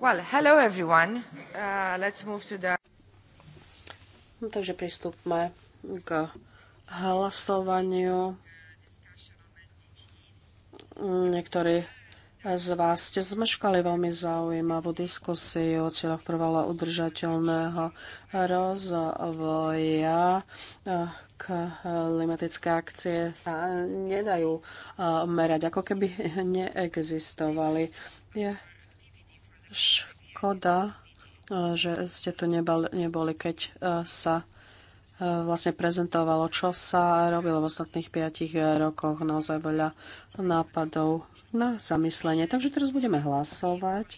Well, hello everyone. Uh, let's move to the... No, takže pristúpme k hlasovaniu. Niektorí z vás ste zmeškali veľmi zaujímavú diskusiu o cieľoch trvalo udržateľného rozvoja, klimatické akcie sa nedajú uh, merať, ako keby neexistovali. Je Škoda, eh, že ste tu neboli, keď eh, sa eh, vlastne prezentovalo, čo sa robilo v ostatných 5 rokoch. Naozaj veľa nápadov na zamyslenie. Takže teraz budeme hlasovať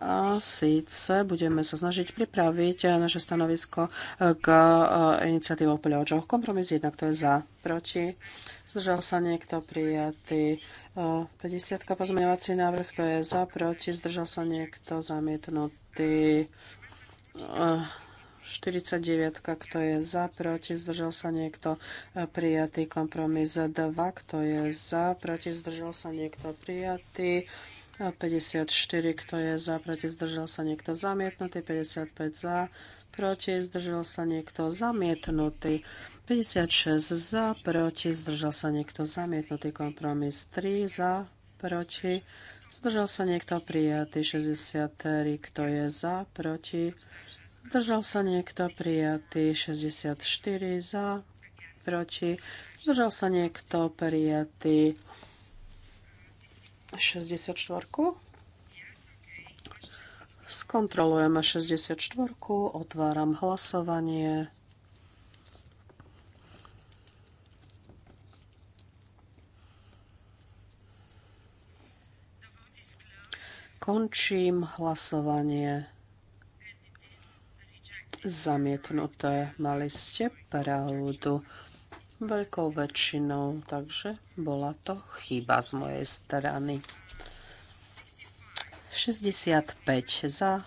a síce budeme sa snažiť pripraviť naše stanovisko k e, iniciatíve o peľočoch. Kompromis jednak to je za, proti. Zdržal sa niekto prijatý. 50 e, pozmeňovací návrh, to je za, proti. Zdržal sa niekto zamietnutý. 49, e, kto je za, proti, zdržal sa niekto, prijatý kompromis 2, kto je za, proti, zdržal sa niekto, prijatý. 54, kto je za, proti, zdržal sa niekto zamietnutý, 55 za, proti, zdržal sa niekto zamietnutý, 56 za, proti, zdržal sa niekto zamietnutý, kompromis 3 za, proti, zdržal sa niekto prijatý, 63, kto je za, proti, zdržal sa niekto prijatý, 64 za, proti, zdržal sa niekto prijatý, 64. Skontrolujeme 64. Otváram hlasovanie. Končím hlasovanie. Zamietnuté. Mali ste pravdu veľkou väčšinou, takže bola to chyba z mojej strany. 65 za,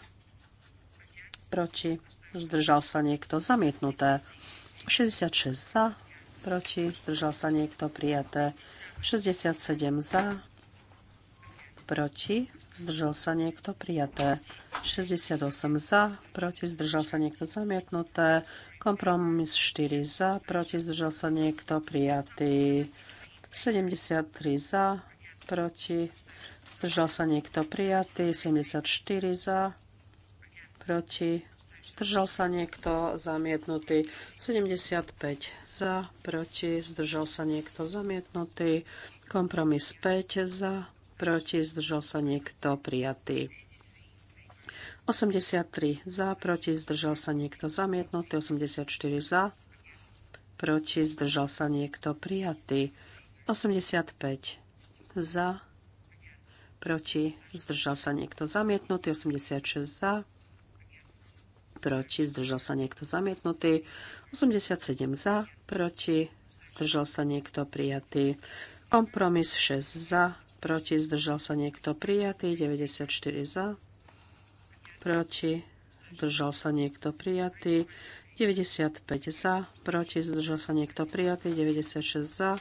proti, zdržal sa niekto, zamietnuté. 66 za, proti, zdržal sa niekto, prijaté. 67 za, proti, zdržal sa niekto, prijaté. 68 za, proti, zdržal sa niekto, zamietnuté. Kompromis 4 za, proti, zdržal sa niekto, prijatý. 73 za, proti, zdržal sa niekto, prijatý. 74 za, proti, zdržal sa niekto, zamietnutý. 75 za, proti, zdržal sa niekto, zamietnutý. Kompromis 5 za, proti, zdržal sa niekto prijatý. 83 za, proti, zdržal sa niekto zamietnutý. 84 za, proti, zdržal sa niekto prijatý. 85 za, proti, zdržal sa niekto zamietnutý. 86 za, proti, zdržal sa niekto zamietnutý. 87 za, proti, zdržal sa niekto prijatý. Kompromis 6 za, proti, zdržal sa niekto prijatý, 94 za, proti, zdržal sa niekto prijatý, 95 za, proti, zdržal sa niekto prijatý, 96 za,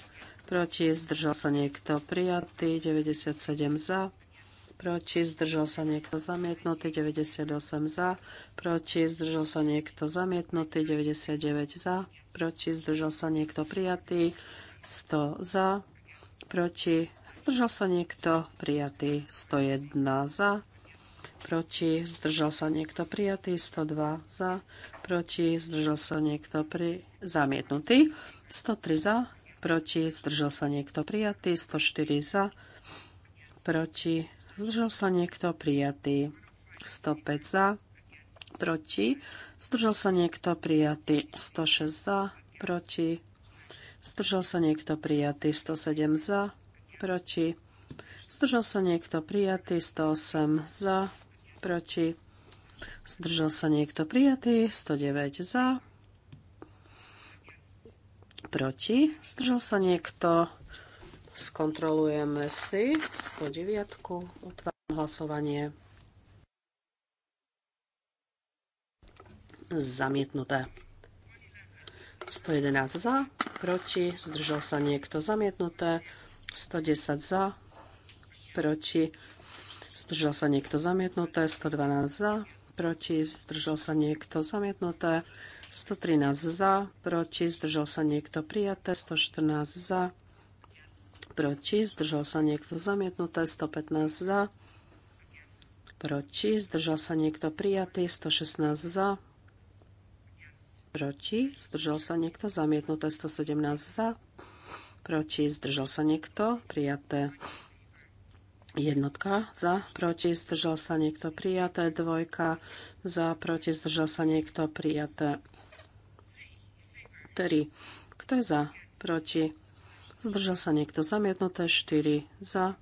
proti, zdržal sa niekto prijatý, 97 za, proti, zdržal sa niekto zamietnutý, 98 za, proti, zdržal sa niekto zamietnutý, 99 za, proti, zdržal sa niekto prijatý, 100 za, proti, Zdržal sa niekto prijatý 101 za. Proti zdržal sa niekto prijatý 102 za. Proti zdržal sa niekto pri zamietnutý 103 za. Proti zdržal sa niekto prijatý 104 za. Proti zdržal sa niekto prijatý 105 za. Proti zdržal sa niekto prijatý 106 za. Proti zdržal sa niekto prijatý 107 za proti. Zdržal sa niekto prijatý, 108 za, proti. Zdržal sa niekto prijatý, 109 za, proti. Zdržal sa niekto, skontrolujeme si 109. Otváram hlasovanie. Zamietnuté. 111 za, proti, zdržal sa niekto zamietnuté, 110 za, proti, zdržal sa niekto zamietnuté, 112 za, proti, zdržal sa niekto zamietnuté, 113 za, proti, zdržal sa niekto prijaté, 114 za, proti, zdržal sa niekto zamietnuté, 115 za, proti, zdržal sa niekto prijatý, 116 za, proti, zdržal sa niekto zamietnuté, 117 za, proti, zdržal sa niekto, prijaté. Jednotka za, proti, zdržal sa niekto, prijaté. Dvojka za, proti, zdržal sa niekto, prijaté. Tri. Kto je za, proti, zdržal sa niekto, zamietnuté. štyri Za,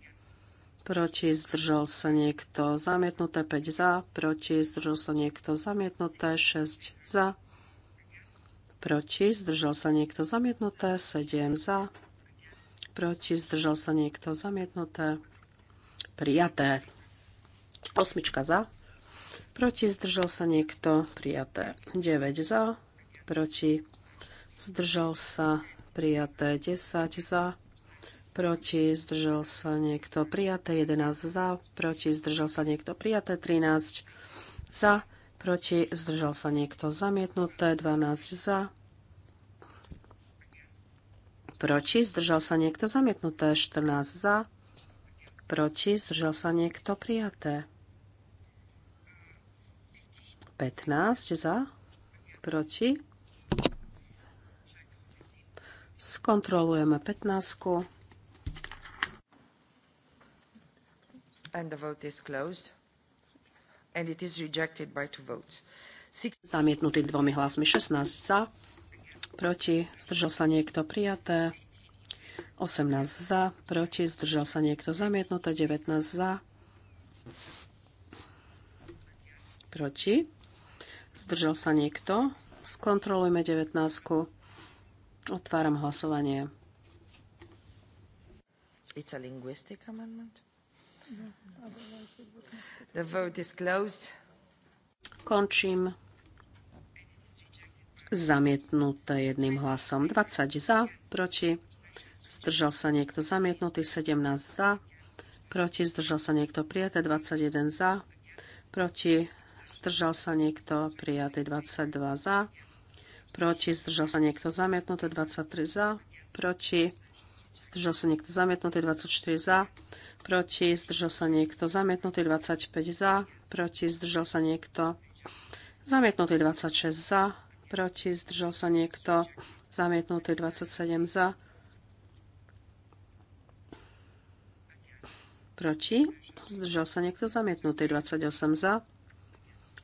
proti, zdržal sa niekto, zamietnuté päť za, proti, zdržal sa niekto, zamietnuté šesť za, proti, zdržal sa niekto, zamietnuté sedem za, proti, zdržal sa niekto zamietnuté, prijaté. Osmička za, proti, zdržal sa niekto prijaté. 9 za, proti, zdržal sa prijaté. 10 za, proti, zdržal sa niekto prijaté. 11 za, proti, zdržal sa niekto prijaté. 13 za, proti, zdržal sa niekto zamietnuté. 12 za, proti, zdržal sa niekto zamietnuté, 14 za, proti, zdržal sa niekto prijaté. 15 za, proti. Skontrolujeme 15. And the vote is closed. And it is rejected by two votes. Zamietnutý dvomi hlasmi 16 za, proti, zdržal sa niekto prijaté, 18 za, proti, zdržal sa niekto zamietnuté, 19 za, proti, zdržal sa niekto, skontrolujme 19, otváram hlasovanie. It's a linguistic amendment. The vote is closed. Končím zamietnuté jedným hlasom. 20 za, proti, zdržal sa niekto zamietnutý, 17 za, proti, zdržal sa niekto prijaté, 21 za, proti, zdržal sa niekto prijatý, 22 za, proti, zdržal sa niekto zamietnuté, 23 za, proti, zdržal sa niekto zamietnutý, 24 za, proti, zdržal sa niekto zamietnutý, 25 za, proti, zdržal sa niekto zamietnutý, 26 za, proti, zdržal sa niekto, zamietnuté 27 za, proti, zdržal sa niekto, zamietnuté 28 za,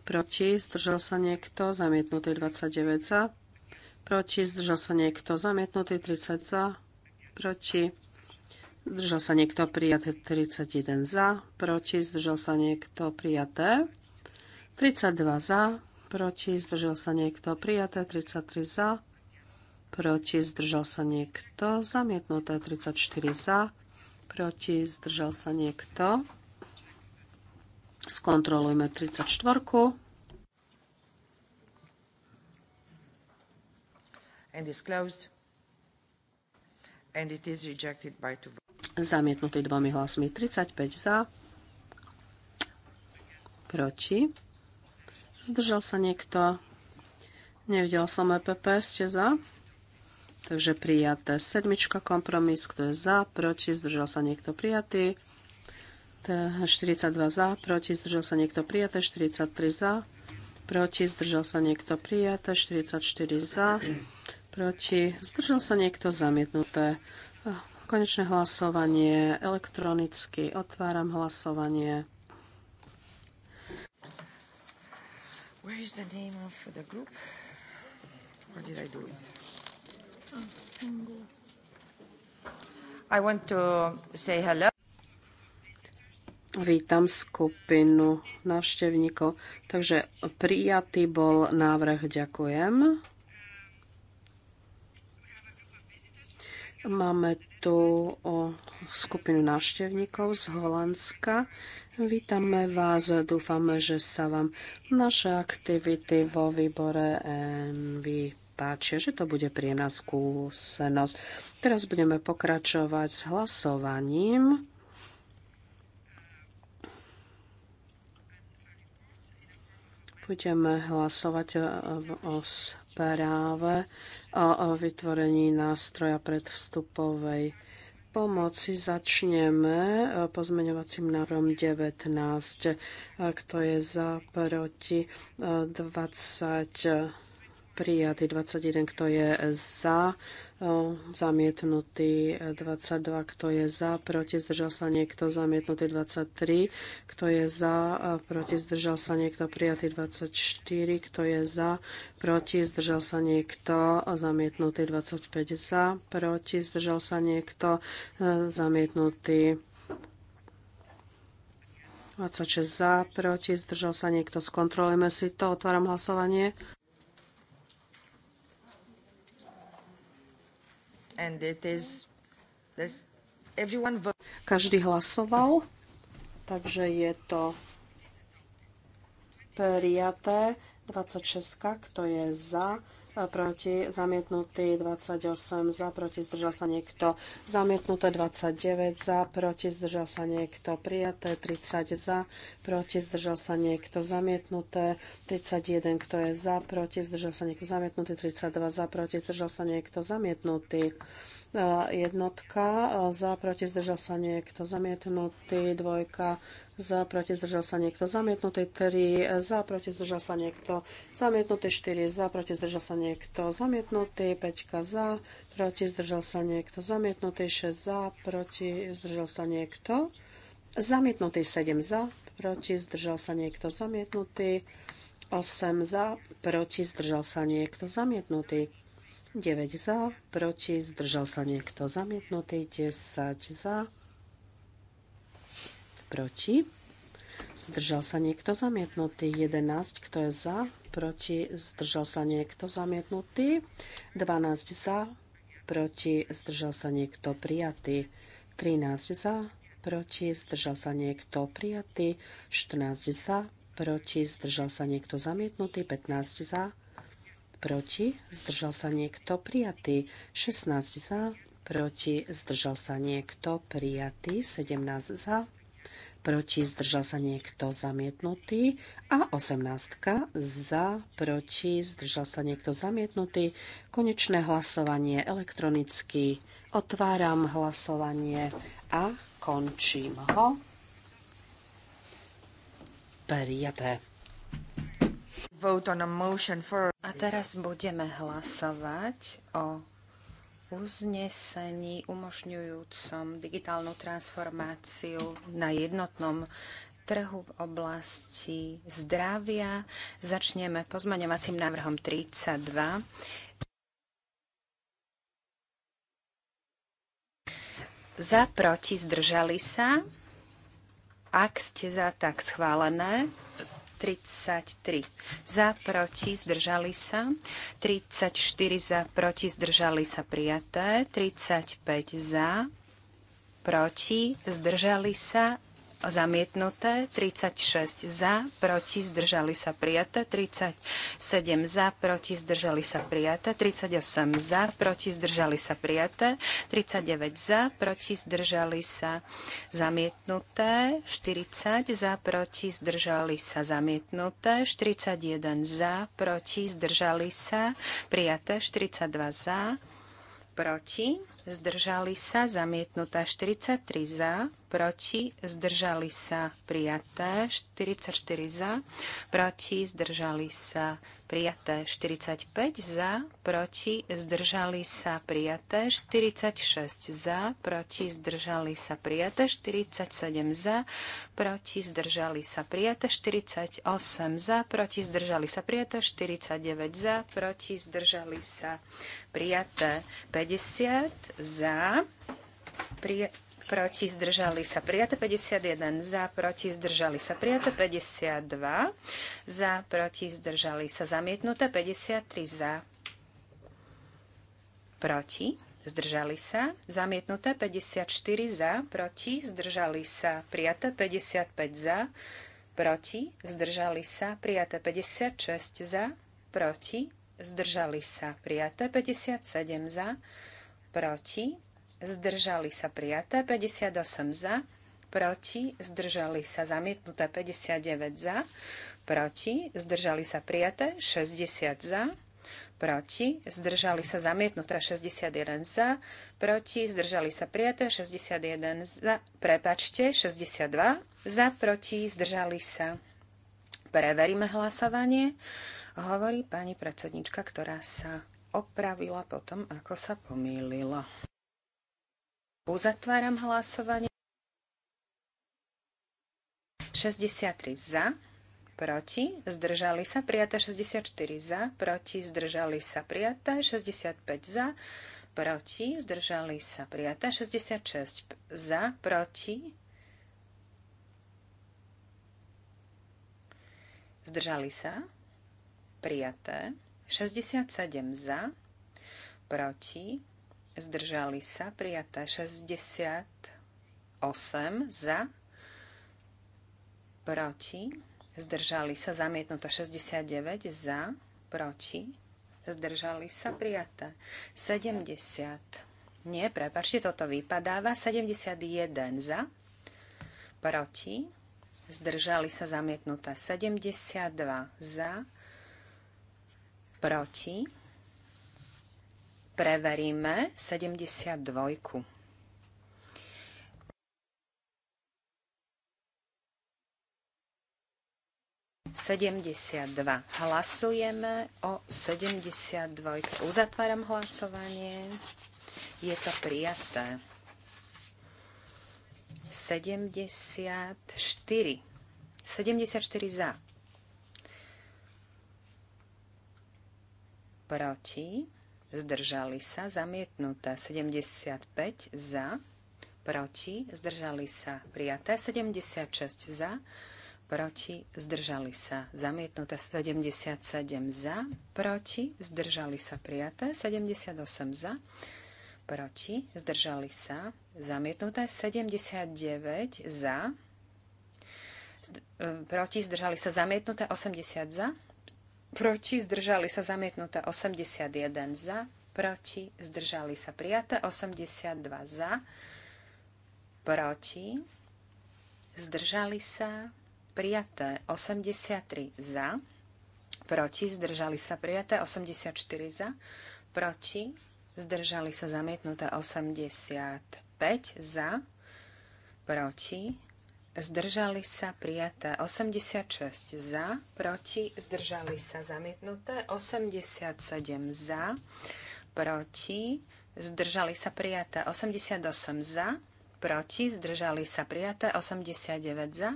proti, zdržal sa niekto, zamietnuté 29 za, proti, zdržal sa niekto, zamietnuté 30 za, proti, zdržal sa niekto, prijaté 31 za, proti, zdržal sa niekto, prijaté 32 za, proti, zdržal sa niekto, prijaté 33 za, proti, zdržal sa niekto, zamietnuté 34 za, proti, zdržal sa niekto. Skontrolujme 34. And is closed. And it is rejected by two. Zamietnutý dvomi hlasmi 35 za, proti Zdržal sa niekto? Nevidel som EPP, ste za? Takže prijaté. Sedmička kompromis, kto je za, proti, zdržal sa niekto prijatý. 42 za, proti, zdržal sa niekto prijaté, 43 za, proti, zdržal sa niekto prijaté, 44 za, proti, zdržal sa niekto zamietnuté. Konečné hlasovanie elektronicky. Otváram hlasovanie. Where is the name of the group? Or did I do it? I want to say hello. Vítam skupinu návštevníkov. Takže prijatý bol návrh. Ďakujem. Máme tu skupinu návštevníkov z Holandska. Vítame vás, dúfame, že sa vám naše aktivity vo výbore NV páčia, že to bude príjemná skúsenosť. Teraz budeme pokračovať s hlasovaním. Budeme hlasovať o správe o vytvorení nástroja predvstupovej pomoci začneme e, pozmeňovacím návrhom 19. E, kto je za, proti 20, e, prijatý 21, kto je za, zamietnutý 22, e, kto je za, proti, zdržal sa niekto, zamietnutý 23, kto je za, e, proti, zdržal sa niekto, prijatý 24, kto je za, proti, zdržal sa niekto, zamietnutý 25 za, proti, zdržal sa niekto, e, zamietnutý 26 za, proti, zdržal sa niekto. Skontrolujeme si to, otváram hlasovanie. Každý hlasoval, takže je to prijaté. 26, kto je za, proti zamietnutý, 28 za, proti zdržal sa niekto zamietnuté, 29 za, proti zdržal sa niekto prijaté, 30 za, proti zdržal sa niekto zamietnuté, 31 kto je za, proti zdržal sa niekto zamietnutý, 32 za, proti zdržal sa niekto zamietnutý e, jednotka, e, za, proti, zdržal sa niekto, zamietnutý, dvojka, za, proti, zdržal sa niekto zamietnutý, 3, za, proti, zdržal sa niekto zamietnutý, 4, za, proti, zdržal sa niekto zamietnutý, 5, za, proti, zdržal sa niekto zamietnutý, 6, za, proti, zdržal sa niekto zamietnutý, 7, za, proti, zdržal sa niekto zamietnutý, 8 za, proti, zdržal sa niekto zamietnutý. 9 za, proti, zdržal sa niekto zamietnutý. 10 za, proti. Zdržal sa niekto zamietnutý. 11, kto je za, proti. Zdržal sa niekto zamietnutý. 12 za, proti. Zdržal sa niekto prijatý. 13 za, proti. Zdržal sa niekto prijatý. 14 za, proti. Zdržal sa niekto zamietnutý. 15 za, proti. Zdržal sa niekto prijatý. 16 za, proti. Zdržal sa niekto prijatý. 17 za, proti, zdržal sa niekto zamietnutý. A 18 za, proti, zdržal sa niekto zamietnutý. Konečné hlasovanie elektronicky. Otváram hlasovanie a končím ho. Prijaté. A teraz budeme hlasovať o uznesení umožňujúcom digitálnu transformáciu na jednotnom trhu v oblasti zdravia. Začneme pozmaňovacím návrhom 32. Za, proti, zdržali sa. Ak ste za, tak schválené. 33 za, proti, zdržali sa. 34 za, proti, zdržali sa prijaté. 35 za, proti, zdržali sa zamietnuté, 36 za, proti, zdržali sa prijaté, 37 za, proti, zdržali sa prijaté, 38 za, proti, zdržali sa prijaté, 39 za, proti, zdržali sa zamietnuté, 40 za, proti, zdržali sa zamietnuté, 41 za, proti, zdržali sa prijaté, 42 za, proti, zdržali sa, zamietnutá 43 za, proti, zdržali sa, prijaté 44 za, proti, zdržali sa, prijaté 45 za, proti, zdržali sa prijaté 46 za, proti, zdržali sa prijaté 47 za, proti, zdržali sa prijaté 48 za, proti, zdržali sa prijaté 49 za, proti, zdržali sa prijaté 50 za, prijaté proti zdržali sa prijaté 51, za proti zdržali sa prijaté 52, za proti zdržali sa zamietnuté 53, za proti zdržali sa zamietnuté 54, za proti zdržali sa prijaté 55, za proti zdržali sa prijaté 56, za proti zdržali sa prijaté 57, za proti zdržali sa prijaté, 58 za, proti, zdržali sa zamietnuté, 59 za, proti, zdržali sa prijaté, 60 za, proti, zdržali sa zamietnuté 61 za, proti, zdržali sa prijaté 61 za, prepačte, 62 za, proti, zdržali sa. Preveríme hlasovanie, hovorí pani predsednička, ktorá sa opravila potom, ako sa pomýlila. Uzatváram hlasovanie. 63 za, proti, zdržali sa, prijaté 64 za, proti, zdržali sa, prijaté 65 za, proti, zdržali sa, prijaté 66 za, proti, zdržali sa, prijaté 67 za, proti, zdržali sa, prijaté 68 za, proti, zdržali sa, zamietnuté 69 za, proti, zdržali sa, prijaté 70. Nie, prepačte, toto vypadáva 71 za, proti, zdržali sa, zamietnuté 72 za, proti, Preveríme 72. Sedemdesiat dva. Hlasujeme o 72. Uzatváram hlasovanie. Je to prijaté. 74. 74 za. proti, zdržali sa, zamietnuté 75 za, proti, zdržali sa, prijaté 76 za, proti, zdržali sa, zamietnuté 77 za, proti, zdržali sa, prijaté 78 za, proti, zdržali sa, zamietnuté 79 za, e, proti, zdržali sa, zamietnuté 80 za, proti, zdržali sa zamietnuté 81 za, proti, zdržali sa prijaté 82 za, proti, zdržali sa prijaté 83 za, proti, zdržali sa prijaté 84 za, proti, zdržali sa zamietnuté 85 za, proti, zdržali sa prijaté 86 za, proti zdržali sa zamietnuté 87 za, proti zdržali sa prijaté 88 za, proti zdržali sa prijaté 89 za,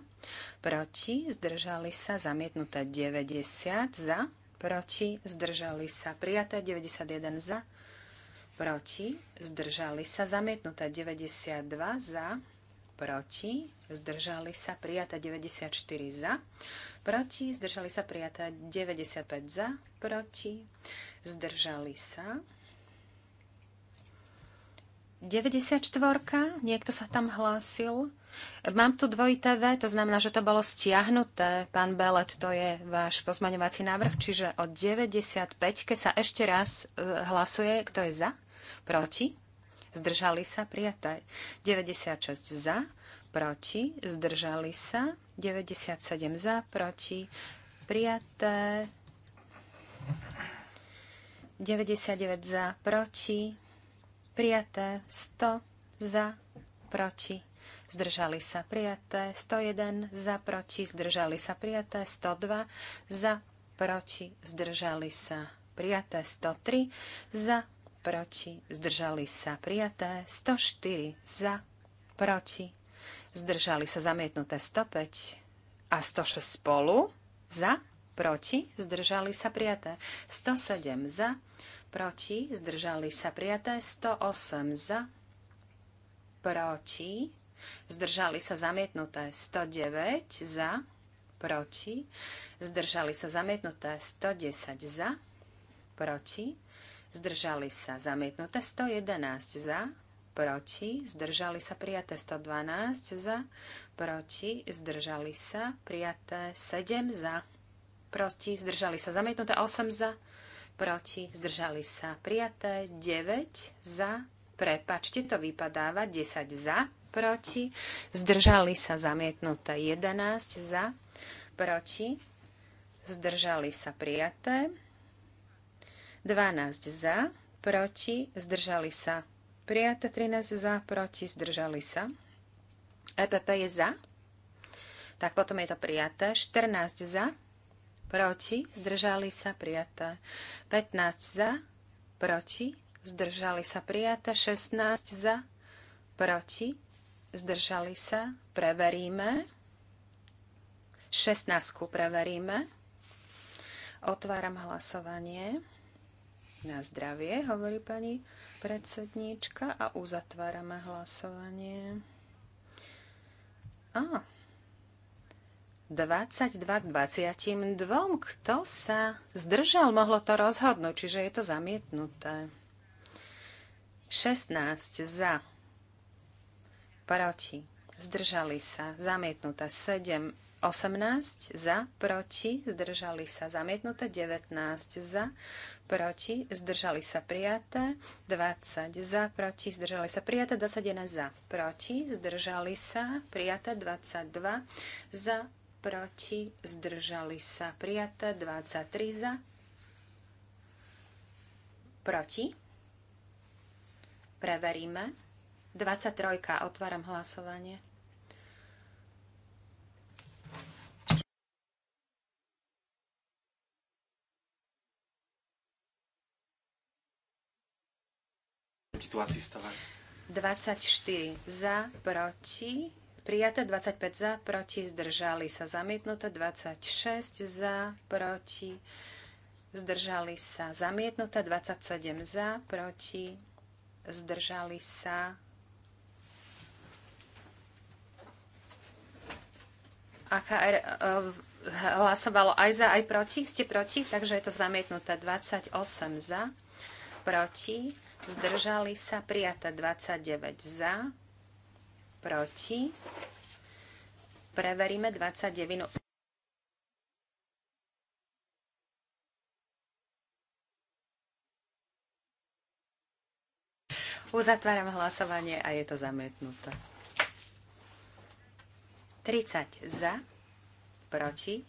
proti zdržali sa zamietnuté 90 za, proti zdržali sa prijaté 91 za, proti zdržali sa zamietnuté 92 za, proti, zdržali sa prijata 94 za, proti, zdržali sa prijata 95 za, proti, zdržali sa. 94, niekto sa tam hlásil. Mám tu dvojité V, to znamená, že to bolo stiahnuté. Pán Belet, to je váš pozmaňovací návrh, čiže o 95 keď sa ešte raz e, hlasuje, kto je za, proti, zdržali sa, prijaté. 96 za, proti, zdržali sa, 97 za, proti, prijaté. 99 za, proti, prijaté. 100 za, proti, zdržali sa, prijaté. 101 za, proti, zdržali sa, prijaté. 102 za, proti, zdržali sa, prijaté. 103 za, proti, zdržali sa prijaté, 104 za, proti, zdržali sa zamietnuté 105 a 106 spolu, za, proti, zdržali sa prijaté 107 za, proti, zdržali sa prijaté 108 za, proti, zdržali sa zamietnuté 109 za, proti, zdržali sa zamietnuté 110 za, proti, zdržali sa zamietnuté 111 za, proti, zdržali sa prijaté 112 za, proti, zdržali sa prijaté 7 za, proti, zdržali sa zamietnuté 8 za, proti, zdržali sa prijaté 9 za, prepačte, to vypadáva 10 za, proti, zdržali sa zamietnuté 11 za, proti, zdržali sa prijaté 12 za, proti, zdržali sa. Prijaté 13 za, proti, zdržali sa. EPP je za. Tak potom je to prijaté. 14 za, proti, zdržali sa, prijaté. 15 za, proti, zdržali sa, prijaté. 16 za, proti, zdržali sa, preveríme. 16 preveríme. Otváram hlasovanie. Na zdravie, hovorí pani predsedníčka a uzatvárame hlasovanie. A 22 k 22. Kto sa zdržal, mohlo to rozhodnúť, čiže je to zamietnuté. 16 za, proti, zdržali sa, zamietnuté 7 18 za, proti, zdržali sa zamietnuté, 19 za, proti, zdržali sa prijaté, 20 za, proti, zdržali sa prijaté, 21 za, proti, zdržali sa prijaté, 22 za, proti, zdržali sa prijaté, 23 za, proti. Preveríme. 23. Otváram hlasovanie. tu asistovať? 24 za, proti, prijaté 25 za, proti, zdržali sa zamietnuté 26 za, proti, zdržali sa zamietnuté 27 za, proti, zdržali sa AKR e, hlasovalo aj za, aj proti. Ste proti, takže je to zamietnuté 28 za, proti, zdržali sa, prijata 29 za, proti. Preveríme 29. Uzatváram hlasovanie a je to zamietnuté. 30 za, proti,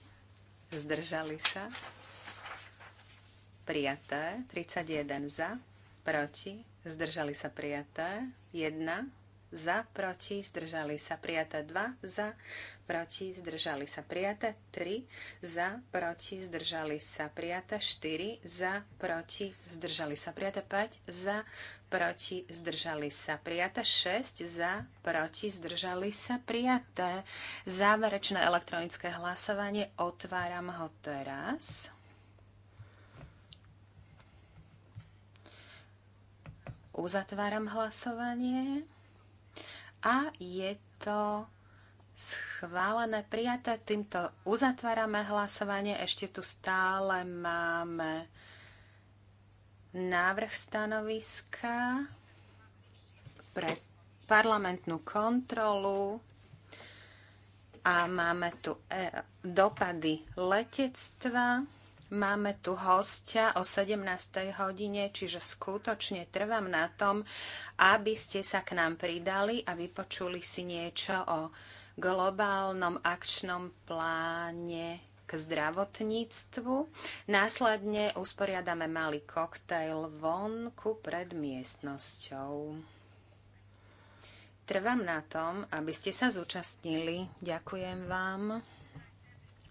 zdržali sa, prijaté, 31 za, proti, zdržali sa prijaté. 1 za, proti, zdržali sa prijaté. 2 za, proti, zdržali sa prijaté. 3 za, proti, zdržali sa prijaté. 4 za, proti, zdržali sa prijaté. 5 za, proti, zdržali sa prijaté. 6 za, proti, zdržali sa prijaté. Záverečné elektronické hlasovanie. Otváram ho teraz. Uzatváram hlasovanie. A je to schválené, prijaté. Týmto uzatvárame hlasovanie. Ešte tu stále máme návrh stanoviska pre parlamentnú kontrolu a máme tu e, dopady letectva. Máme tu hostia o 17. hodine, čiže skutočne trvám na tom, aby ste sa k nám pridali a vypočuli si niečo o globálnom akčnom pláne k zdravotníctvu. Následne usporiadame malý koktajl vonku pred miestnosťou. Trvám na tom, aby ste sa zúčastnili. Ďakujem vám.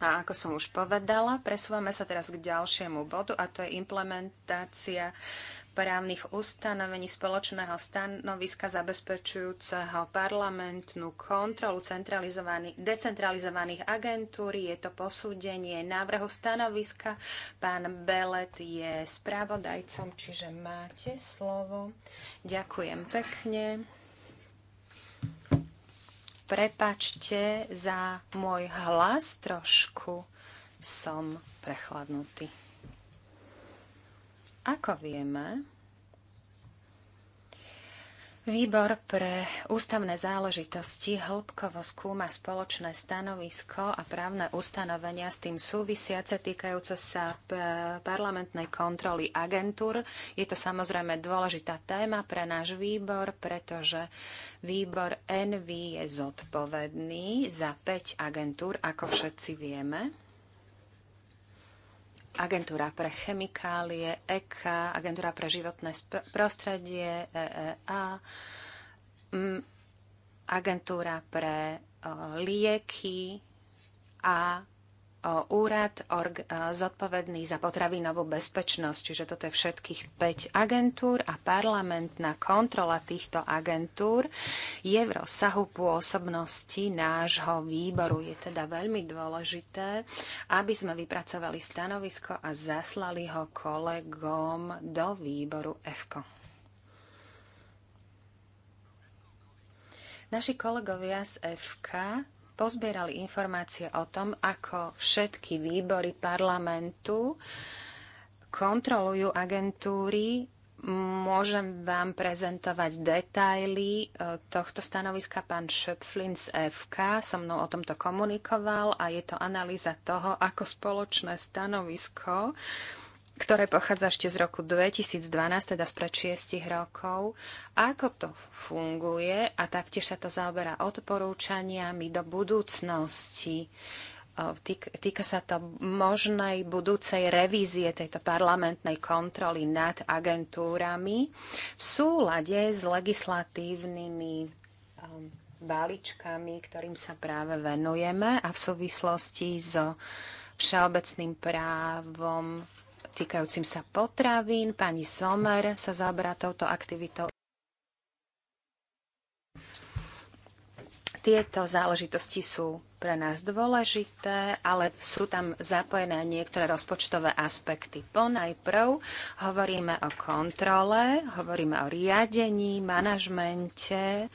A ako som už povedala, presúvame sa teraz k ďalšiemu bodu a to je implementácia právnych ustanovení spoločného stanoviska zabezpečujúceho parlamentnú kontrolu decentralizovaných agentúr. Je to posúdenie návrhu stanoviska. Pán Belet je správodajcom, čiže máte slovo. Ďakujem pekne. Prepačte za môj hlas trošku. Som prechladnutý. Ako vieme, Výbor pre ústavné záležitosti hĺbkovo skúma spoločné stanovisko a právne ustanovenia s tým súvisiace týkajúce sa e, parlamentnej kontroly agentúr. Je to samozrejme dôležitá téma pre náš výbor, pretože výbor NV je zodpovedný za 5 agentúr, ako všetci vieme agentúra pre chemikálie, ECHA, agentúra pre životné prostredie, EEA, agentúra pre lieky a úrad org, zodpovedný za potravinovú bezpečnosť. Čiže toto je všetkých 5 agentúr a parlamentná kontrola týchto agentúr je v rozsahu pôsobnosti nášho výboru. Je teda veľmi dôležité, aby sme vypracovali stanovisko a zaslali ho kolegom do výboru EFKO. Naši kolegovia z FK pozbierali informácie o tom, ako všetky výbory parlamentu kontrolujú agentúry. Môžem vám prezentovať detaily e, tohto stanoviska. Pán Šöpflin z FK so mnou o tomto komunikoval a je to analýza toho, ako spoločné stanovisko ktoré pochádza ešte z roku 2012, teda z pred 6 rokov. Ako to funguje a taktiež sa to zaoberá odporúčaniami do budúcnosti. Týka sa to možnej budúcej revízie tejto parlamentnej kontroly nad agentúrami v súlade s legislatívnymi um, balíčkami, ktorým sa práve venujeme a v súvislosti so všeobecným právom týkajúcim sa potravín. Pani Somer sa zaoberá touto aktivitou. Tieto záležitosti sú pre nás dôležité, ale sú tam zapojené niektoré rozpočtové aspekty. Ponajprv hovoríme o kontrole, hovoríme o riadení, manažmente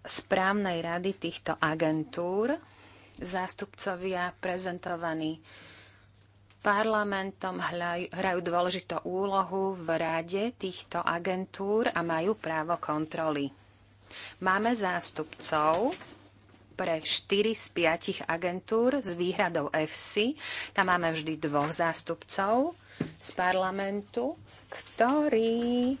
správnej rady týchto agentúr. Zástupcovia prezentovaní parlamentom hrajú dôležitú úlohu v rade týchto agentúr a majú právo kontroly. Máme zástupcov pre 4 z 5 agentúr s výhradou FC. Tam máme vždy dvoch zástupcov z parlamentu, ktorí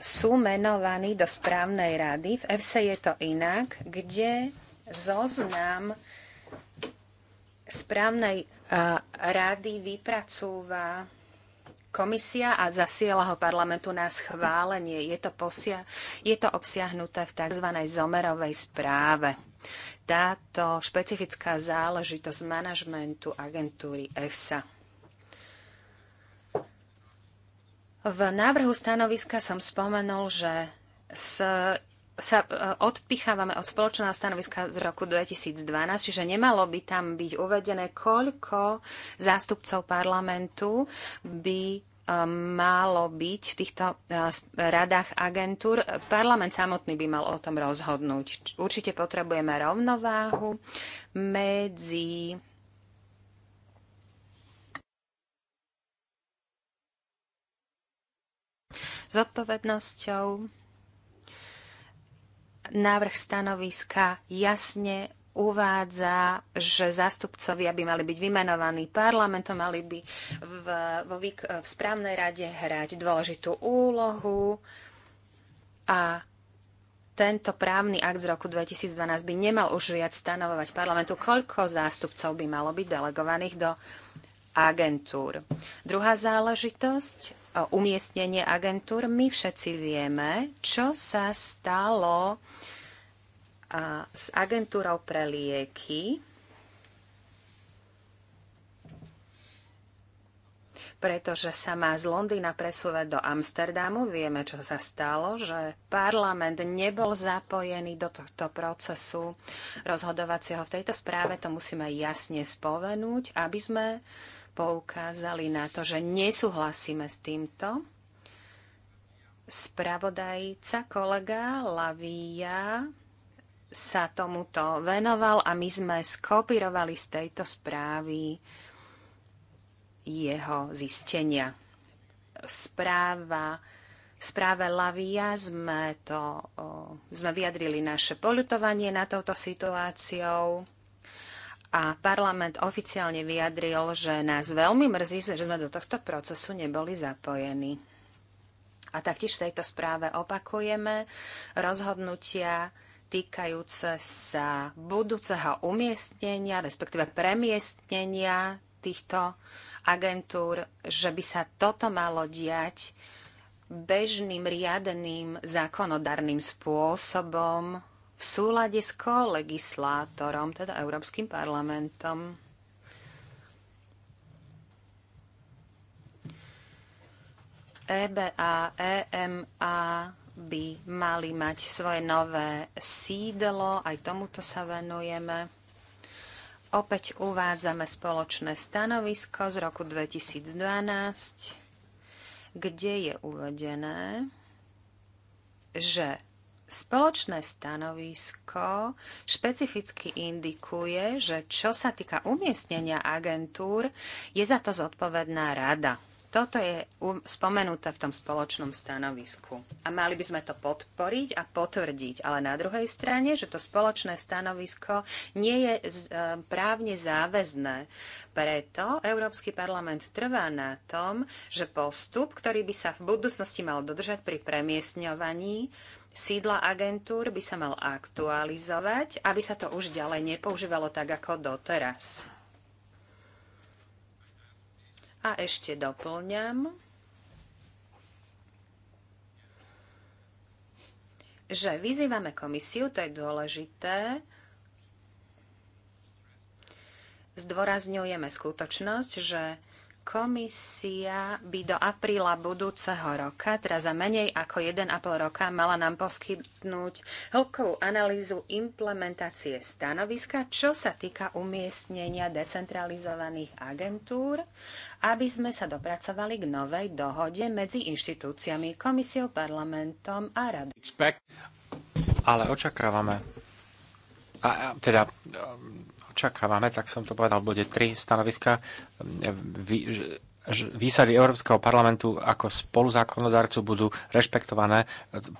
sú menovaní do správnej rady. V FC je to inak, kde zoznam správnej rady vypracúva komisia a zasiela ho parlamentu na schválenie. Je to, posia- je to obsiahnuté v tzv. zomerovej správe. Táto špecifická záležitosť manažmentu agentúry EFSA. V návrhu stanoviska som spomenul, že s sa e, odpichávame od spoločného stanoviska z roku 2012, čiže nemalo by tam byť uvedené, koľko zástupcov parlamentu by e, malo byť v týchto e, radách agentúr. Parlament samotný by mal o tom rozhodnúť. Určite potrebujeme rovnováhu medzi zodpovednosťou Návrh stanoviska jasne uvádza, že zástupcovia by mali byť vymenovaní parlamentom, mali by v, vo, v, v správnej rade hrať dôležitú úlohu a tento právny akt z roku 2012 by nemal už viac stanovovať parlamentu, koľko zástupcov by malo byť delegovaných do agentúr. Druhá záležitosť umiestnenie agentúr. My všetci vieme, čo sa stalo s agentúrou pre lieky, pretože sa má z Londýna presúvať do Amsterdamu. Vieme, čo sa stalo, že parlament nebol zapojený do tohto procesu rozhodovacieho. V tejto správe to musíme jasne spomenúť, aby sme uh, poukázali na to, že nesúhlasíme s týmto. Spravodajca kolega Lavia sa tomuto venoval a my sme skopírovali z tejto správy jeho zistenia. Správa, v správe Lavia sme, to, sme vyjadrili naše polutovanie na touto situáciou a parlament oficiálne vyjadril, že nás veľmi mrzí, že sme do tohto procesu neboli zapojení. A taktiež v tejto správe opakujeme rozhodnutia týkajúce sa budúceho umiestnenia, respektíve premiestnenia týchto agentúr, že by sa toto malo diať bežným riadeným zákonodarným spôsobom v súlade s kolegislátorom, teda Európskym parlamentom. EBA, EMA by mali mať svoje nové sídlo, aj tomuto sa venujeme. Opäť uvádzame spoločné stanovisko z roku 2012, kde je uvedené, že Spoločné stanovisko špecificky indikuje, že čo sa týka umiestnenia agentúr, je za to zodpovedná rada. Toto je um, spomenuté v tom spoločnom stanovisku. A mali by sme to podporiť a potvrdiť, ale na druhej strane, že to spoločné stanovisko nie je e, právne záväzné. Preto Európsky parlament trvá na tom, že postup, ktorý by sa v budúcnosti mal dodržať pri premiesňovaní, sídla agentúr by sa mal aktualizovať, aby sa to už ďalej nepoužívalo tak ako doteraz. A ešte doplňam, že vyzývame komisiu, to je dôležité, zdôrazňujeme skutočnosť, že Komisia by do apríla budúceho roka, teda za menej ako 1,5 roka, mala nám poskytnúť hĺbkovú analýzu implementácie stanoviska, čo sa týka umiestnenia decentralizovaných agentúr, aby sme sa dopracovali k novej dohode medzi inštitúciami, komisiou, parlamentom a radou. Ale očakávame, a, a, teda očakávame, tak som to povedal, bude tri stanoviska výsady Európskeho parlamentu ako spoluzákonodarcu budú rešpektované,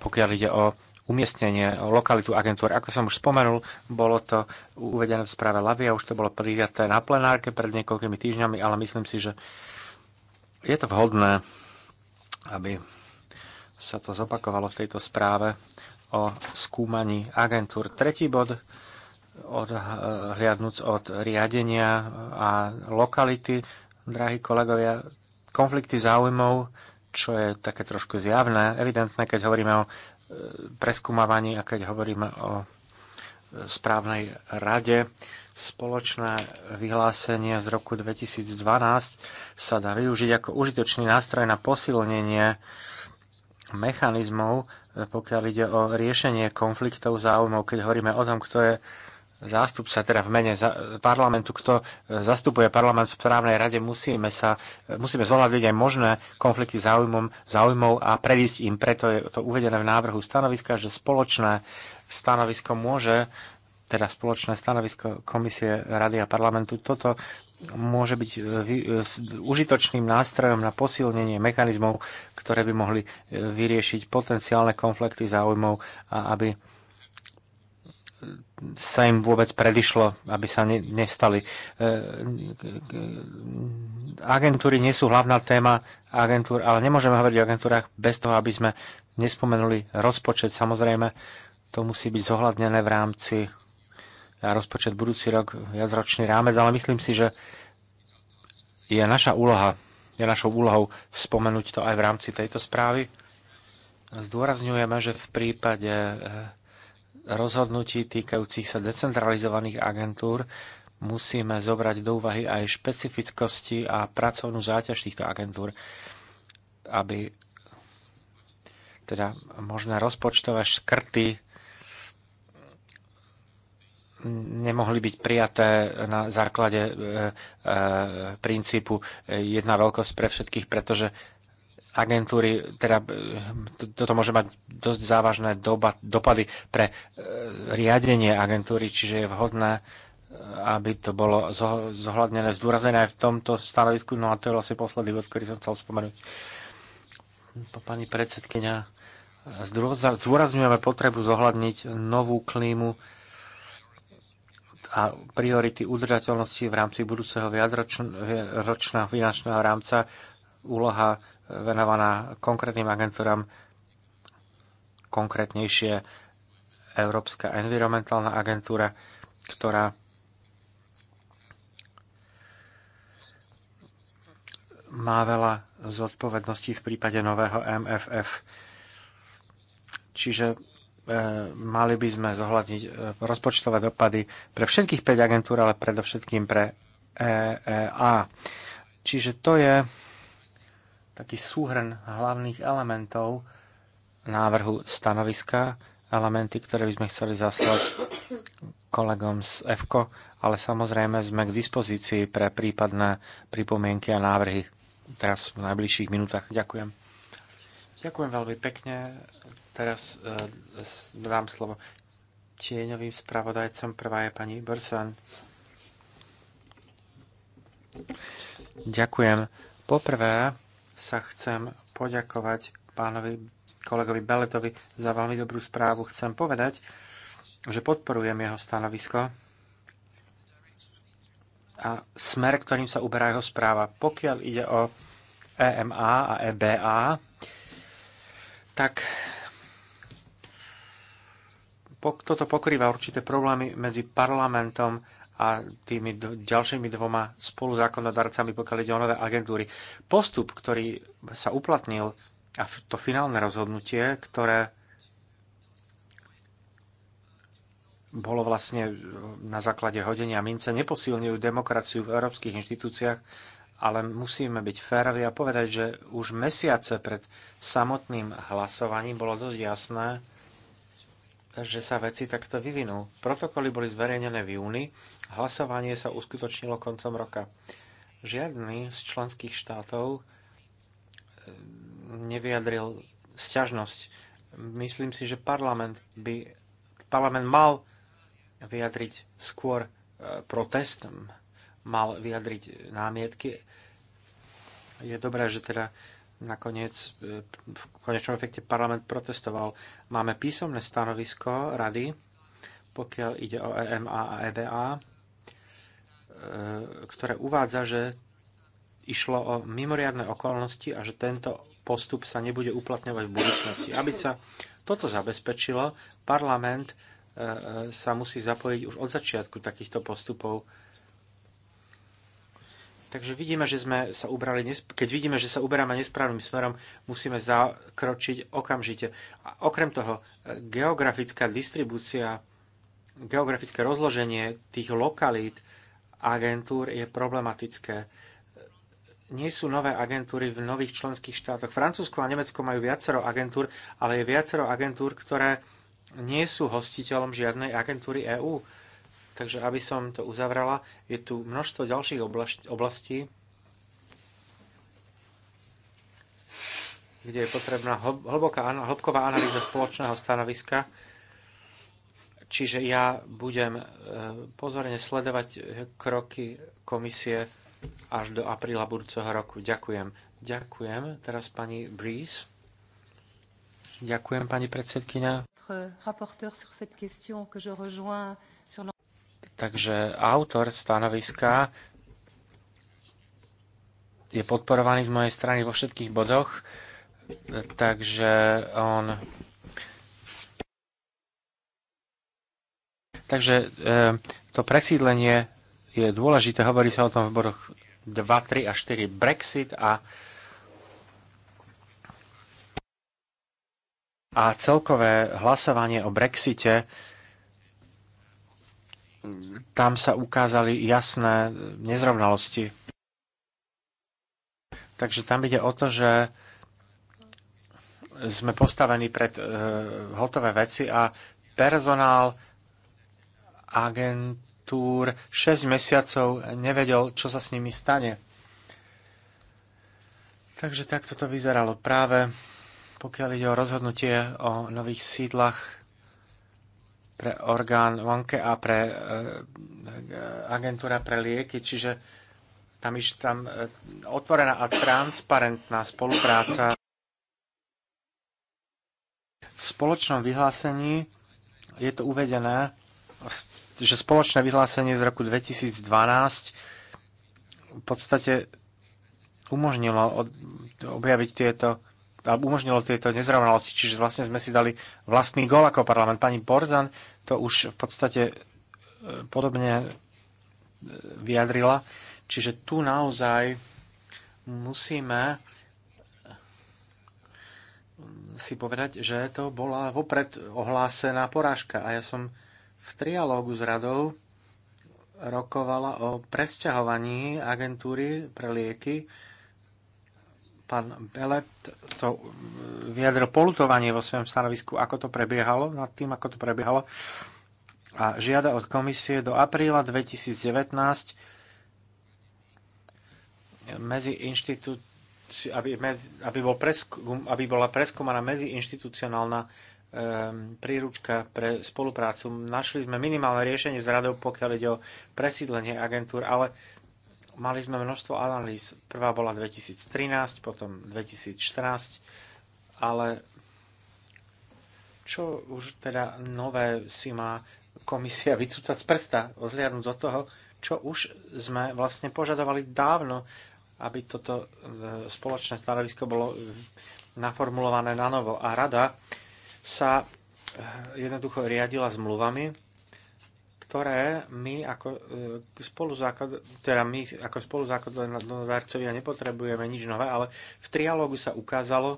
pokiaľ ide o umiestnenie, o lokalitu agentúr. Ako som už spomenul, bolo to uvedené v správe Lavia, už to bolo prijaté na plenárke pred niekoľkými týždňami, ale myslím si, že je to vhodné, aby sa to zopakovalo v tejto správe o skúmaní agentúr. Tretí bod odhliadnúc od riadenia a lokality, drahí kolegovia, konflikty záujmov, čo je také trošku zjavné, evidentné, keď hovoríme o e, preskúmavaní a keď hovoríme o e, správnej rade. Spoločné vyhlásenie z roku 2012 sa dá využiť ako užitočný nástroj na posilnenie mechanizmov, e, pokiaľ ide o riešenie konfliktov záujmov, keď hovoríme o tom, kto je zástupca, teda v mene parlamentu, kto e, zastupuje parlament v správnej rade, musíme, sa, e, musíme zohľadniť aj možné konflikty záujmom, záujmov a predísť im. Preto je to uvedené v návrhu stanoviska, že spoločné stanovisko môže teda spoločné stanovisko Komisie Rady a parlamentu. Toto môže byť e, užitočným nástrojom na posilnenie mechanizmov, ktoré by mohli vyriešiť potenciálne konflikty záujmov a aby sa im vôbec predišlo, aby sa ne, nestali. E, e, agentúry nie sú hlavná téma agentúr, ale nemôžeme hovoriť o agentúrach bez toho, aby sme nespomenuli rozpočet. Samozrejme, to musí byť zohľadnené v rámci rozpočet budúci rok, viacročný rámec, ale myslím si, že je naša úloha, je našou úlohou spomenúť to aj v rámci tejto správy. Zdôrazňujeme, že v prípade e, rozhodnutí týkajúcich sa decentralizovaných agentúr musíme zobrať do úvahy aj špecifickosti a pracovnú záťaž týchto agentúr, aby teda možné rozpočtové škrty nemohli byť prijaté na základe e, e, princípu jedna veľkosť pre všetkých, pretože agentúry, teda e, toto môže mať dosť závažné doba, dopady pre e, riadenie agentúry, čiže je vhodné, e, aby to bolo zohľadnené, zdôraznené aj v tomto stanovisku. No a to je vlastne posledný bod, ktorý som chcel spomenúť. Pani predsedkynia, zdôrazňujeme potrebu zohľadniť novú klímu a priority udržateľnosti v rámci budúceho viacročného finančného rámca úloha venovaná konkrétnym agentúram, konkrétnejšie Európska environmentálna agentúra, ktorá má veľa zodpovedností v prípade nového MFF. Čiže e, mali by sme zohľadniť e, rozpočtové dopady pre všetkých 5 agentúr, ale predovšetkým pre EEA. Čiže to je taký súhrn hlavných elementov návrhu stanoviska, elementy, ktoré by sme chceli zaslať kolegom z EFKO, ale samozrejme sme k dispozícii pre prípadné pripomienky a návrhy teraz v najbližších minútach. Ďakujem. Ďakujem veľmi pekne. Teraz e, dám slovo tieňovým spravodajcom. Prvá je pani Borsan. Ďakujem. Poprvé, sa chcem poďakovať pánovi kolegovi Beletovi za veľmi dobrú správu. Chcem povedať, že podporujem jeho stanovisko a smer, ktorým sa uberá jeho správa. Pokiaľ ide o EMA a EBA, e tak toto pokrýva určité problémy medzi parlamentom a tými ďalšími dvoma spoluzákonodarcami, pokiaľ ide o nové agentúry. Postup, ktorý sa uplatnil a to finálne rozhodnutie, ktoré bolo vlastne na základe hodenia mince, neposilňujú demokraciu v európskych inštitúciách, ale musíme byť férovi a povedať, že už mesiace pred samotným hlasovaním bolo dosť jasné, že sa veci takto vyvinú. Protokoly boli zverejnené v júni, hlasovanie sa uskutočnilo koncom roka. Žiadny z členských štátov e, nevyjadril sťažnosť. Myslím si, že parlament by parlament mal vyjadriť skôr e, protest, mal vyjadriť námietky. Je dobré, že teda Nakoniec e, v konečnom efekte parlament protestoval. Máme písomné stanovisko rady, pokiaľ ide o EMA a EBA, e e, ktoré uvádza, že išlo o mimoriadne okolnosti a že tento postup sa nebude uplatňovať v budúcnosti. Aby sa toto zabezpečilo, parlament sa musí zapojiť už od začiatku takýchto postupov Takže vidíme, že sme sa ubrali, keď vidíme, že sa uberáme nesprávnym smerom, musíme zakročiť okamžite. A okrem toho, geografická distribúcia, geografické rozloženie tých lokalít agentúr je problematické. Nie sú nové agentúry v nových členských štátoch. Francúzsko a Nemecko majú viacero agentúr, ale je viacero agentúr, ktoré nie sú hostiteľom žiadnej agentúry EÚ Takže aby som to uzavrala, je tu množstvo ďalších oblastí, kde je potrebná hlboká, hlbková analýza spoločného stanoviska. Čiže ja budem e, pozorne sledovať kroky komisie až do apríla budúceho roku. Ďakujem. Ďakujem. Teraz pani Breeze. Ďakujem, pani predsedkynia. Takže autor stanoviska je podporovaný z mojej strany vo všetkých bodoch, takže on... Takže eh, to presídlenie je dôležité, hovorí sa o tom v bodoch 2, 3 a 4 Brexit a a celkové hlasovanie o Brexite tam sa ukázali jasné nezrovnalosti. Takže tam ide o to, že sme postavení pred e, hotové veci a personál agentúr 6 mesiacov nevedel, čo sa s nimi stane. Takže takto to vyzeralo práve, pokiaľ ide o rozhodnutie o nových sídlach pre orgán Wonke a pre e, agentúra pre lieky, čiže tam je tam e, otvorená a transparentná spolupráca. V spoločnom vyhlásení je to uvedené, že spoločné vyhlásenie z roku 2012 v podstate umožnilo objaviť tieto alebo umožnilo tieto nezrovnalosti, čiže vlastne sme si dali vlastný gol ako parlament. Pani Borzan to už v podstate e, podobne e, vyjadrila. Čiže tu naozaj musíme e, si povedať, že to bola vopred ohlásená porážka. A ja som v trialógu s radou rokovala o presťahovaní agentúry pre lieky Pán Belet to vyjadril polutovanie vo svojom stanovisku, ako to prebiehalo, nad tým, ako to prebiehalo a žiada od komisie do apríla 2019 medzi aby, medzi, aby, bol preskum, aby bola preskúmaná medziinštitucionálna ehm, príručka pre spoluprácu. Našli sme minimálne riešenie s radou, pokiaľ ide o presídlenie agentúr, ale uh, Mali sme množstvo analýz. Prvá bola 2013, potom 2014, ale čo už teda nové si má komisia vycúcať z prsta, odhliadnúť do toho, čo už sme vlastne požadovali dávno, aby toto e, spoločné stanovisko bolo naformulované na novo. A rada sa e, jednoducho riadila zmluvami, ktoré my ako e, spolu teda my ako spolu nepotrebujeme nič nové, ale v trialógu sa ukázalo,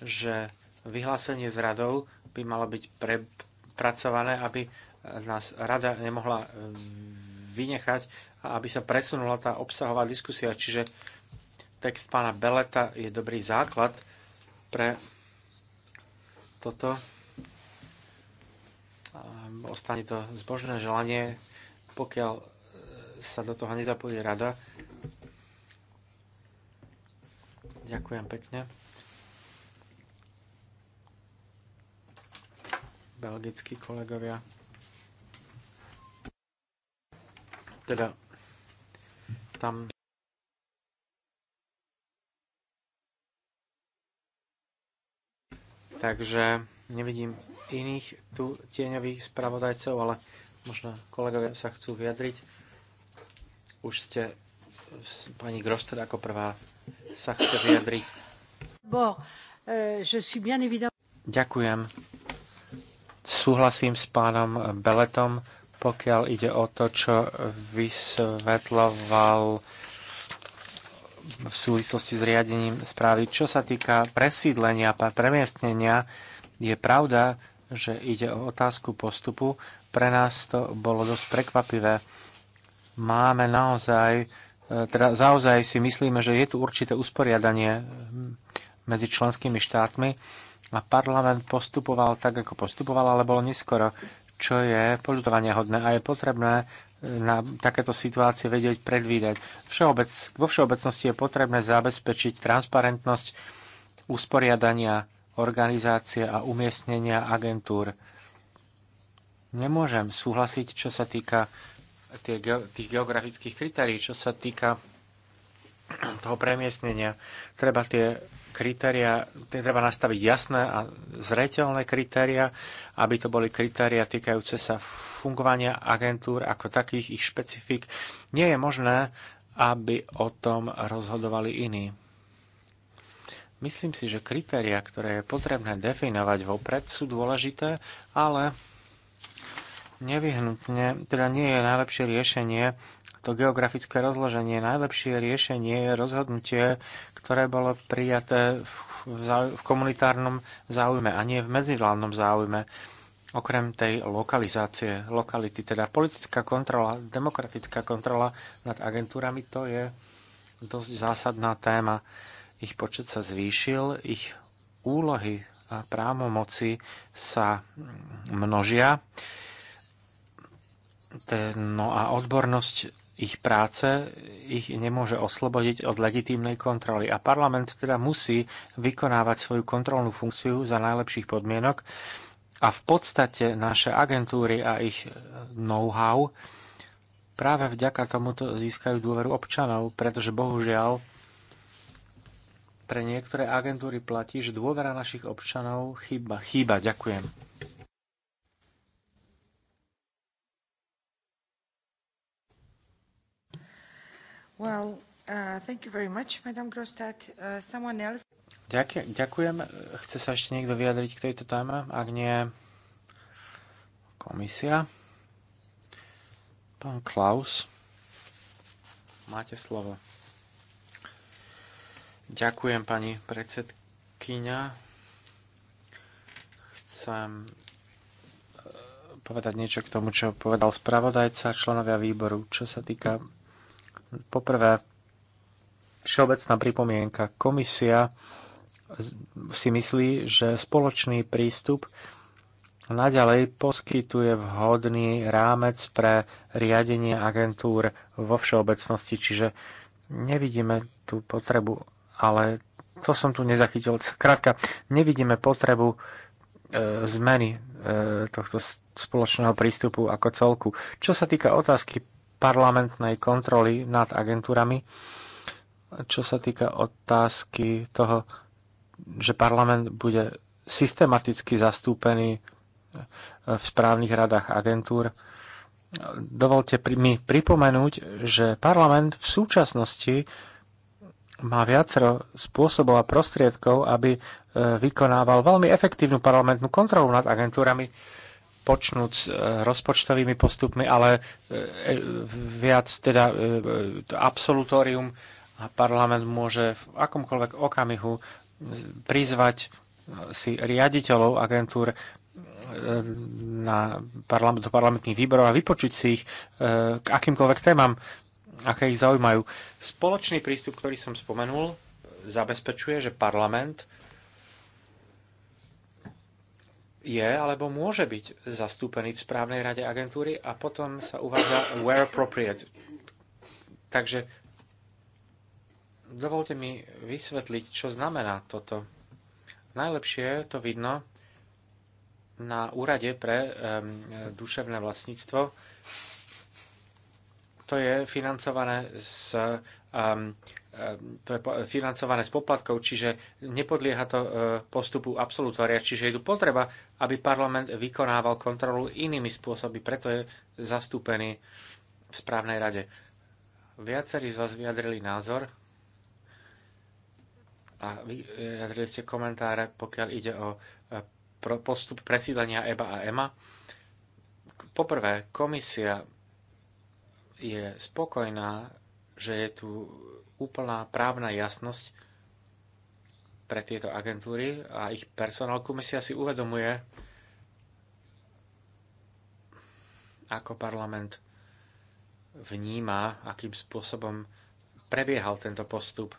že vyhlásenie s radou by malo byť prepracované, aby nás rada nemohla e, vynechať a aby sa presunula tá obsahová diskusia. Čiže text pána Beleta je dobrý základ pre toto ostane to zbožné želanie, pokiaľ e, sa do toho nezapojí rada. Ďakujem pekne. Belgickí kolegovia. Teda tam Takže nevidím iných tu tieňových spravodajcov, ale možno kolegovia sa chcú vyjadriť. Už ste, pani Groster ako prvá sa chce vyjadriť. Eh, Ďakujem. Súhlasím s pánom Beletom, pokiaľ ide o to, čo vysvetloval v súvislosti s riadením správy. Čo sa týka presídlenia a premiestnenia, je pravda, že ide o otázku postupu. Pre nás to bolo dosť prekvapivé. Máme naozaj, e, teda zaozaj si myslíme, že je tu určité usporiadanie medzi členskými štátmi a parlament postupoval tak, ako postupoval, ale bolo neskoro, čo je poľutovanie hodné a je potrebné e, na takéto situácie vedieť predvídať. Všeobec, vo všeobecnosti je potrebné zabezpečiť transparentnosť usporiadania organizácie a umiestnenia agentúr. Nemôžem súhlasiť, čo sa týka tých geografických kritérií, čo sa týka toho premiestnenia. Treba tie kritéria, tie treba nastaviť jasné a zreteľné kritéria, aby to boli kritéria týkajúce sa fungovania agentúr ako takých, ich špecifik. Nie je možné, aby o tom rozhodovali iní. Myslím si, že kritéria, ktoré je potrebné definovať vopred, sú dôležité, ale nevyhnutne, teda nie je najlepšie riešenie to geografické rozloženie. Najlepšie riešenie je rozhodnutie, ktoré bolo prijaté v, v komunitárnom záujme a nie v medzivládnom záujme, okrem tej lokalizácie, lokality. Teda politická kontrola, demokratická kontrola nad agentúrami, to je dosť zásadná téma. Ich počet sa zvýšil, ich úlohy a právomoci sa množia. No a odbornosť ich práce ich nemôže oslobodiť od legitímnej kontroly. A parlament teda musí vykonávať svoju kontrolnú funkciu za najlepších podmienok a v podstate naše agentúry a ich know-how práve vďaka tomuto získajú dôveru občanov, pretože bohužiaľ pre niektoré agentúry platí, že dôvera našich občanov chýba. Chýba. Ďakujem. Well, uh, thank you very much, Madam Grostat. Uh, someone else? ďakujem. Chce sa ešte niekto vyjadriť k tejto téme? Ak nie, komisia. Pán Klaus, máte slovo. Ďakujem, pani predsedkyňa. Chcem eh, povedať niečo k tomu, čo povedal spravodajca, členovia výboru. Čo sa týka poprvé všeobecná pripomienka. Komisia si myslí, že spoločný prístup naďalej poskytuje vhodný rámec pre riadenie agentúr vo všeobecnosti, čiže nevidíme tú potrebu ale to som tu nezachytil. Krátka, nevidíme potrebu e, zmeny e, tohto spoločného prístupu ako celku. Čo sa týka otázky parlamentnej kontroly nad agentúrami, čo sa týka otázky toho, že parlament bude systematicky zastúpený e, v správnych radách agentúr, dovolte mi pripomenúť, že parlament v súčasnosti má viacero spôsobov a prostriedkov, aby e, vykonával veľmi efektívnu parlamentnú kontrolu nad agentúrami, počnúť s e, rozpočtovými postupmi, ale e, viac teda absolutórium a parlament môže v akomkoľvek okamihu prizvať si riaditeľov agentúr na parlament, do parlamentných výborov a vypočuť si ich k akýmkoľvek témam aké ich zaujímajú. Spoločný prístup, ktorý som spomenul, zabezpečuje, že parlament je alebo môže byť zastúpený v správnej rade agentúry a potom sa uvádza where appropriate. Takže dovolte mi vysvetliť, čo znamená toto. Najlepšie to vidno na úrade pre um, duševné vlastníctvo, to je financované z, um, um, to je financované z poplatkov, čiže nepodlieha to uh, postupu absolutória, čiže je tu potreba, aby parlament vykonával kontrolu inými spôsoby, preto je zastúpený v správnej rade. Viacerí z vás vyjadrili názor a vyjadrili ste komentáre, pokiaľ ide o uh, postup presídlenia EBA a EMA. Poprvé, komisia je spokojná, že je tu úplná právna jasnosť pre tieto agentúry a ich personál. Komisia si uvedomuje ako parlament vníma, akým spôsobom prebiehal tento postup.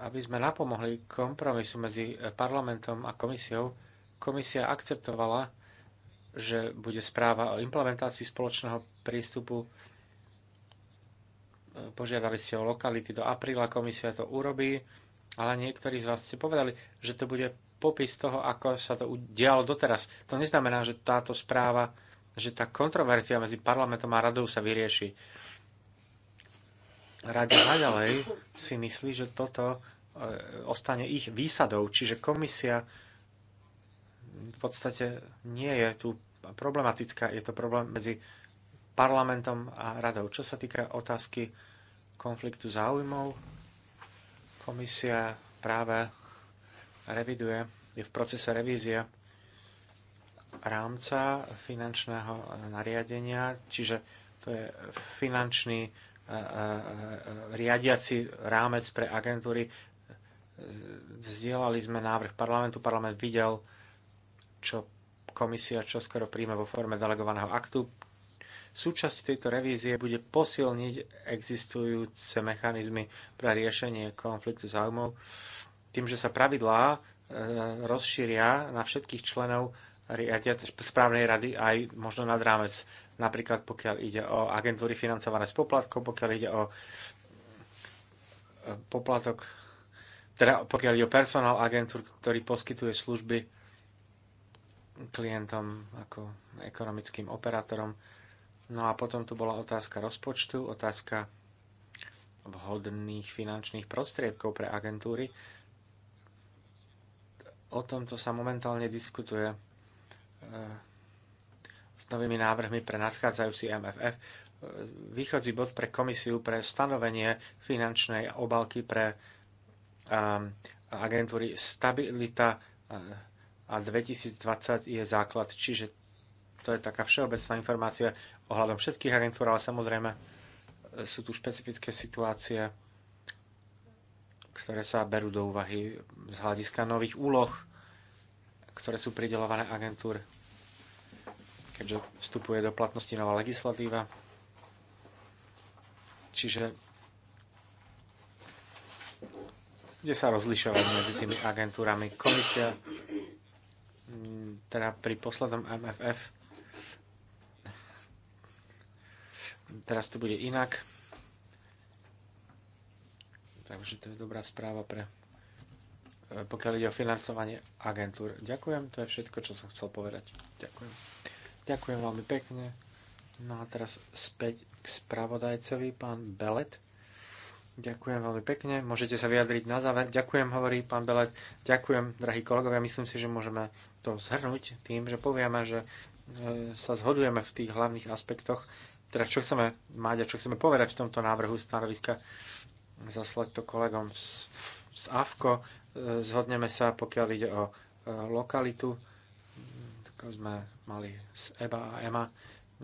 Aby sme napomohli kompromisu medzi parlamentom a komisiou, komisia akceptovala že bude správa o implementácii spoločného prístupu. Požiadali ste o lokality do apríla, komisia to urobí, ale niektorí z vás ste povedali, že to bude popis toho, ako sa to udialo doteraz. To neznamená, že táto správa, že tá kontroverzia medzi parlamentom a radou sa vyrieši. Rada naďalej si myslí, že toto e, ostane ich výsadou, čiže komisia v podstate nie je tu problematická, je to problém medzi parlamentom a radou. Čo sa týka otázky konfliktu záujmov, komisia práve reviduje, je v procese revízie rámca finančného nariadenia, čiže to je finančný e, e, e, riadiaci rámec pre agentúry. Vzdielali sme návrh parlamentu, parlament videl čo komisia čoskoro príjme vo forme delegovaného aktu. Súčasť tejto revízie bude posilniť existujúce mechanizmy pre riešenie konfliktu záujmov tým, že sa pravidlá e, rozšíria na všetkých členov správnej rady aj možno nad rámec. Napríklad pokiaľ ide o agentúry financované z poplatkov, pokiaľ ide o e, poplatok, teda pokiaľ ide o personál agentúr, ktorý poskytuje služby klientom ako ekonomickým operátorom. No a potom tu bola otázka rozpočtu, otázka vhodných finančných prostriedkov pre agentúry. O tomto sa momentálne diskutuje e, s novými návrhmi pre nadchádzajúci MFF. E, Východzí bod pre komisiu pre stanovenie finančnej obalky pre e, agentúry stabilita a 2020 je základ. Čiže to je taká všeobecná informácia ohľadom všetkých agentúr, ale samozrejme e, sú tu špecifické situácie, ktoré sa berú do úvahy z hľadiska nových úloh, ktoré sú pridelované agentúr, keďže vstupuje do platnosti nová legislatíva. Čiže kde sa rozlišovať medzi tými agentúrami. Komisia teda pri poslednom MFF. Teraz to bude inak. Takže to je dobrá správa pre e, pokiaľ ide o financovanie agentúr. Ďakujem, to je všetko, čo som chcel povedať. Ďakujem. Ďakujem veľmi pekne. No a teraz späť k spravodajcovi, pán Belet. Ďakujem veľmi pekne. Môžete sa vyjadriť na záver. Ďakujem, hovorí pán Belet. Ďakujem, drahí kolegovia. Myslím si, že môžeme to zhrnúť tým, že povieme, že e, sa zhodujeme v tých hlavných aspektoch, teda čo chceme mať a čo chceme povedať v tomto návrhu stanoviska. Zaslať to kolegom z, z AFKO, e, zhodneme sa, pokiaľ ide o e, lokalitu, ako sme mali z EBA a EMA,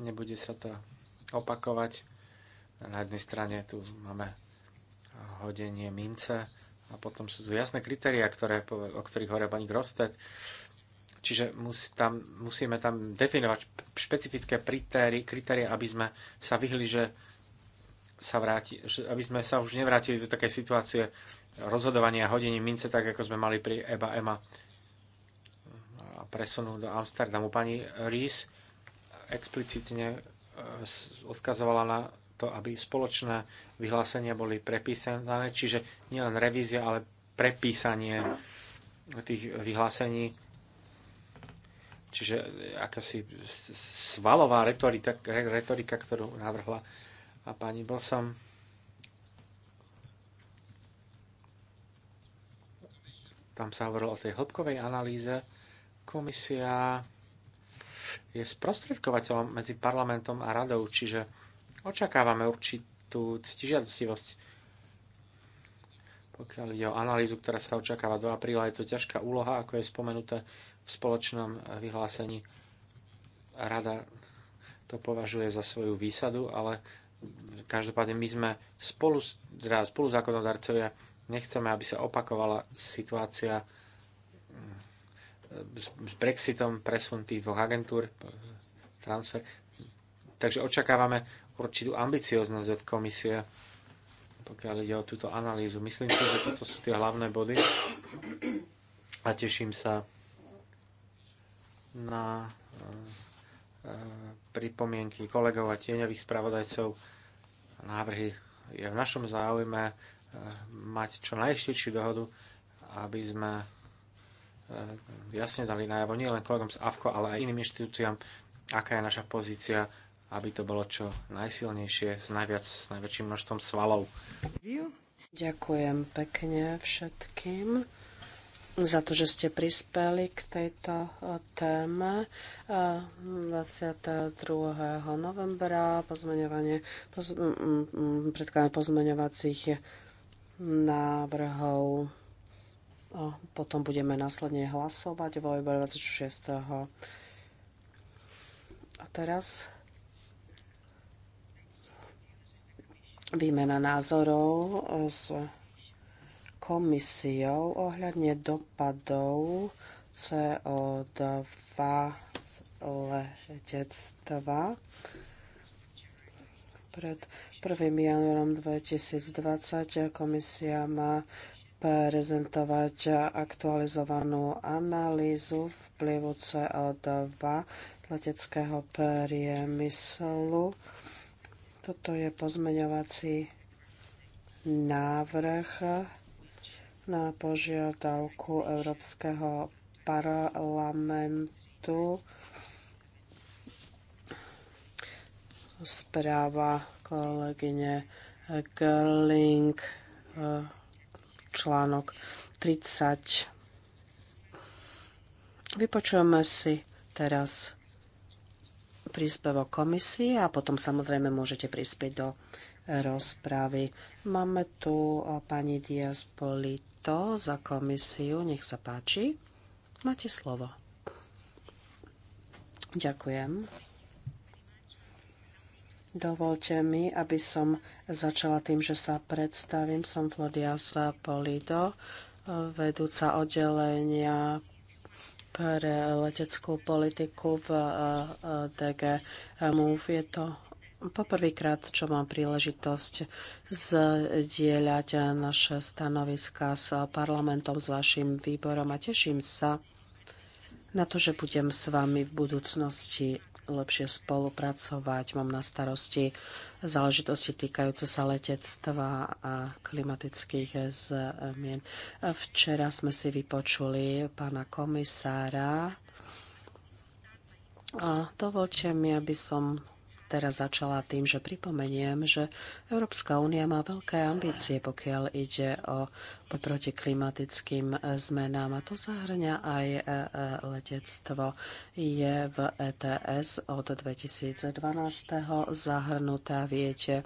nebude sa to opakovať. Na jednej strane tu máme hodenie mince a potom sú tu jasné kritéria, ktoré, o ktorých hovorí pani Grostet, Čiže musí tam, musíme tam definovať špecifické kritérie, kritérie, aby sme sa vyhli, že sa vráti, že aby sme sa už nevrátili do takej situácie rozhodovania hodení mince, tak ako sme mali pri EBA EMA a presunu do Amsterdamu. Pani Rees explicitne e, odkazovala na to, aby spoločné vyhlásenia boli prepísané, čiže nielen revízia, ale prepísanie tých vyhlásení Čiže e, akási svalová retorika, retorika ktorú navrhla a pani Blsom. Tam sa hovorilo o tej hĺbkovej analýze. Komisia je sprostredkovateľom medzi parlamentom a radou, čiže očakávame určitú ctižiadostivosť. Pokiaľ ide o analýzu, ktorá sa očakáva do apríla, je to ťažká úloha, ako je spomenuté v spoločnom vyhlásení. Rada to považuje za svoju výsadu, ale každopádne my sme spolu, teda spolu zákonodarcovia nechceme, aby sa opakovala situácia mm, s Brexitom, presun tých dvoch agentúr, transfer. Takže očakávame určitú ambicioznosť od komisie, pokiaľ ide o túto analýzu. Myslím si, že toto sú tie hlavné body a teším sa na eh, eh, pripomienky kolegov a tieňových spravodajcov. Návrhy je v našom záujme eh, mať čo najštejšiu dohodu, aby sme jasne dali najavo nielen kolegom z AFKO, ale aj iným inštitúciám, aká je naša pozícia, aby to bolo čo najsilnejšie, s, najviac, s najväčším množstvom svalov. Ďakujem pekne všetkým za to, že ste prispeli k tejto e, téme 22. novembra pozmeňovanie, poz, predkladanie pozmeňovacích návrhov. Potom budeme následne hlasovať vo 26. A teraz výmena názorov s komisiou ohľadne dopadov CO2 z letectva pred 1. januárom 2020 komisia má prezentovať aktualizovanú analýzu vplyvu CO2 leteckého priemyslu. Toto je pozmeňovací návrh na požiadavku Európskeho parlamentu správa kolegyne Gerling článok 30. Vypočujeme si teraz príspevok komisie a potom samozrejme môžete prispieť do rozpravy. Máme tu pani Diaz Polit Nikto za komisiu, nech sa páči. Máte slovo. Ďakujem. Dovolte mi, aby som začala tým, že sa predstavím. Som Flodias Polido, vedúca oddelenia pre leteckú politiku v eh, eh, DG MUF. Je to Poprvýkrát, čo mám príležitosť zdieľať naše stanoviska s parlamentom, s vašim výborom a teším sa na to, že budem s vami v budúcnosti lepšie spolupracovať. Mám na starosti záležitosti týkajúce sa letectva a klimatických zmien. Včera sme si vypočuli pána komisára a dovolte mi, aby som teraz začala tým, že pripomeniem, že Európska únia má veľké ambície, pokiaľ ide o proti klimatickým zmenám. A to zahrňa aj e, e, letectvo. Je v ETS od 2012. zahrnuté, viete,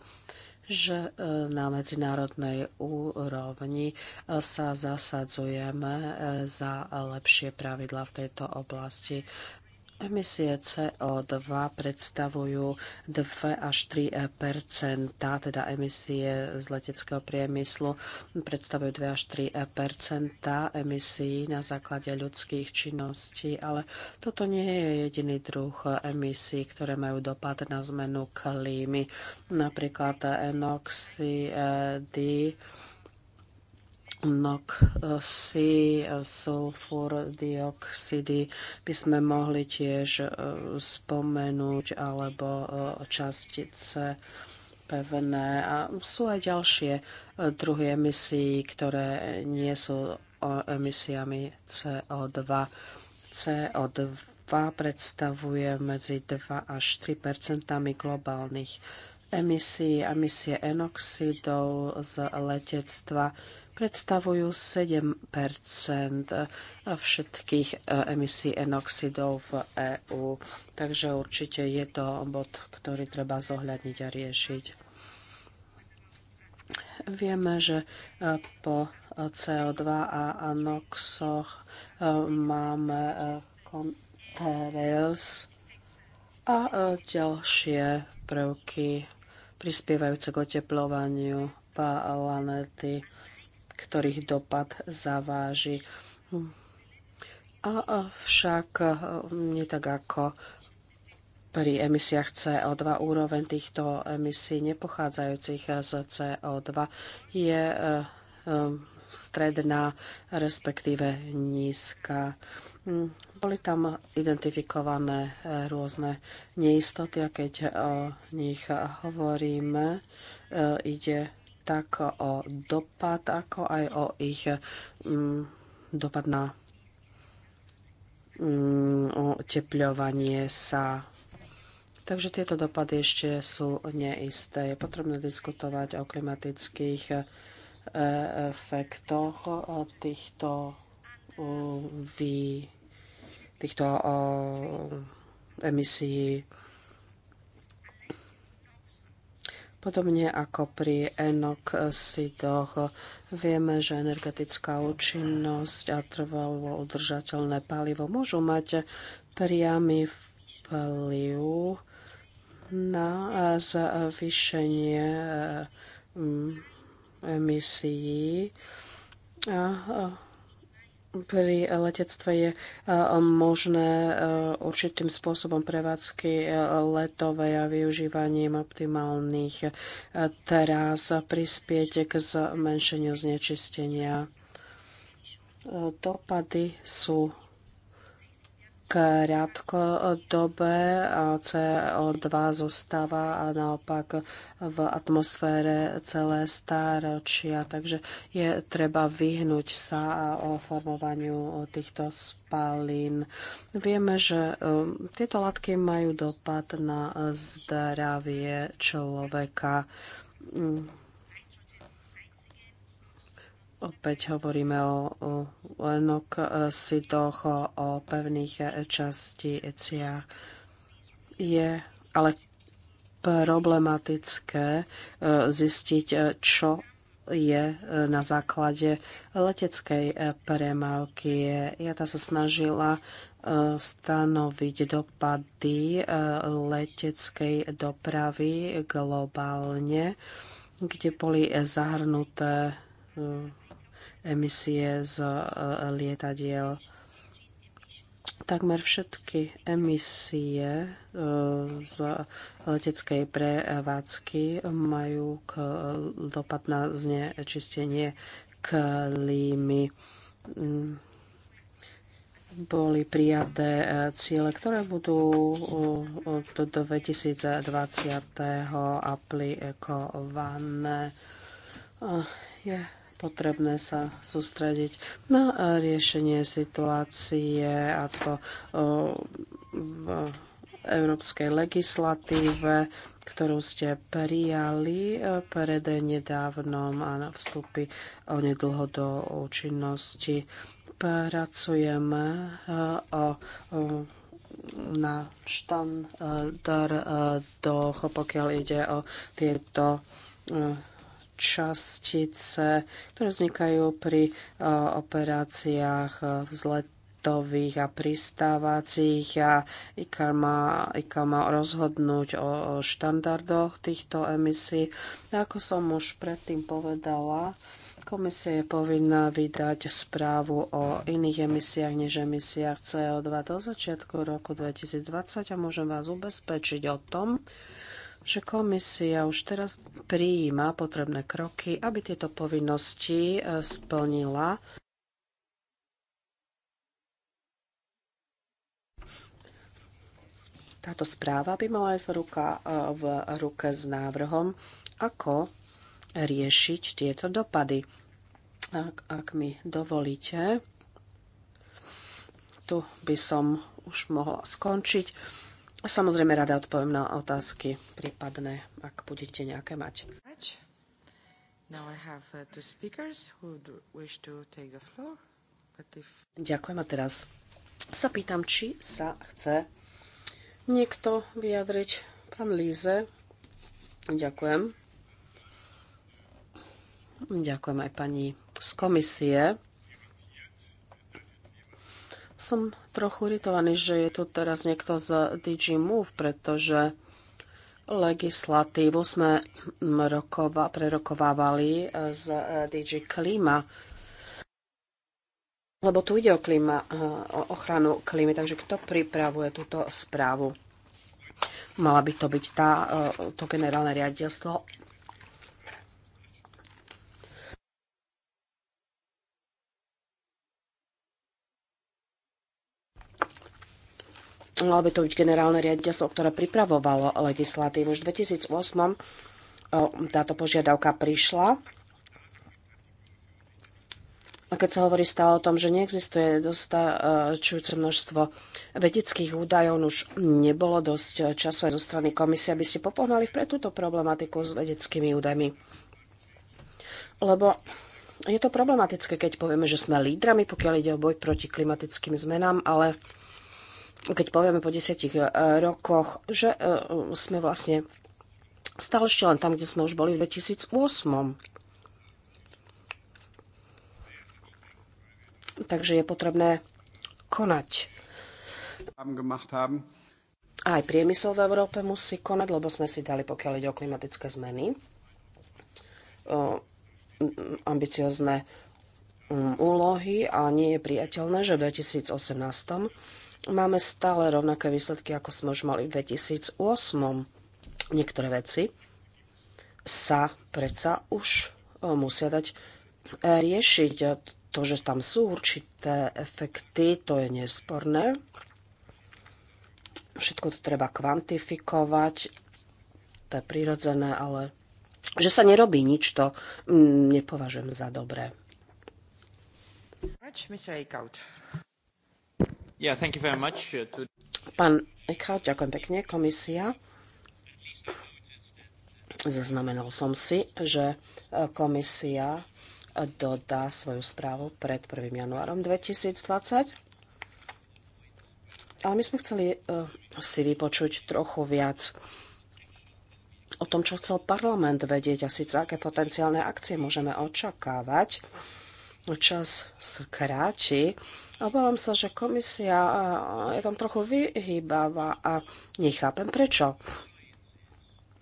že e, na medzinárodnej úrovni sa zasadzujeme za lepšie pravidla v tejto oblasti. Emisie CO2 predstavujú 2 až 3 teda emisie z leteckého priemyslu predstavujú 2 až 3 emisí na základe ľudských činností, ale toto nie je jediný druh emisí, ktoré majú dopad na zmenu klímy. Napríklad NOXy, NOXy, eh, eh, sulfur dioxidy by sme mohli tiež eh, spomenúť, alebo častice pevné. A sú aj ďalšie druhy emisí, ktoré nie sú emisiami CO2. CO2 predstavuje medzi 2 až 3 globálnych emisí, emisie enoxidov z letectva predstavujú 7 eh, všetkých eh, emisí enoxidov v EÚ. Takže určite je to bod, ktorý treba zohľadniť a riešiť. Vieme, že eh, po CO2 a anoxoch máme Contrails a ďalšie prvky prispievajúce k oteplovaniu planéty ktorých dopad zaváži. A však e, nie tak ako pri emisiách CO2 úroveň týchto emisí nepochádzajúcich z CO2 je e, e, stredná, respektíve nízka. Boli tam identifikované rôzne neistoty a keď o nich hovoríme, ide tak o dopad, ako aj o ich mm, dopad na mm, otepľovanie sa. Takže tieto dopady ešte sú neisté. Je potrebné diskutovať o klimatických e, efektoch týchto vy, týchto emisí Podobne ako pri enok sidoch vieme, že energetická účinnosť a trvalo udržateľné palivo môžu mať priamy vplyv na zvýšenie mm, emisií. A pri letectve je e, možné e, určitým spôsobom prevádzky e, letovej a využívaním optimálnych teraz prispieť k zmenšeniu znečistenia. Dopady sú krátkodobé a CO2 zostáva a naopak v atmosfére celé stáročia. Takže je treba vyhnúť sa o formovaniu týchto spalín. Vieme, že um, tieto látky majú dopad na zdravie človeka. Mm. Opäť hovoríme o, o lenoksitoch, e, o, o pevných e, časticiach. Je ale problematické e, zistiť, čo je na základe leteckej premávky. Ja tá sa snažila stanoviť dopady leteckej dopravy globálne, kde boli zahrnuté emisie z e, lietadiel. Takmer všetky emisie e, z leteckej prevádzky majú k dopad na znečistenie klímy boli prijaté e, ciele, ktoré budú do 2020. aplikované. Je potrebné sa sústrediť na e, riešenie situácie a to e, v európskej legislatíve, ktorú ste prijali e, pred nedávnom a na vstupy onedlho do účinnosti. Pracujeme o na štandardoch, pokiaľ ide o tieto častice, ktoré vznikajú pri e, operáciách e, vzletu a pristávacích a ICAO má, ICAO má rozhodnúť o, o štandardoch týchto emisí. Ako som už predtým povedala, Komisia je povinná vydať správu o iných emisiách než emisiách CO2 do začiatku roku 2020 a môžem vás ubezpečiť o tom, že komisia už teraz prijíma potrebné kroky, aby tieto povinnosti e, splnila. Táto správa by mala ísť e, v ruke s návrhom, ako riešiť tieto dopady. Ak, ak mi dovolíte, tu by som už mohla skončiť. Samozrejme, rada odpoviem na otázky prípadné, ak budete nejaké mať. Uh, ďakujem a teraz sa pýtam, či sa chce niekto vyjadriť. Pán Líze, ďakujem. Ďakujem aj pani z komisie. Som trochu iritovaný, že je tu teraz niekto z DG Move, pretože legislatívu sme rokova, prerokovávali eh, z eh, DG Klima. Lebo tu ide o, klima, eh, o ochranu klímy, takže kto pripravuje túto správu? Mala by to byť tá, to generálne riaditeľstvo malo by to byť generálne riaditeľstvo, ktoré pripravovalo legislatívu. Už v 2008 táto požiadavka prišla. A keď sa hovorí stále o tom, že neexistuje dostačujúce množstvo vedeckých údajov, už nebolo dosť času aj zo strany komisie, aby ste popohnali pre túto problematiku s vedeckými údajmi. Lebo je to problematické, keď povieme, že sme lídrami, pokiaľ ide o boj proti klimatickým zmenám, ale keď povieme po desiatich eh, rokoch, že eh, sme vlastne stále ešte len tam, kde sme už boli v 2008. Takže je potrebné konať. Aj priemysel v Európe musí konať, lebo sme si dali, pokiaľ ide o klimatické zmeny, eh, ambiciozne mm, úlohy a nie je priateľné, že v 2018 máme stále rovnaké výsledky, ako sme už mali v 2008. Niektoré veci sa predsa už e, musia dať e, riešiť. To, že tam sú určité efekty, to je nesporné. Všetko to treba kvantifikovať, to je prirodzené, ale že sa nerobí nič, to mm, nepovažujem za dobré. Uh, Pán Eckhart, ďakujem pekne, komisia. Zaznamenal som si, že uh, komisia uh, dodá svoju správu pred 1. januárom 2020. Ale my sme chceli si vypočuť trochu viac o tom, čo chcel parlament vedieť a síce aké potenciálne akcie môžeme očakávať čas skráti. Obávam sa, že komisia eh, je tam trochu vyhýbava a nechápem prečo.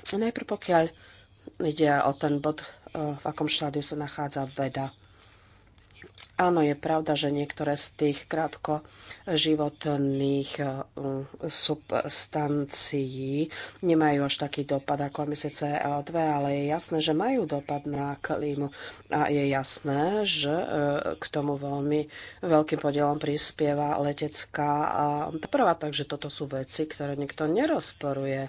Najprv pokiaľ ide o ten bod, eh, v akom štádiu sa nachádza veda. Áno, je pravda, že niektoré z tých krátkoživotných eh, substancií nemajú až taký dopad ako emisie CO2, ale je jasné, že majú dopad na klímu a je jasné, že eh, k tomu veľmi veľkým podielom prispieva letecká eh, doprava, takže toto sú veci, ktoré nikto nerozporuje.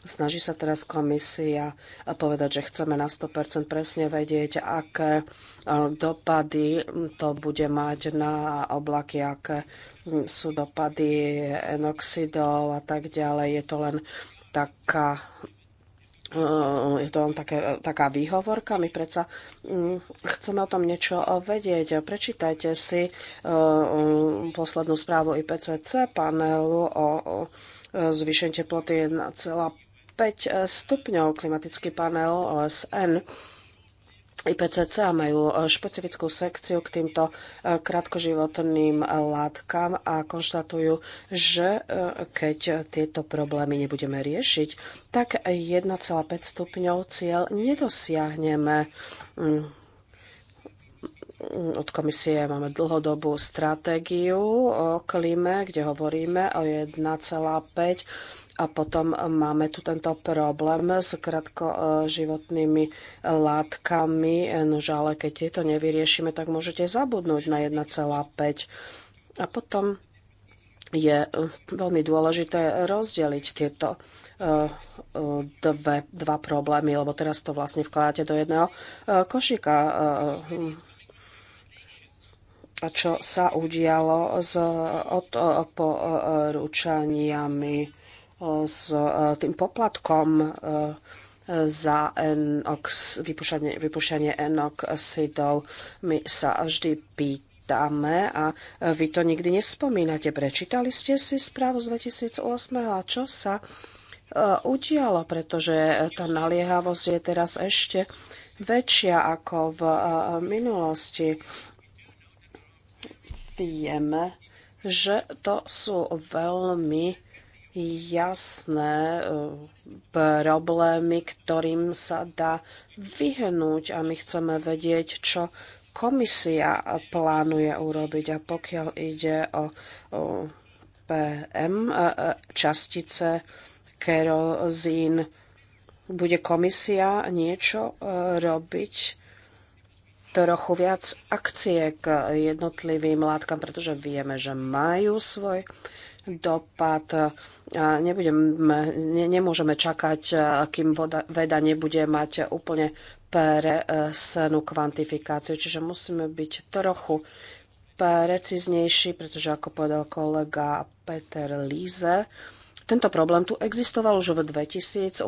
Snaží sa teraz komisia povedať, že chceme na 100% presne vedieť, aké e, dopady to bude mať na oblaky, aké sú dopady enoxidov a tak ďalej. Je to len taká e, je to len také, taká výhovorka. My predsa chceme o tom niečo vedieť. Prečítajte si e, poslednú správu IPCC panelu o zvýšení teploty 1,5 5 e, stupňov klimatický panel OSN. IPCC majú e, špecifickú sekciu k týmto e, krátkoživotným látkam a konštatujú, že keď tieto problémy nebudeme riešiť, tak 1,5 stupňov cieľ nedosiahneme mm, od komisie máme dlhodobú stratégiu o klíme, kde hovoríme o 1,5 a potom máme tu tento problém s krátkoživotnými látkami. Nož ale keď tieto nevyriešime, tak môžete zabudnúť na 1,5. A potom je veľmi dôležité rozdeliť tieto e, dve, dva problémy, lebo teraz to vlastne vkladáte do jedného e, košíka. E, a čo sa udialo s odporúčaniami? s e, tým poplatkom e, za NOx, vypušťanie, vypušťanie NOxidov. My sa vždy pýtame, pýtame a vy to nikdy nespomínate. Prečítali ste si správu z 2008 a čo sa e, udialo, pretože tá naliehavosť je teraz ešte väčšia ako v minulosti. Vieme, že to sú veľmi jasné e, problémy, ktorým sa dá vyhnúť a my chceme vedieť, čo komisia plánuje urobiť. A pokiaľ ide o, PM e, e, častice, kerozín, bude komisia niečo robiť? trochu viac akcie k jednotlivým látkam, pretože vieme, že majú svoj dopad. A nebudeme, ne, nemôžeme čakať, kým voda, veda nebude mať úplne presnú kvantifikáciu. Čiže musíme byť trochu preciznejší, pretože ako povedal kolega Peter Líze, tento problém tu existoval už v 2008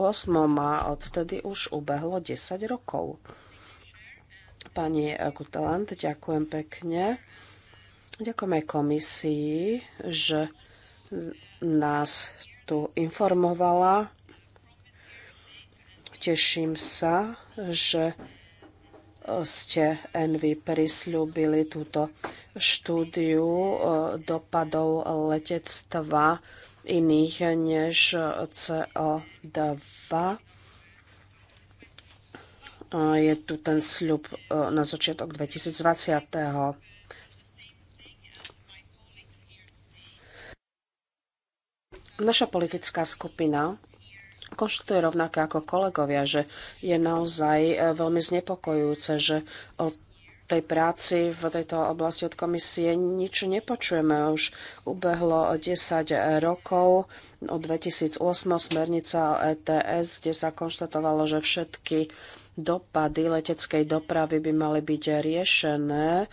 a odtedy už ubehlo 10 rokov. Pani Kutelant, ďakujem pekne. Ďakujem aj komisii, že nás tu informovala. Teším sa, že ste Envy prisľúbili túto štúdiu e, dopadov letectva iných než CO2. E, je tu ten sľub e, na začiatok 2020. Naša politická skupina konštatuje rovnaké ako kolegovia, že je naozaj e, veľmi znepokojujúce, že od tej práci v tejto oblasti od komisie nič nepočujeme. Už ubehlo 10 rokov. Od 2008 smernica ETS, kde sa konštatovalo, že všetky dopady leteckej dopravy by mali byť riešené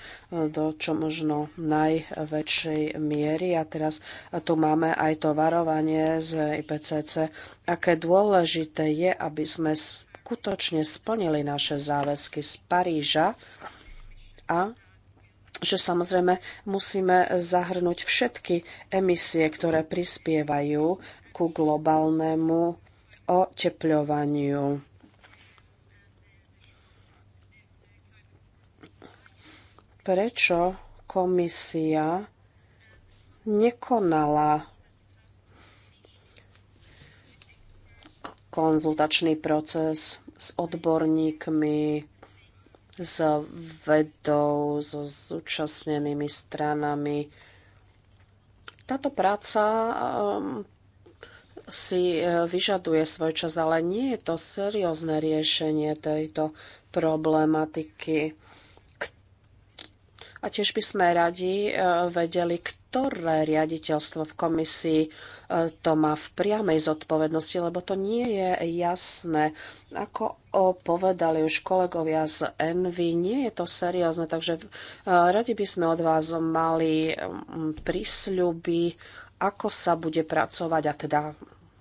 do čo možno najväčšej miery. A teraz tu máme aj to varovanie z IPCC. Aké dôležité je, aby sme skutočne splnili naše záväzky z Paríža a že samozrejme musíme zahrnúť všetky emisie, ktoré prispievajú ku globálnemu oteplovaniu. prečo komisia nekonala konzultačný proces s odborníkmi, s vedou, so zúčastnenými stranami. Táto práca um, si eh, vyžaduje svoj čas, ale nie je to seriózne riešenie tejto problematiky. A tiež by sme radi e, vedeli, ktoré riaditeľstvo v komisii e, to má v priamej zodpovednosti, lebo to nie je jasné. Ako povedali už kolegovia z Envy, nie je to seriózne, takže e, radi by sme od vás mali prísľuby, ako sa bude pracovať a teda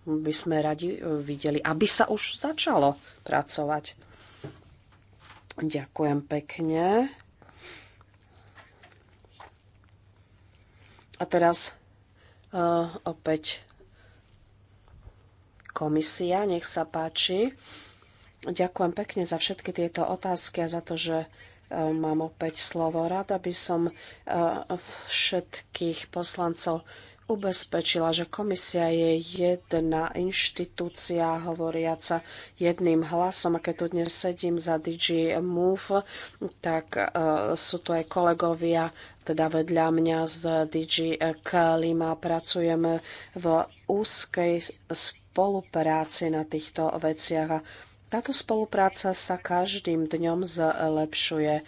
by sme radi videli, aby sa už začalo pracovať. Ďakujem pekne. A teraz uh, opäť komisia, nech sa páči. Ďakujem pekne za všetky tieto otázky a za to, že uh, mám opäť slovo. Rada by som uh, všetkých poslancov uh, ubezpečila, že komisia je jedna inštitúcia hovoriaca jedným hlasom. A keď tu dnes sedím za DG Move, tak uh, sú tu aj kolegovia, teda vedľa mňa z DG Klima. Pracujeme v úzkej spolupráci na týchto veciach a táto spolupráca sa každým dňom zlepšuje.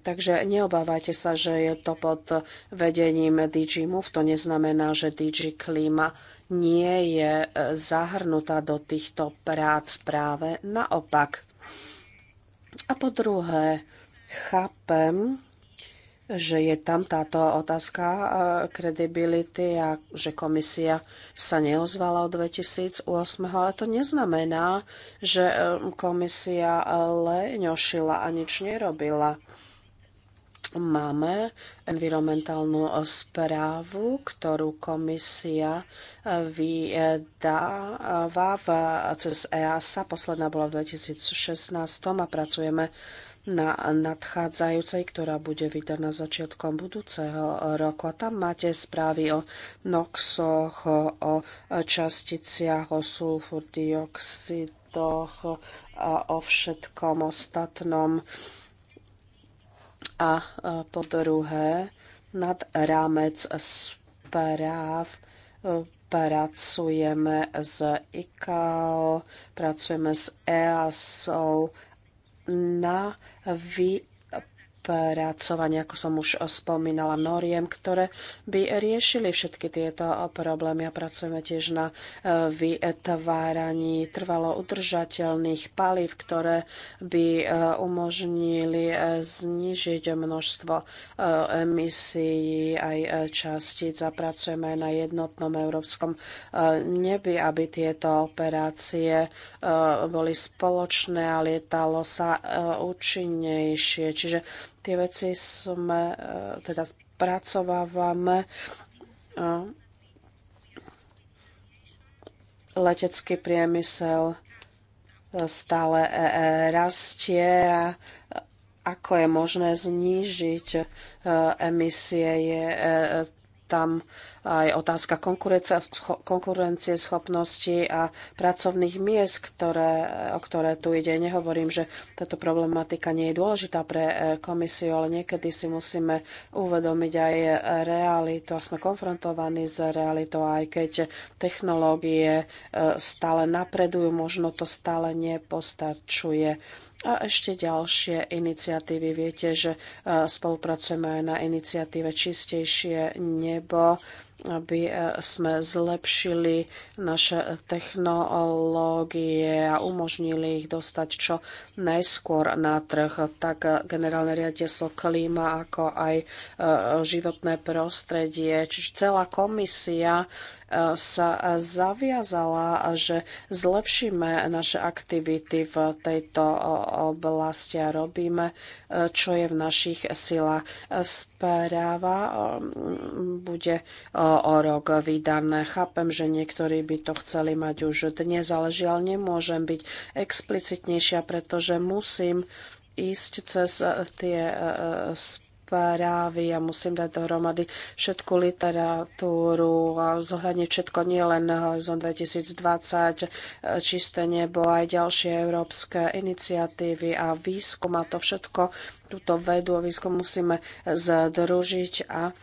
Takže neobávajte sa, že je to pod vedením DG Move. To neznamená, že DG Klima nie je e, zahrnutá do týchto prác práve naopak. A po druhé, chápem, že je tam táto otázka e, kredibility a že komisia sa neozvala od 2008, ale to neznamená, že e, komisia e, leňošila a nič nerobila máme environmentálnu správu, ktorú komisia vydáva cez EASA. Posledná bola v 2016 a pracujeme na nadchádzajúcej, ktorá bude vydaná začiatkom budúceho roku. A tam máte správy o noxoch, o časticiach, o sulfurdioxidoch a o všetkom ostatnom. A e, po druhé, nad rámec správ e, pracujeme s ICAO, pracujeme s EASO na vy vypracovanie, ako som už spomínala, noriem, ktoré by riešili všetky tieto problémy a pracujeme tiež na e, vytváraní trvalo udržateľných palív, ktoré by e, umožnili e, znižiť množstvo emisií aj častíc a pracujeme aj na jednotnom európskom nebi, aby tieto operácie boli spoločné a lietalo sa účinnejšie. Čiže Tie veci sme e, teda spracovávame e, letecký priemysel e, stále rastie a ako je možné znížiť emisie je tam aj otázka konkurencie schopnosti a pracovných miest, ktoré, o ktoré tu ide. Nehovorím, že táto problematika nie je dôležitá pre e, komisiu, ale niekedy si musíme uvedomiť aj realitu a sme konfrontovaní s realitou, aj keď technológie e, stále napredujú, možno to stále nepostačuje a ešte ďalšie iniciatívy. Viete, že e, spolupracujeme aj na iniciatíve Čistejšie nebo, aby e, sme zlepšili naše technológie a umožnili ich dostať čo najskôr na trh. Tak e, generálne riaditeľstvo klíma, ako aj životné prostredie, čiže celá komisia sa zaviazala, že zlepšíme naše aktivity v tejto oblasti a robíme, e, čo je v našich silách. Správa bude o rok vydané. Chápem, že niektorí by to chceli mať už dnes, ale žiaľ nemôžem byť explicitnejšia, pretože musím ísť cez e, tie správy e, správy a musím dať dohromady všetku literatúru a zohľadniť všetko, nielen Horizon 2020, Čisté nebo, aj ďalšie európske iniciatívy a výskum a to všetko, túto vedu a výskum musíme združiť a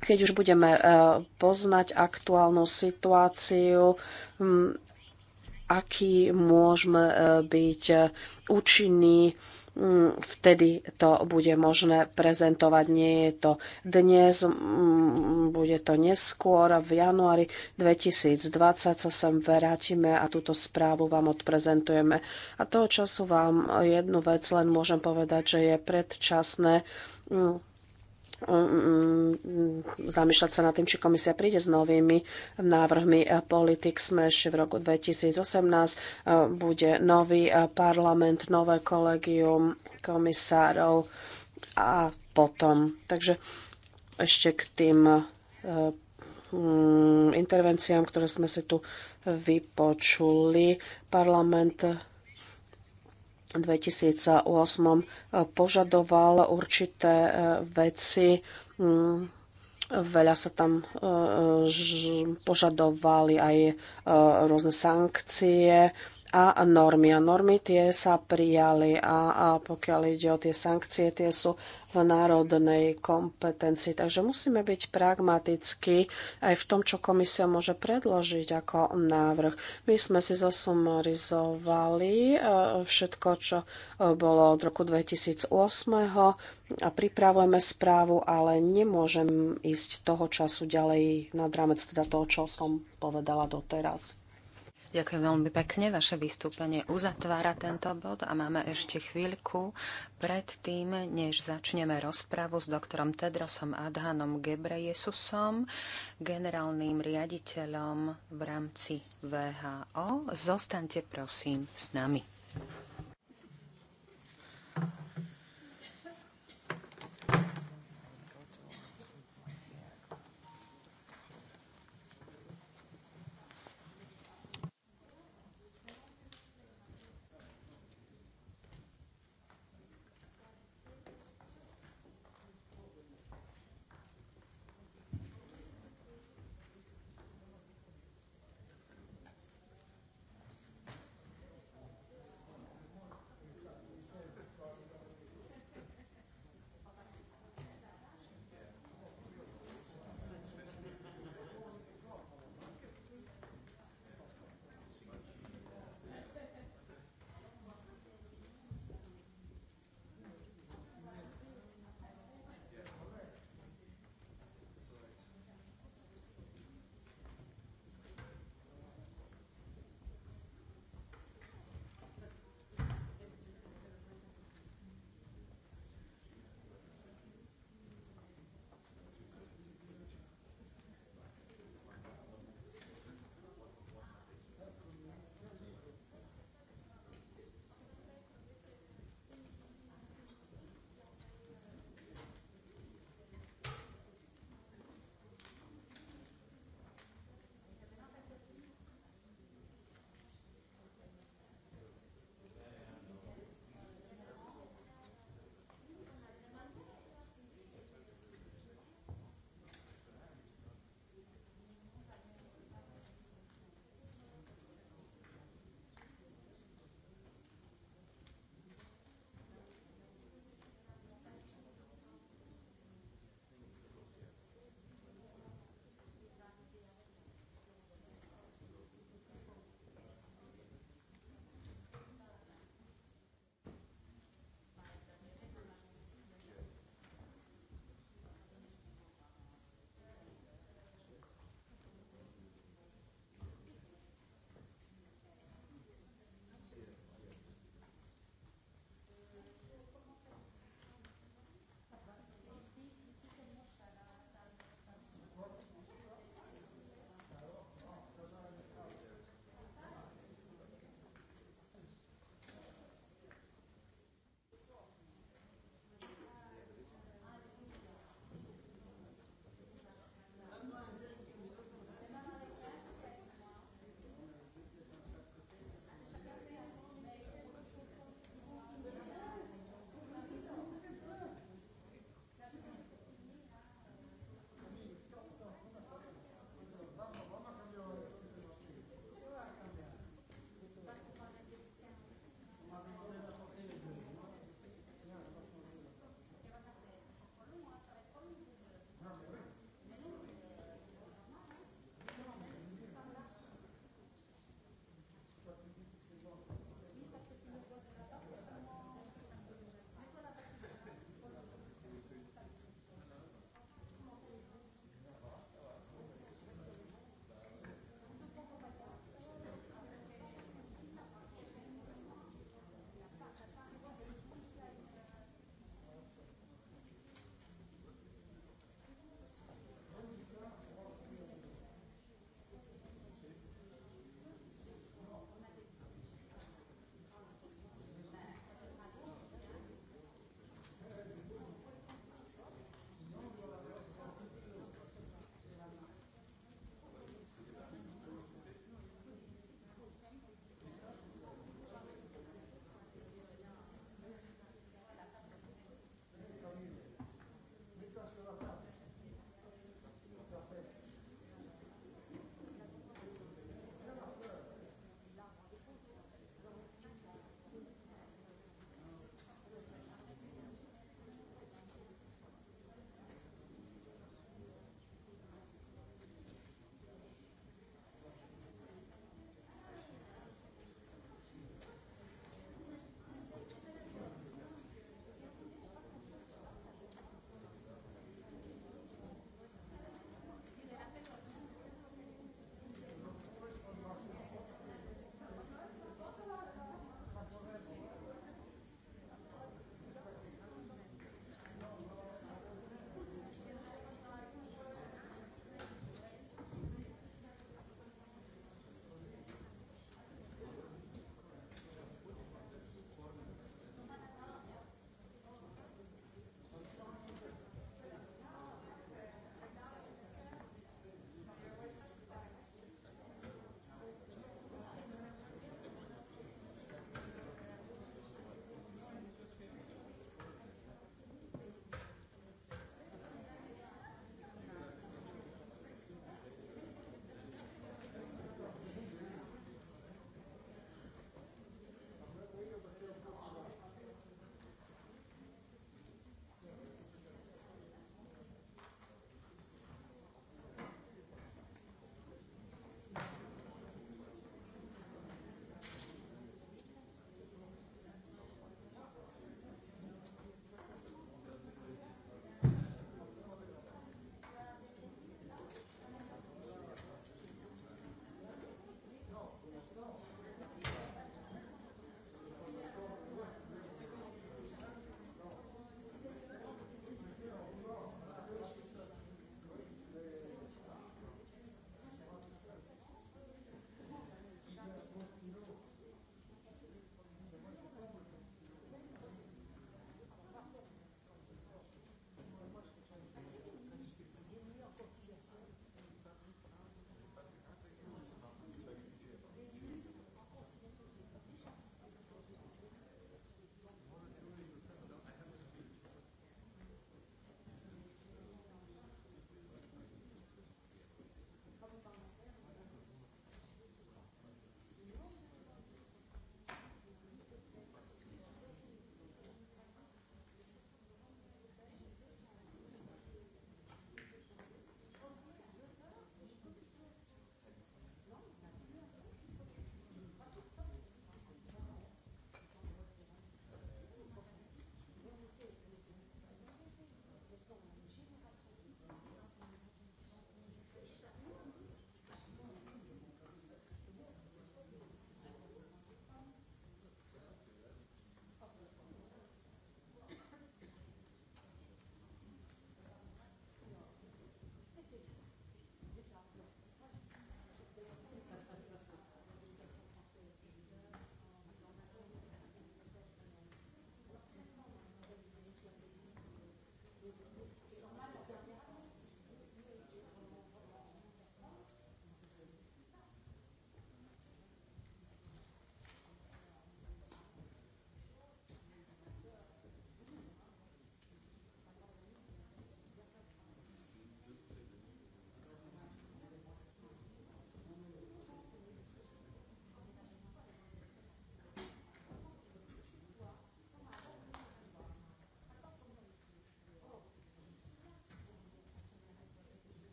keď už budeme e, poznať aktuálnu situáciu, aký môžeme e, byť e, účinní Mm, vtedy to bude možné prezentovať. Nie je to dnes, mm, bude to neskôr. V januári 2020 sa sem vrátime a túto správu vám odprezentujeme. A toho času vám jednu vec len môžem povedať, že je predčasné mm, Mm, mm, zamýšľať sa nad tým, či komisia príde s novými návrhmi eh, politik. Sme ešte v roku 2018, eh, bude nový eh, parlament, nové kolegium komisárov a potom. Takže ešte k tým mm, intervenciám, ktoré sme si tu vypočuli. Parlament 2008 e, požadoval určité e, veci. Mm, veľa sa tam e, požadovali aj rôzne sankcie a normy. A normy tie sa prijali a, a pokiaľ ide o tie sankcie, tie sú v národnej kompetencii. Takže musíme byť pragmatickí aj v tom, čo komisia môže predložiť ako návrh. My sme si zosumarizovali e, všetko, čo e, bolo od roku 2008 a pripravujeme správu, ale nemôžem ísť toho času ďalej nad rámec teda toho, čo som povedala doteraz. Ďakujem veľmi pekne. Vaše vystúpenie uzatvára tento bod a máme ešte chvíľku pred tým, než začneme rozpravu s doktorom Tedrosom Adhanom Gebrejesusom, generálnym riaditeľom v rámci VHO. Zostaňte prosím s nami.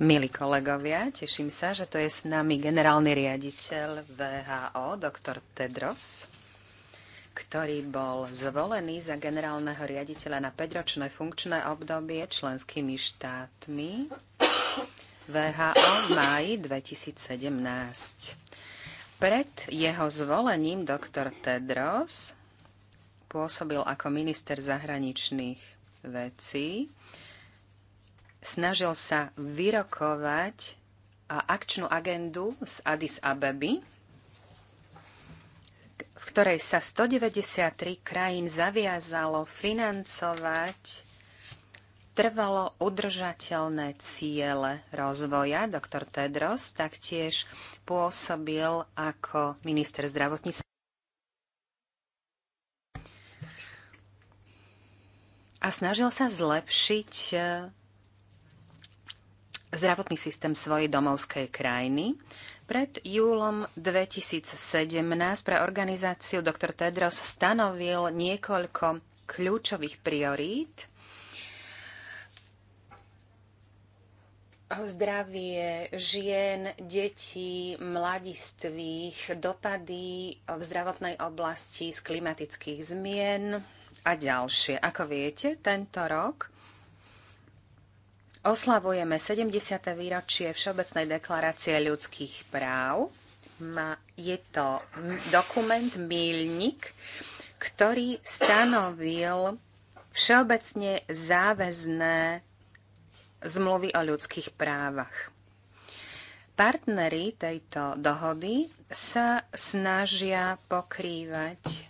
Milí kolegovia, teším sa, že to je s nami generálny riaditeľ VHO, doktor Tedros, ktorý bol zvolený za generálneho riaditeľa na 5-ročné funkčné obdobie členskými štátmi VHO v máji 2017. Pred jeho zvolením doktor Tedros pôsobil ako minister zahraničných vecí snažil sa vyrokovať akčnú agendu z Addis Abeby, v ktorej sa 193 krajín zaviazalo financovať trvalo udržateľné ciele rozvoja. Doktor Tedros taktiež pôsobil ako minister zdravotníctva. A snažil sa zlepšiť eh, zdravotný systém svojej domovskej krajiny. Pred júlom 2017 pre organizáciu dr. Tedros stanovil niekoľko kľúčových priorít. Zdravie žien, detí, mladistvých, dopady v zdravotnej oblasti z klimatických zmien a ďalšie. Ako viete, tento rok oslavujeme 70. výročie Všeobecnej deklarácie ľudských práv. Je to dokument, mílnik, ktorý stanovil všeobecne záväzné zmluvy o ľudských právach. Partnery tejto dohody sa snažia pokrývať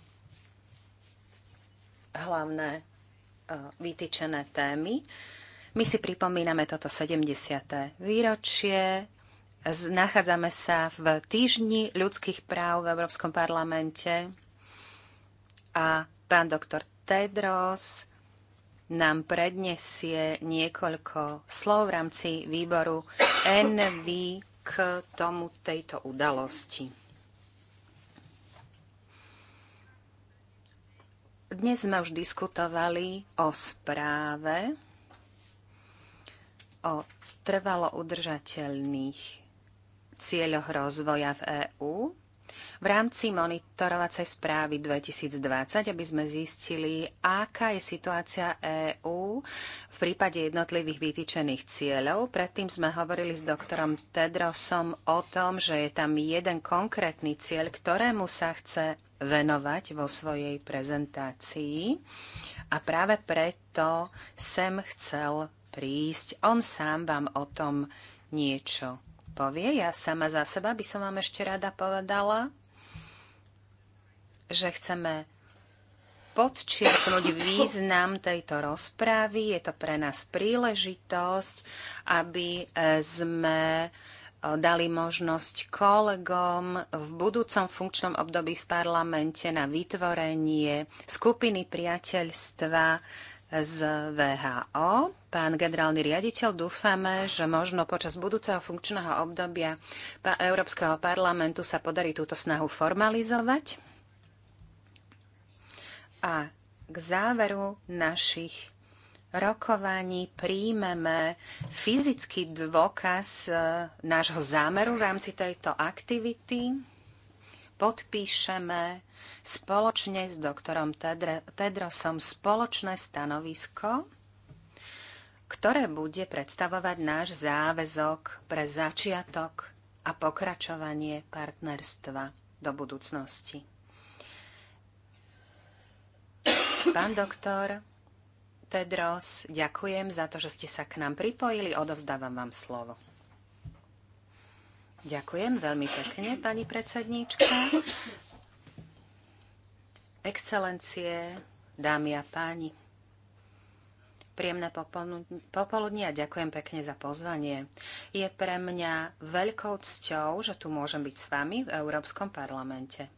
hlavné e, vytýčené témy, my si pripomíname toto 70. výročie. Nachádzame sa v týždni ľudských práv v Európskom parlamente a pán doktor Tedros nám predniesie niekoľko slov v rámci výboru NV k tomu tejto udalosti. Dnes sme už diskutovali o správe o trvalo udržateľných cieľoch rozvoja v EÚ v rámci monitorovacej správy 2020, aby sme zistili, aká je situácia EÚ v prípade jednotlivých vytýčených cieľov. Predtým sme hovorili s doktorom Tedrosom o tom, že je tam jeden konkrétny cieľ, ktorému sa chce venovať vo svojej prezentácii. A práve preto sem chcel prísť. On sám vám o tom niečo povie. Ja sama za seba by som vám ešte rada povedala, že chceme podčiarknúť význam tejto rozprávy. Je to pre nás príležitosť, aby e, sme e, dali možnosť kolegom v budúcom funkčnom období v parlamente na vytvorenie skupiny priateľstva z VHO. Pán generálny riaditeľ, dúfame, že možno počas budúceho funkčného obdobia Európskeho parlamentu sa podarí túto snahu formalizovať. A k záveru našich rokovaní príjmeme fyzický dôkaz eh, nášho zámeru v rámci tejto aktivity podpíšeme spoločne s doktorom Tedrosom spoločné stanovisko, ktoré bude predstavovať náš záväzok pre začiatok a pokračovanie partnerstva do budúcnosti. Pán doktor Tedros, ďakujem za to, že ste sa k nám pripojili. Odovzdávam vám slovo. Ďakujem veľmi pekne, pani predsedníčka. Excelencie, dámy a páni, príjemné popoludnie a ďakujem pekne za pozvanie. Je pre mňa veľkou cťou, že tu môžem byť s vami v Európskom parlamente.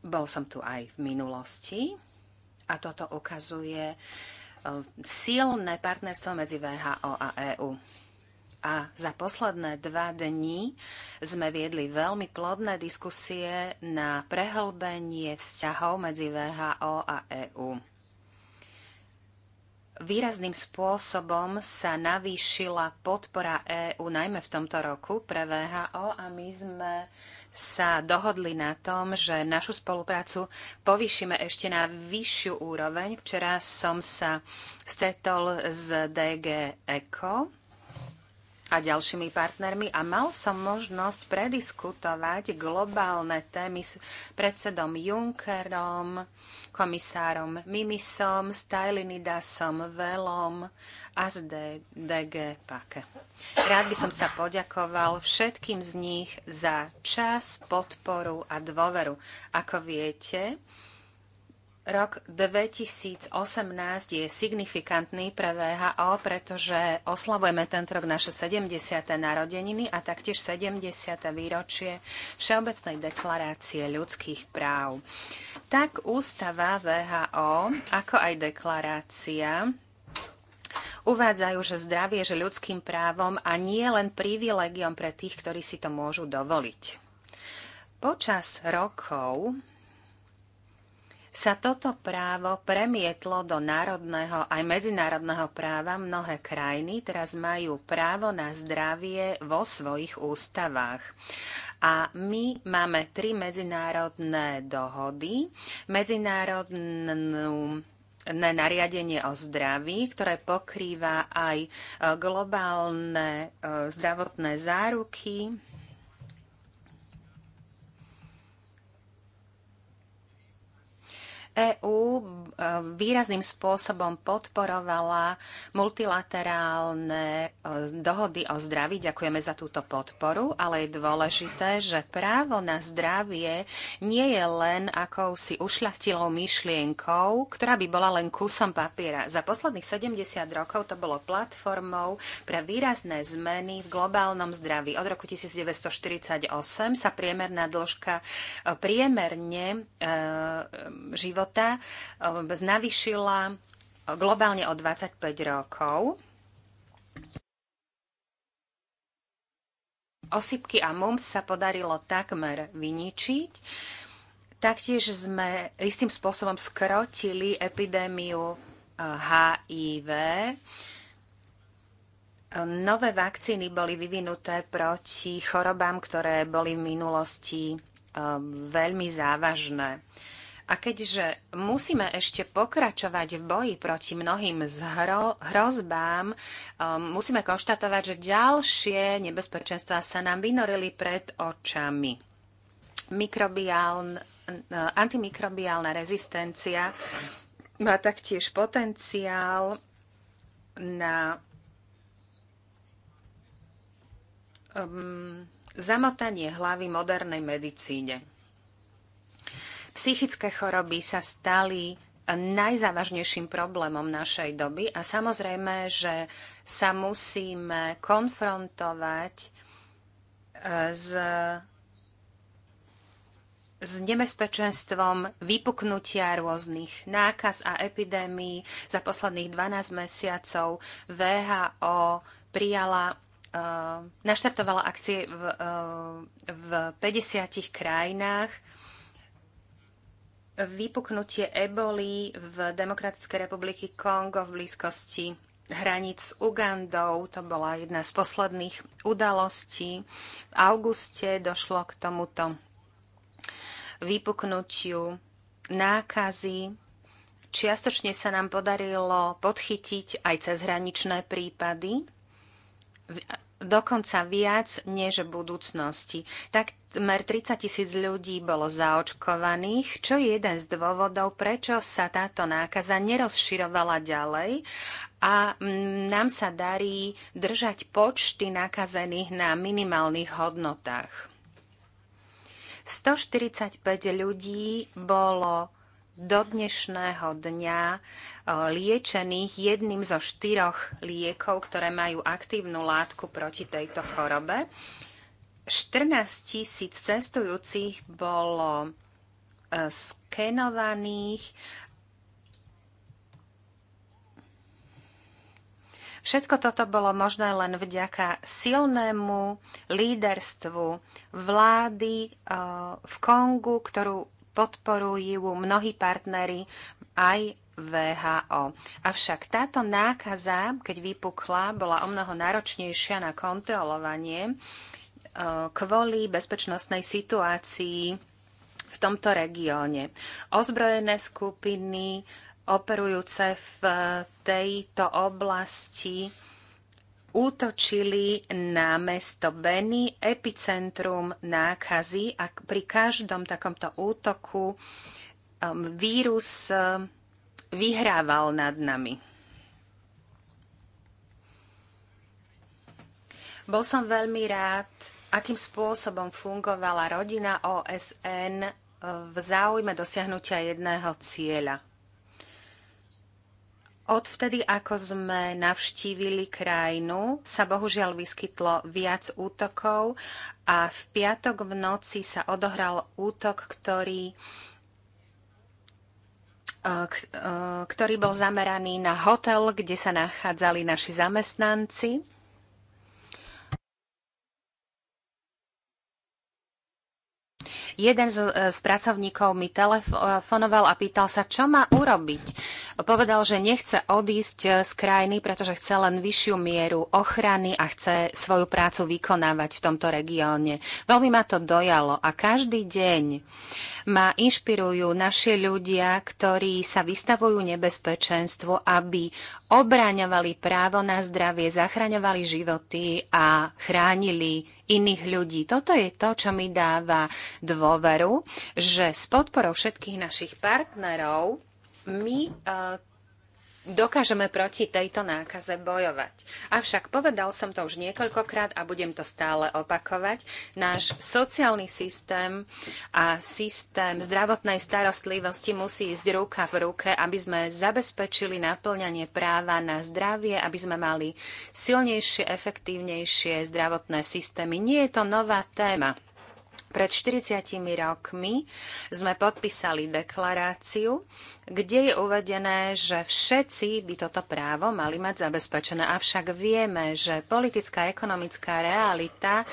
Bol som tu aj v minulosti a toto ukazuje e, silné partnerstvo medzi VHO a EÚ. A za posledné dva dní sme viedli veľmi plodné diskusie na prehlbenie vzťahov medzi VHO a EÚ výrazným spôsobom sa navýšila podpora EÚ, najmä v tomto roku pre VHO a my sme sa dohodli na tom, že našu spoluprácu povýšime ešte na vyššiu úroveň. Včera som sa stretol s DG ECO a ďalšími partnermi a mal som možnosť prediskutovať globálne témy s predsedom Junckerom, komisárom Mimisom, Stylinidasom, Velom a z DG Pake. Rád by som sa poďakoval všetkým z nich za čas, podporu a dôveru. Ako viete, Rok 2018 je signifikantný pre VHO, pretože oslavujeme tento rok naše 70. narodeniny a taktiež 70. výročie Všeobecnej deklarácie ľudských práv. Tak ústava VHO, ako aj deklarácia, uvádzajú, že zdravie je ľudským právom a nie len privilegiom pre tých, ktorí si to môžu dovoliť. Počas rokov sa toto právo premietlo do národného aj medzinárodného práva. Mnohé krajiny teraz majú právo na zdravie vo svojich ústavách. A my máme tri medzinárodné dohody, medzinárodnú na nariadenie o zdraví, ktoré pokrýva aj e, globálne e, zdravotné záruky, EÚ e, výrazným spôsobom podporovala multilaterálne e, dohody o zdraví. Ďakujeme za túto podporu, ale je dôležité, že právo na zdravie nie je len akousi ušľachtilou myšlienkou, ktorá by bola len kusom papiera. Za posledných 70 rokov to bolo platformou pre výrazné zmeny v globálnom zdraví. Od roku 1948 sa priemerná dĺžka e, priemerne e, života eh, znavyšila globálne o 25 rokov. Osypky a mums sa podarilo takmer vyničiť. Taktiež sme istým spôsobom skrotili epidémiu HIV. Eh, Nové vakcíny boli vyvinuté proti chorobám, ktoré boli v minulosti eh, veľmi závažné. A keďže musíme ešte pokračovať v boji proti mnohým zhro, hrozbám, um, musíme konštatovať, že ďalšie nebezpečenstvá sa nám vynorili pred očami. Eh, antimikrobiálna rezistencia má taktiež potenciál na um, zamotanie hlavy modernej medicíne. Psychické choroby sa stali najzávažnejším problémom našej doby a samozrejme, že sa musíme konfrontovať e, s, s nebezpečenstvom vypuknutia rôznych nákaz a epidémií. Za posledných 12 mesiacov VHO prijala e, naštartovala akcie v, e, v 50 krajinách vypuknutie eboli v Demokratickej republiky Kongo v blízkosti hraníc s Ugandou. To bola jedna z posledných udalostí. V auguste došlo k tomuto vypuknutiu nákazy. Čiastočne sa nám podarilo podchytiť aj cezhraničné prípady dokonca viac než v budúcnosti. Takmer 30 tisíc ľudí bolo zaočkovaných, čo je jeden z dôvodov, prečo sa táto nákaza nerozširovala ďalej a nám sa darí držať počty nakazených na minimálnych hodnotách. 145 ľudí bolo do dnešného dňa e, liečených jedným zo štyroch liekov, ktoré majú aktívnu látku proti tejto chorobe. 14 tisíc cestujúcich bolo e, skenovaných. Všetko toto bolo možné len vďaka silnému líderstvu vlády e, v Kongu, ktorú podporujú mnohí partnery aj VHO. Avšak táto nákaza, keď vypukla, bola o mnoho náročnejšia na kontrolovanie e, kvôli bezpečnostnej situácii v tomto regióne. Ozbrojené skupiny operujúce v tejto oblasti útočili na mesto Beny, epicentrum nákazy a pri každom takomto útoku um, vírus um, vyhrával nad nami. Bol som veľmi rád, akým spôsobom fungovala rodina OSN uh, v záujme dosiahnutia jedného cieľa – Odvtedy, ako sme navštívili krajinu, sa bohužiaľ vyskytlo viac útokov a v piatok v noci sa odohral útok, ktorý e, e, ktorý bol zameraný na hotel, kde sa nachádzali naši zamestnanci. Jeden z, e, z pracovníkov mi telefonoval a pýtal sa, čo má urobiť povedal, že nechce odísť eh, z krajiny, pretože chce len vyššiu mieru ochrany a chce svoju prácu vykonávať v tomto regióne. Veľmi ma to dojalo a každý deň ma inšpirujú naši ľudia, ktorí sa vystavujú nebezpečenstvu, aby obráňovali právo na zdravie, zachraňovali životy a chránili iných ľudí. Toto je to, čo mi dáva dôveru, že s podporou všetkých našich partnerov my e, dokážeme proti tejto nákaze bojovať. Avšak povedal som to už niekoľkokrát a budem to stále opakovať. Náš sociálny systém a systém zdravotnej starostlivosti musí ísť ruka v ruke, aby sme zabezpečili naplňanie práva na zdravie, aby sme mali silnejšie, efektívnejšie zdravotné systémy. Nie je to nová téma. Pred 40 rokmi sme podpísali deklaráciu, kde je uvedené, že všetci by toto právo mali mať zabezpečené. Avšak vieme, že politická a ekonomická realita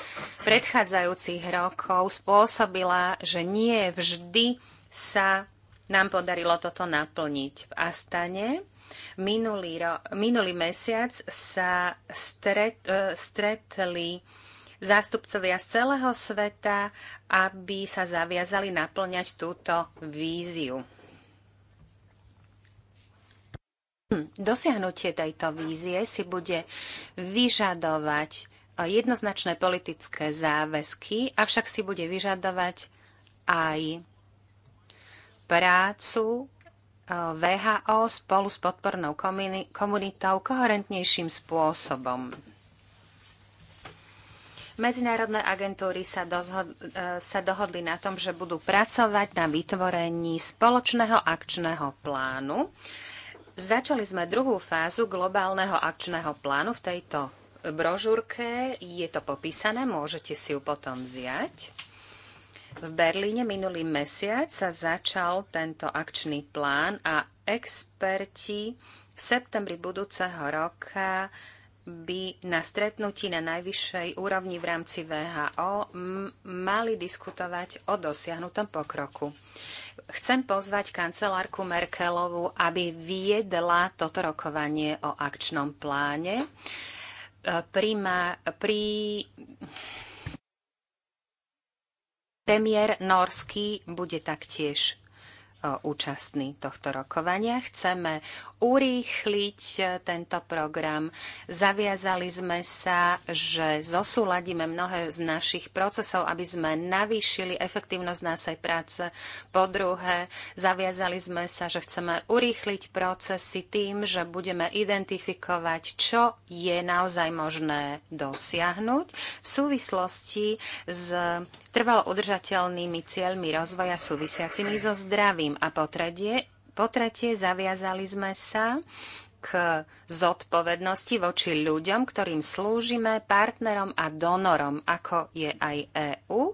predchádzajúcich rokov spôsobila, že nie vždy sa nám podarilo toto naplniť. V Astane minulý, ro- minulý mesiac sa stret, e, stretli zástupcovia z celého sveta, aby sa zaviazali naplňať túto víziu. Hm, dosiahnutie tejto vízie si bude vyžadovať eh, jednoznačné politické záväzky, avšak si bude vyžadovať aj prácu eh, VHO spolu s podpornou komunitou koherentnejším spôsobom. Medzinárodné agentúry sa, dozhod, e, sa dohodli na tom, že budú pracovať na vytvorení spoločného akčného plánu. Začali sme druhú fázu globálneho akčného plánu v tejto brožúrke. Je to popísané, môžete si ju potom vziať. V Berlíne minulý mesiac sa začal tento akčný plán a experti v septembri budúceho roka by na stretnutí na najvyššej úrovni v rámci VHO mali diskutovať o dosiahnutom pokroku. Chcem pozvať kancelárku Merkelovu, aby viedla toto rokovanie o akčnom pláne. E, Prima, pri... Premiér Norský bude taktiež účastní tohto rokovania. Chceme urýchliť e, tento program. Zaviazali sme sa, že zosúladíme mnohé z našich procesov, aby sme navýšili efektívnosť našej práce. Po druhé, zaviazali sme sa, že chceme urýchliť procesy tým, že budeme identifikovať, čo je naozaj možné dosiahnuť v súvislosti s trvalo udržateľnými cieľmi rozvoja súvisiacimi so zdravím. A po tretie, po tretie zaviazali sme sa k zodpovednosti voči ľuďom, ktorým slúžime, partnerom a donorom, ako je aj EÚ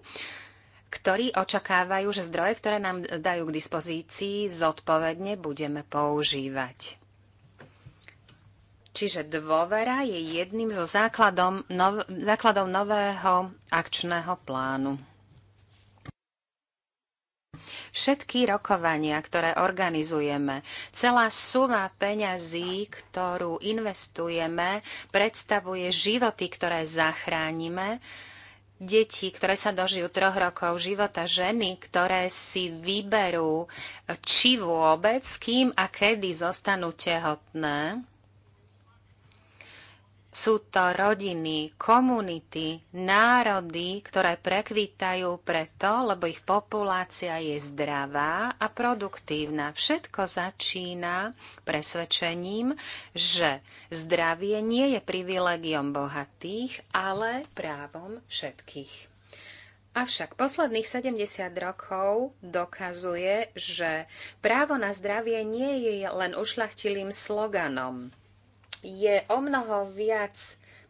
ktorí očakávajú, že zdroje, ktoré nám dajú k dispozícii, zodpovedne budeme používať. Čiže dôvera je jedným zo základom, nov, základov nového akčného plánu. Všetky rokovania, ktoré organizujeme, celá suma peňazí, ktorú investujeme, predstavuje životy, ktoré zachránime, deti, ktoré sa dožijú troch rokov života, ženy, ktoré si vyberú, či vôbec, kým a kedy zostanú tehotné sú to rodiny, komunity, národy, ktoré prekvítajú preto, lebo ich populácia je zdravá a produktívna. Všetko začína presvedčením, že zdravie nie je privilegiom bohatých, ale právom všetkých. Avšak posledných 70 rokov dokazuje, že právo na zdravie nie je len ušlachtilým sloganom je o mnoho viac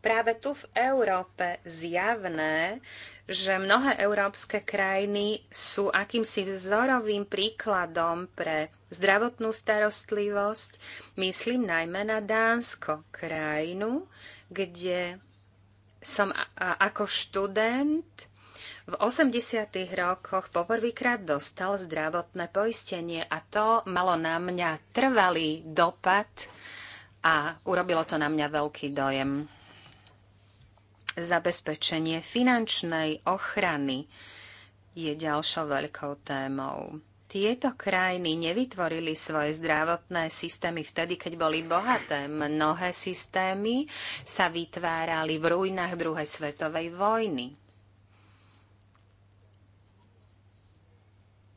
práve tu v Európe zjavné, že mnohé európske krajiny sú akýmsi vzorovým príkladom pre zdravotnú starostlivosť. Myslím najmä na Dánsko, krajinu, kde som ako študent v 80. rokoch poprvýkrát dostal zdravotné poistenie a to malo na mňa trvalý dopad a urobilo to na mňa veľký dojem. Zabezpečenie finančnej ochrany je ďalšou veľkou témou. Tieto krajiny nevytvorili svoje zdravotné systémy vtedy, keď boli bohaté. Mnohé systémy sa vytvárali v ruinách druhej svetovej vojny.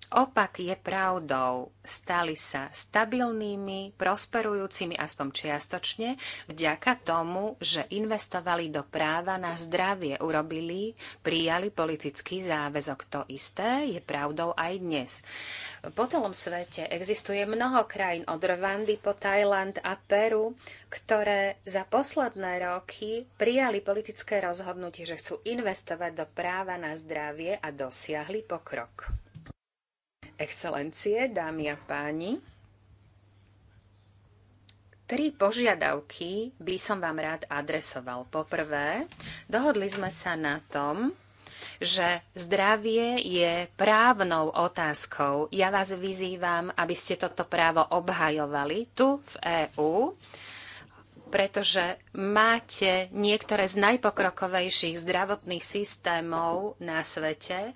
Opak je pravdou. Stali sa stabilnými, prosperujúcimi aspoň čiastočne, vďaka tomu, že investovali do práva na zdravie, urobili, prijali politický záväzok. To isté je pravdou aj dnes. Po celom svete existuje mnoho krajín od Rwandy po Tajland a Peru, ktoré za posledné roky prijali politické rozhodnutie, že chcú investovať do práva na zdravie a dosiahli pokrok. Excelencie, dámy a páni, Tri požiadavky by som vám rád adresoval. Poprvé, dohodli sme sa na tom, že zdravie je právnou otázkou. Ja vás vyzývam, aby ste toto právo obhajovali tu v EÚ pretože máte niektoré z najpokrokovejších zdravotných systémov na svete,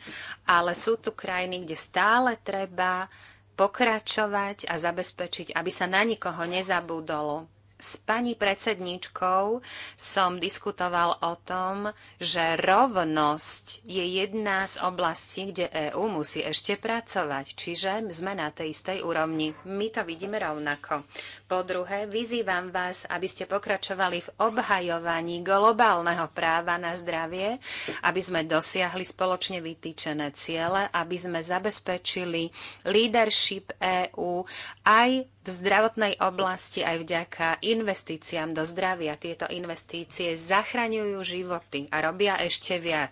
ale sú tu krajiny, kde stále treba pokračovať a zabezpečiť, aby sa na nikoho nezabudolo. S pani predsedničkou som diskutoval o tom, že rovnosť je jedna z oblastí, kde EÚ musí ešte pracovať, čiže sme na tej istej úrovni. My to vidíme rovnako. Po druhé, vyzývam vás, aby ste pokračovali v obhajovaní globálneho práva na zdravie, aby sme dosiahli spoločne vytýčené ciele, aby sme zabezpečili leadership EÚ aj v zdravotnej oblasti aj vďaka investíciám do zdravia. Tieto investície zachraňujú životy a robia ešte viac,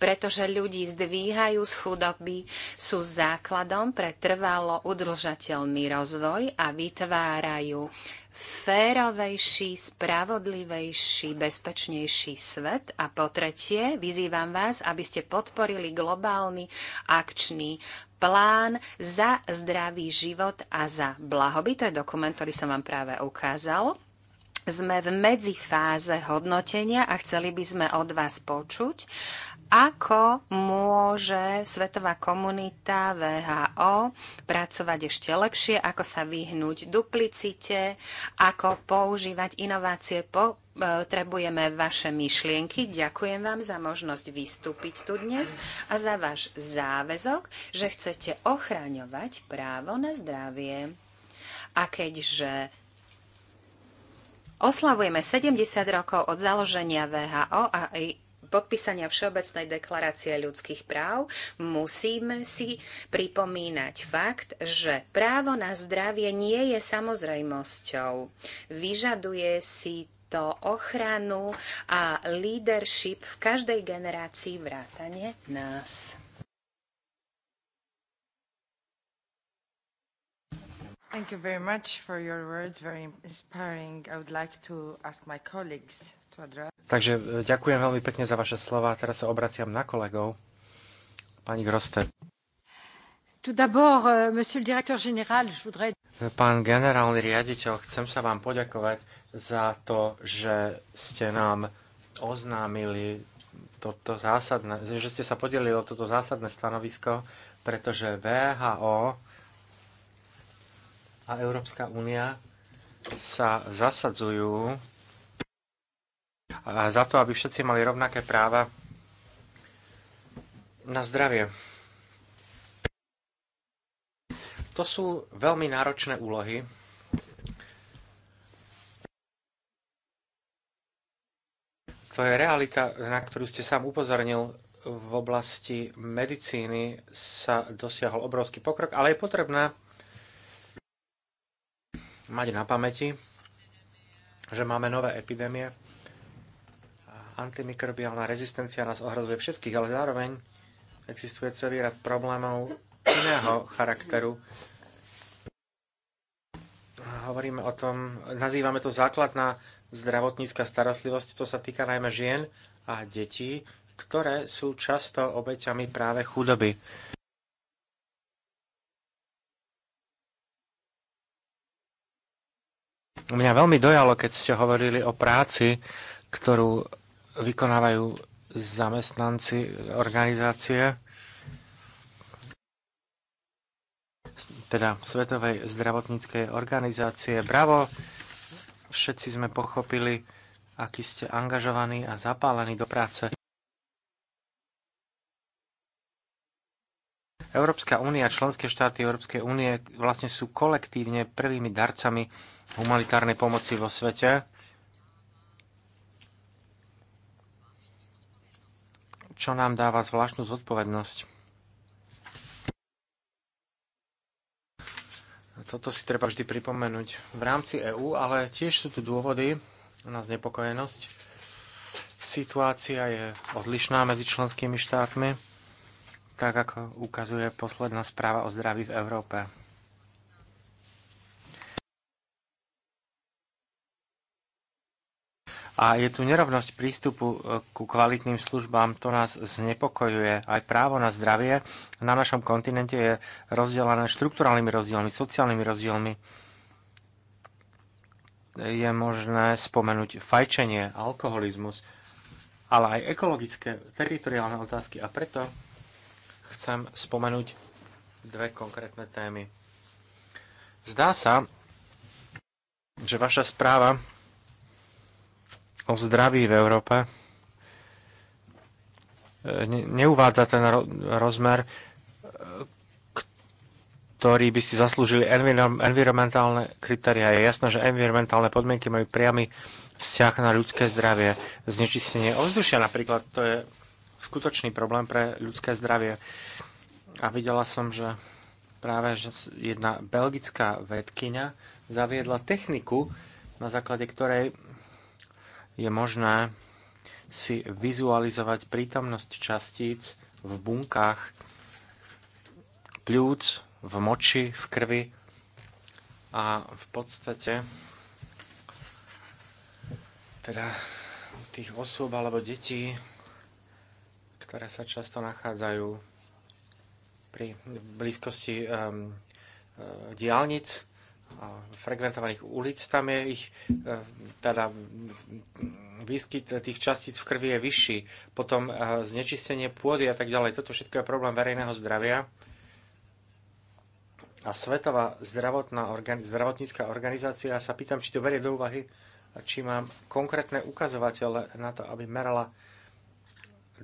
pretože ľudí zdvíhajú z chudoby, sú základom pre trvalo udržateľný rozvoj a vytvárajú férovejší, spravodlivejší, bezpečnejší svet. A po tretie, vyzývam vás, aby ste podporili globálny akčný plán za zdravý život a za blahobyt. To je dokument, ktorý som vám práve ukázal. Sme v medzifáze hodnotenia a chceli by sme od vás počuť, ako môže svetová komunita VHO pracovať ešte lepšie, ako sa vyhnúť duplicite, ako používať inovácie po potrebujeme vaše myšlienky. Ďakujem vám za možnosť vystúpiť tu dnes a za váš záväzok, že chcete ochraňovať právo na zdravie. A keďže oslavujeme 70 rokov od založenia VHO a podpísania Všeobecnej deklarácie ľudských práv, musíme si pripomínať fakt, že právo na zdravie nie je samozrejmosťou. Vyžaduje si to ochranu a leadership v každej generácii vrátane nás. Thank you very much for your words, very inspiring. I would like to ask my colleagues to address. Takže e, ďakujem veľmi pekne za vaše slova. Teraz sa obraciam na kolegov. Pani Groste. Euh, Pán generálny riaditeľ, chcem sa vám poďakovať za to, že ste nám oznámili toto zásadné, že ste sa podelili o toto zásadné stanovisko, pretože VHO a Európska únia sa zasadzujú za to, aby všetci mali rovnaké práva na zdravie. To sú veľmi náročné úlohy. To je realita, na ktorú ste sám upozornil. V oblasti medicíny sa dosiahol obrovský pokrok, ale je potrebné mať na pamäti, že máme nové epidémie. Antimikrobiálna rezistencia nás ohrozuje všetkých, ale zároveň existuje celý rad problémov, iného charakteru. Hovoríme o tom, nazývame to základná zdravotnícka starostlivosť, to sa týka najmä žien a detí, ktoré sú často obeťami práve chudoby. Mňa veľmi dojalo, keď ste hovorili o práci, ktorú vykonávajú zamestnanci organizácie. teda Svetovej zdravotníckej organizácie. Bravo, všetci sme pochopili, aký ste angažovaní a zapálení do práce. Európska únia, členské štáty Európskej únie vlastne sú kolektívne prvými darcami humanitárnej pomoci vo svete. Čo nám dáva zvláštnu zodpovednosť. Toto si treba vždy pripomenúť v rámci EÚ, ale tiež sú tu dôvody na znepokojenosť. Situácia je odlišná medzi členskými štátmi, tak ako ukazuje posledná správa o zdraví v Európe. A je tu nerovnosť prístupu e, ku kvalitným službám, to nás znepokojuje. Aj právo na zdravie na našom kontinente je rozdelené štruktúralnými rozdielmi, sociálnymi rozdielmi. Je možné spomenúť fajčenie, alkoholizmus, ale aj ekologické, teritoriálne otázky. A preto chcem spomenúť dve konkrétne témy. Zdá sa, že vaša správa o zdraví v Európe. E, neuvádza ten rozmer, e, ktorý by si zaslúžili environmentálne kritéria. Je jasné, že environmentálne podmienky majú priamy vzťah na ľudské zdravie. Znečistenie ovzdušia napríklad, to je skutočný problém pre ľudské zdravie. A videla som, že práve že jedna belgická vedkynia zaviedla techniku, na základe ktorej je možné si vizualizovať prítomnosť častíc v bunkách, pľúc, v moči, v krvi a v podstate teda tých osôb alebo detí, ktoré sa často nachádzajú pri blízkosti um, diálnic, frekventovaných ulic. Tam je ich e, teda výskyt tých častíc v krvi je vyšší. Potom e, znečistenie pôdy a tak ďalej. Toto všetko je problém verejného zdravia. A Svetová zdravotná organi- zdravotnícká organizácia sa pýtam, či to berie do úvahy, či mám konkrétne ukazovatele na to, aby merala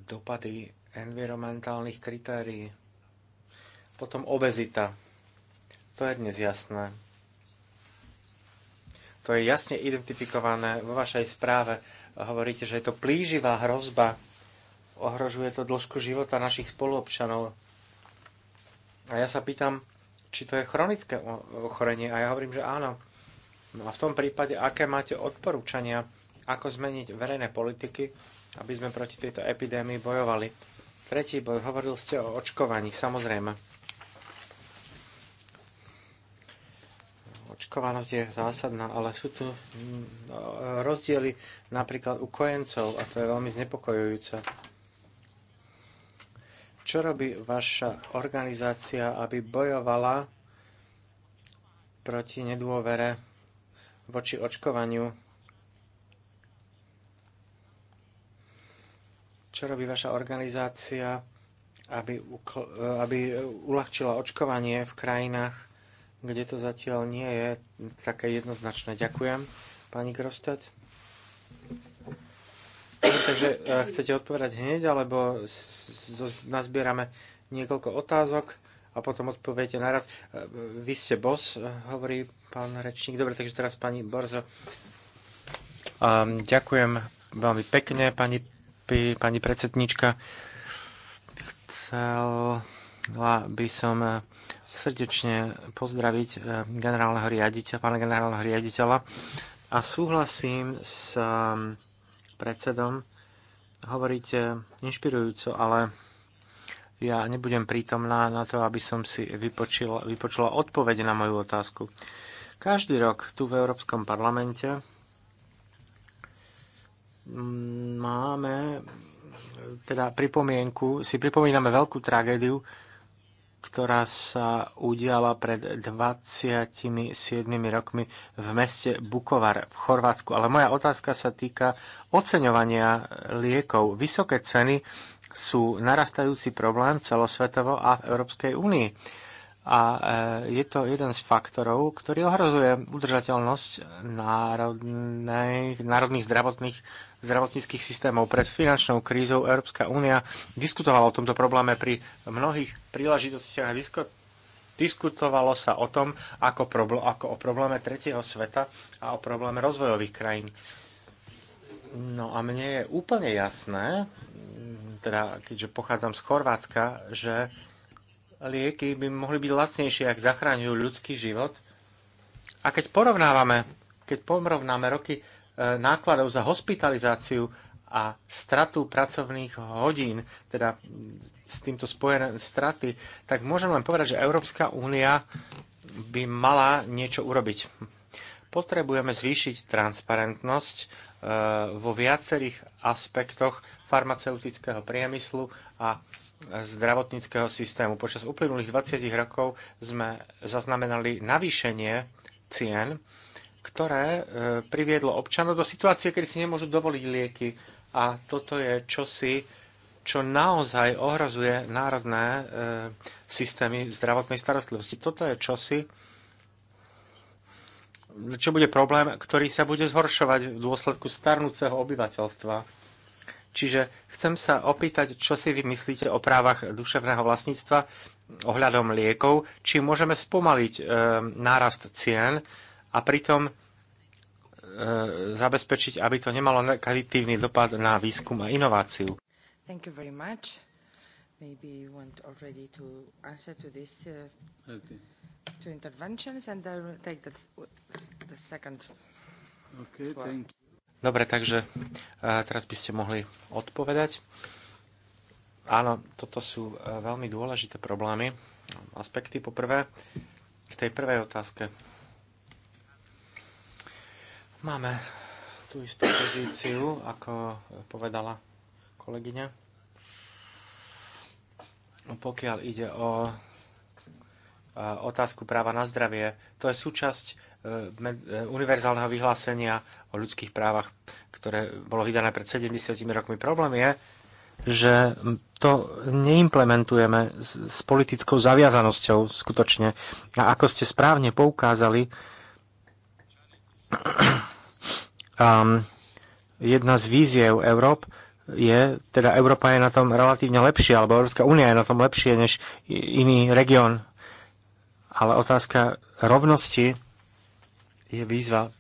dopady environmentálnych kritérií. Potom obezita. To je dnes jasné. To je jasne identifikované vo vašej správe. Hovoríte, že je to plíživá hrozba. Ohrožuje to dĺžku života našich spoluobčanov. A ja sa pýtam, či to je chronické ochorenie. A ja hovorím, že áno. No a v tom prípade, aké máte odporúčania, ako zmeniť verejné politiky, aby sme proti tejto epidémii bojovali. Tretí bod, hovoril ste o očkovaní, samozrejme Očkovanosť je zásadná, ale sú tu mm, rozdiely napríklad u kojencov a to je veľmi znepokojujúce. Čo robí vaša organizácia, aby bojovala proti nedôvere voči očkovaniu? Čo robí vaša organizácia, aby, aby e, uľahčila očkovanie v krajinách, kde to zatiaľ nie je také jednoznačné. Ďakujem, pani Grostet. Takže eh, chcete odpovedať hneď, alebo nazbierame niekoľko otázok a potom odpoviete naraz. Eh, vy ste boss, eh, hovorí pán rečník. Dobre, takže teraz pani Borzo. Ehm, ďakujem veľmi pekne, pani, pani predsednička. Chcela by som srdečne pozdraviť eh, generálneho riaditeľa, pána generálneho riaditeľa a súhlasím s eh, predsedom. Hovoríte inšpirujúco, ale ja nebudem prítomná na to, aby som si vypočila, vypočula odpoveď na moju otázku. Každý rok tu v Európskom parlamente mm, máme teda pripomienku, si pripomíname veľkú tragédiu, ktorá sa udiala pred 27 rokmi v meste Bukovar v Chorvátsku. Ale moja otázka sa týka oceňovania liekov. Vysoké ceny sú narastajúci problém celosvetovo a v Európskej únii. A e, je to jeden z faktorov, ktorý ohrozuje udržateľnosť národných, zdravotných zdravotníckých systémov. Pred finančnou krízou Európska únia diskutovala o tomto probléme pri mnohých príležitostiach a disko- diskutovalo sa o tom, ako, probl- ako o probléme tretieho sveta a o probléme rozvojových krajín. No a mne je úplne jasné, teda keďže pochádzam z Chorvátska, že lieky by mohli byť lacnejšie, ak zachráňujú ľudský život. A keď porovnávame, keď porovnáme roky E, nákladov za hospitalizáciu a stratu pracovných hodín, teda s týmto spojené straty, tak môžem len povedať, že Európska únia by mala niečo urobiť. Potrebujeme zvýšiť transparentnosť e, vo viacerých aspektoch farmaceutického priemyslu a zdravotníckého systému. Počas uplynulých 20 rokov sme zaznamenali navýšenie cien ktoré e, priviedlo občanov do situácie, kedy si nemôžu dovoliť lieky. A toto je čosi, čo naozaj ohrozuje národné e, systémy zdravotnej starostlivosti. Toto je čosi, čo bude problém, ktorý sa bude zhoršovať v dôsledku starnúceho obyvateľstva. Čiže chcem sa opýtať, čo si vy myslíte o právach duševného vlastníctva ohľadom liekov, či môžeme spomaliť e, nárast cien, a pritom e, zabezpečiť, aby to nemalo negatívny dopad na výskum a inováciu. Thank you very much. Maybe you want already to answer to this uh, okay. to interventions and I will take the, the second. Okay, floor. thank you. Dobre, takže e, teraz by ste mohli odpovedať. Áno, toto sú e, veľmi dôležité problémy, aspekty. Poprvé, k tej prvej otázke Máme tú istú pozíciu, ako povedala kolegyňa. Pokiaľ ide o otázku práva na zdravie, to je súčasť e, e, univerzálneho vyhlásenia o ľudských právach, ktoré bolo vydané pred 70 rokmi. Problém je, že to neimplementujeme s politickou zaviazanosťou skutočne. A ako ste správne poukázali, Um, jedna z víziev Európ je, teda Európa je na tom relatívne lepšie, alebo Európska únia je na tom lepšie než iný región. Ale otázka rovnosti je výzva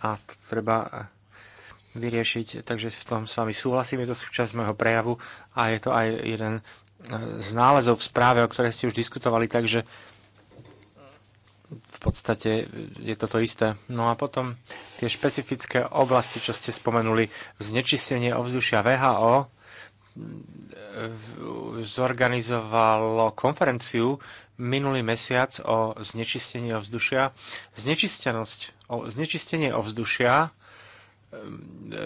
a to treba vyriešiť, takže v tom s vami súhlasím, je to súčasť môjho prejavu a je to aj jeden eh, z nálezov v správe, o ktorej ste už diskutovali, takže v podstate je toto isté. No a potom tie špecifické oblasti, čo ste spomenuli, znečistenie ovzdušia VHO zorganizovalo konferenciu minulý mesiac o znečistení ovzdušia. Znečistenosť, o, znečistenie ovzdušia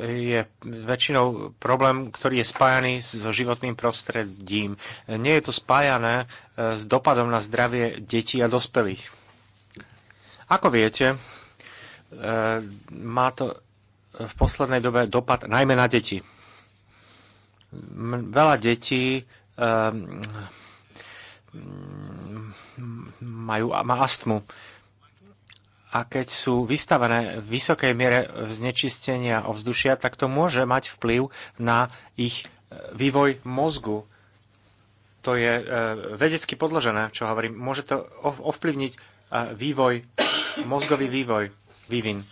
je väčšinou problém, ktorý je spájaný so životným prostredím. Nie je to spájané eh, s dopadom na zdravie detí a dospelých. Ako viete, e, má to v poslednej dobe dopad najmä na deti. Veľa detí majú, má astmu. A keď sú vystavené v vysokej miere znečistenia ovzdušia, tak to môže mať vplyv na ich e, vývoj mozgu. To je e, vedecky podložené, čo hovorím. Môže to ovplyvniť vývoj mozgový vývoj, vývin.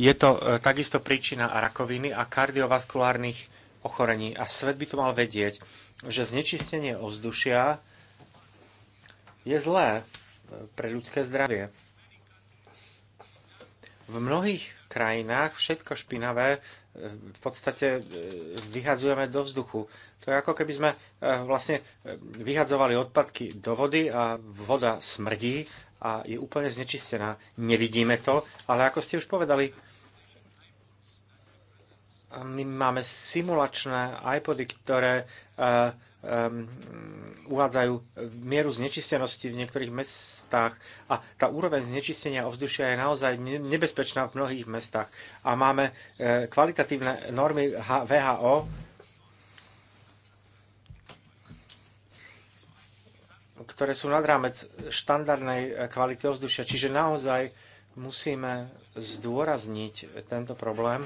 Je to e, takisto príčina rakoviny a kardiovaskulárnych ochorení. A svet by to mal vedieť, že znečistenie ovzdušia je zlé e, pre ľudské zdravie. V mnohých krajinách všetko špinavé v podstate e, vyhadzujeme do vzduchu. To je ako keby sme e, vlastne e, vyhadzovali odpadky do vody a voda smrdí a je úplne znečistená. Nevidíme to, ale ako ste už povedali, my máme simulačné iPody, ktoré uh, um, uvádzajú mieru znečistenosti v niektorých mestách a tá úroveň znečistenia ovzdušia je naozaj nebezpečná v mnohých mestách. A máme e, kvalitatívne normy VHO, ktoré sú nad rámec štandardnej uh, kvality ovzdušia. Čiže naozaj musíme zdôrazniť tento problém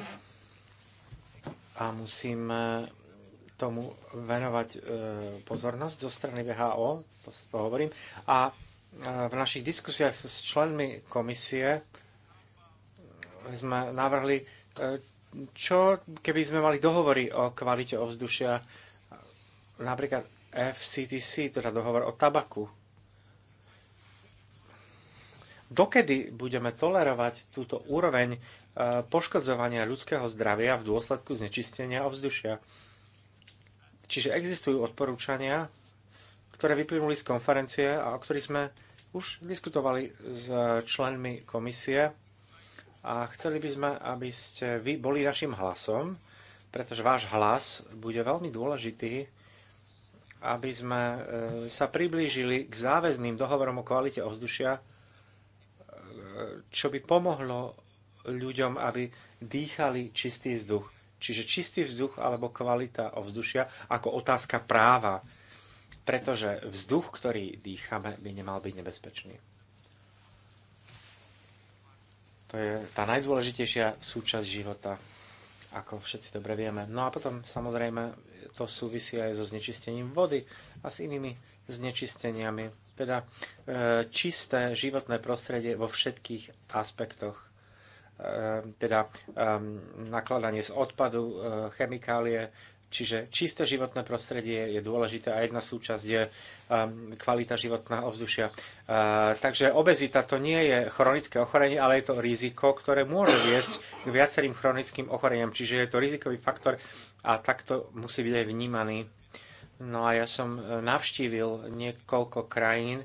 a musíme tomu venovať e, pozornosť zo strany VHO, to, to hovorím, a e, v našich diskusiách s členmi komisie e, sme navrhli, čo keby sme mali dohovory o kvalite ovzdušia, napríklad FCTC, teda dohovor o tabaku. Dokedy budeme tolerovať túto úroveň poškodzovania ľudského zdravia v dôsledku znečistenia ovzdušia? Čiže existujú odporúčania, ktoré vyplynuli z konferencie a o ktorých sme už diskutovali s členmi komisie a chceli by sme, aby ste vy boli našim hlasom, pretože váš hlas bude veľmi dôležitý, aby sme e, sa priblížili k záväzným dohovorom o kvalite ovzdušia, e, čo by pomohlo ľuďom, aby dýchali čistý vzduch. Čiže čistý vzduch alebo kvalita ovzdušia ako otázka práva, pretože vzduch, ktorý dýchame, by nemal byť nebezpečný. To je tá najdôležitejšia súčasť života, ako všetci dobre vieme. No a potom samozrejme to súvisí aj so znečistením vody a s inými znečisteniami. Teda e, čisté životné prostredie vo všetkých aspektoch Ehm, teda ehm, nakladanie z odpadu, ehm, chemikálie, Čiže čisté životné prostredie je dôležité a jedna súčasť je kvalita životná ovzdušia. takže obezita to nie je chronické ochorenie, ale je to riziko, ktoré môže viesť k viacerým chronickým ochoreniam. Čiže je to rizikový faktor a takto musí byť aj vnímaný. No a ja som e, navštívil niekoľko krajín,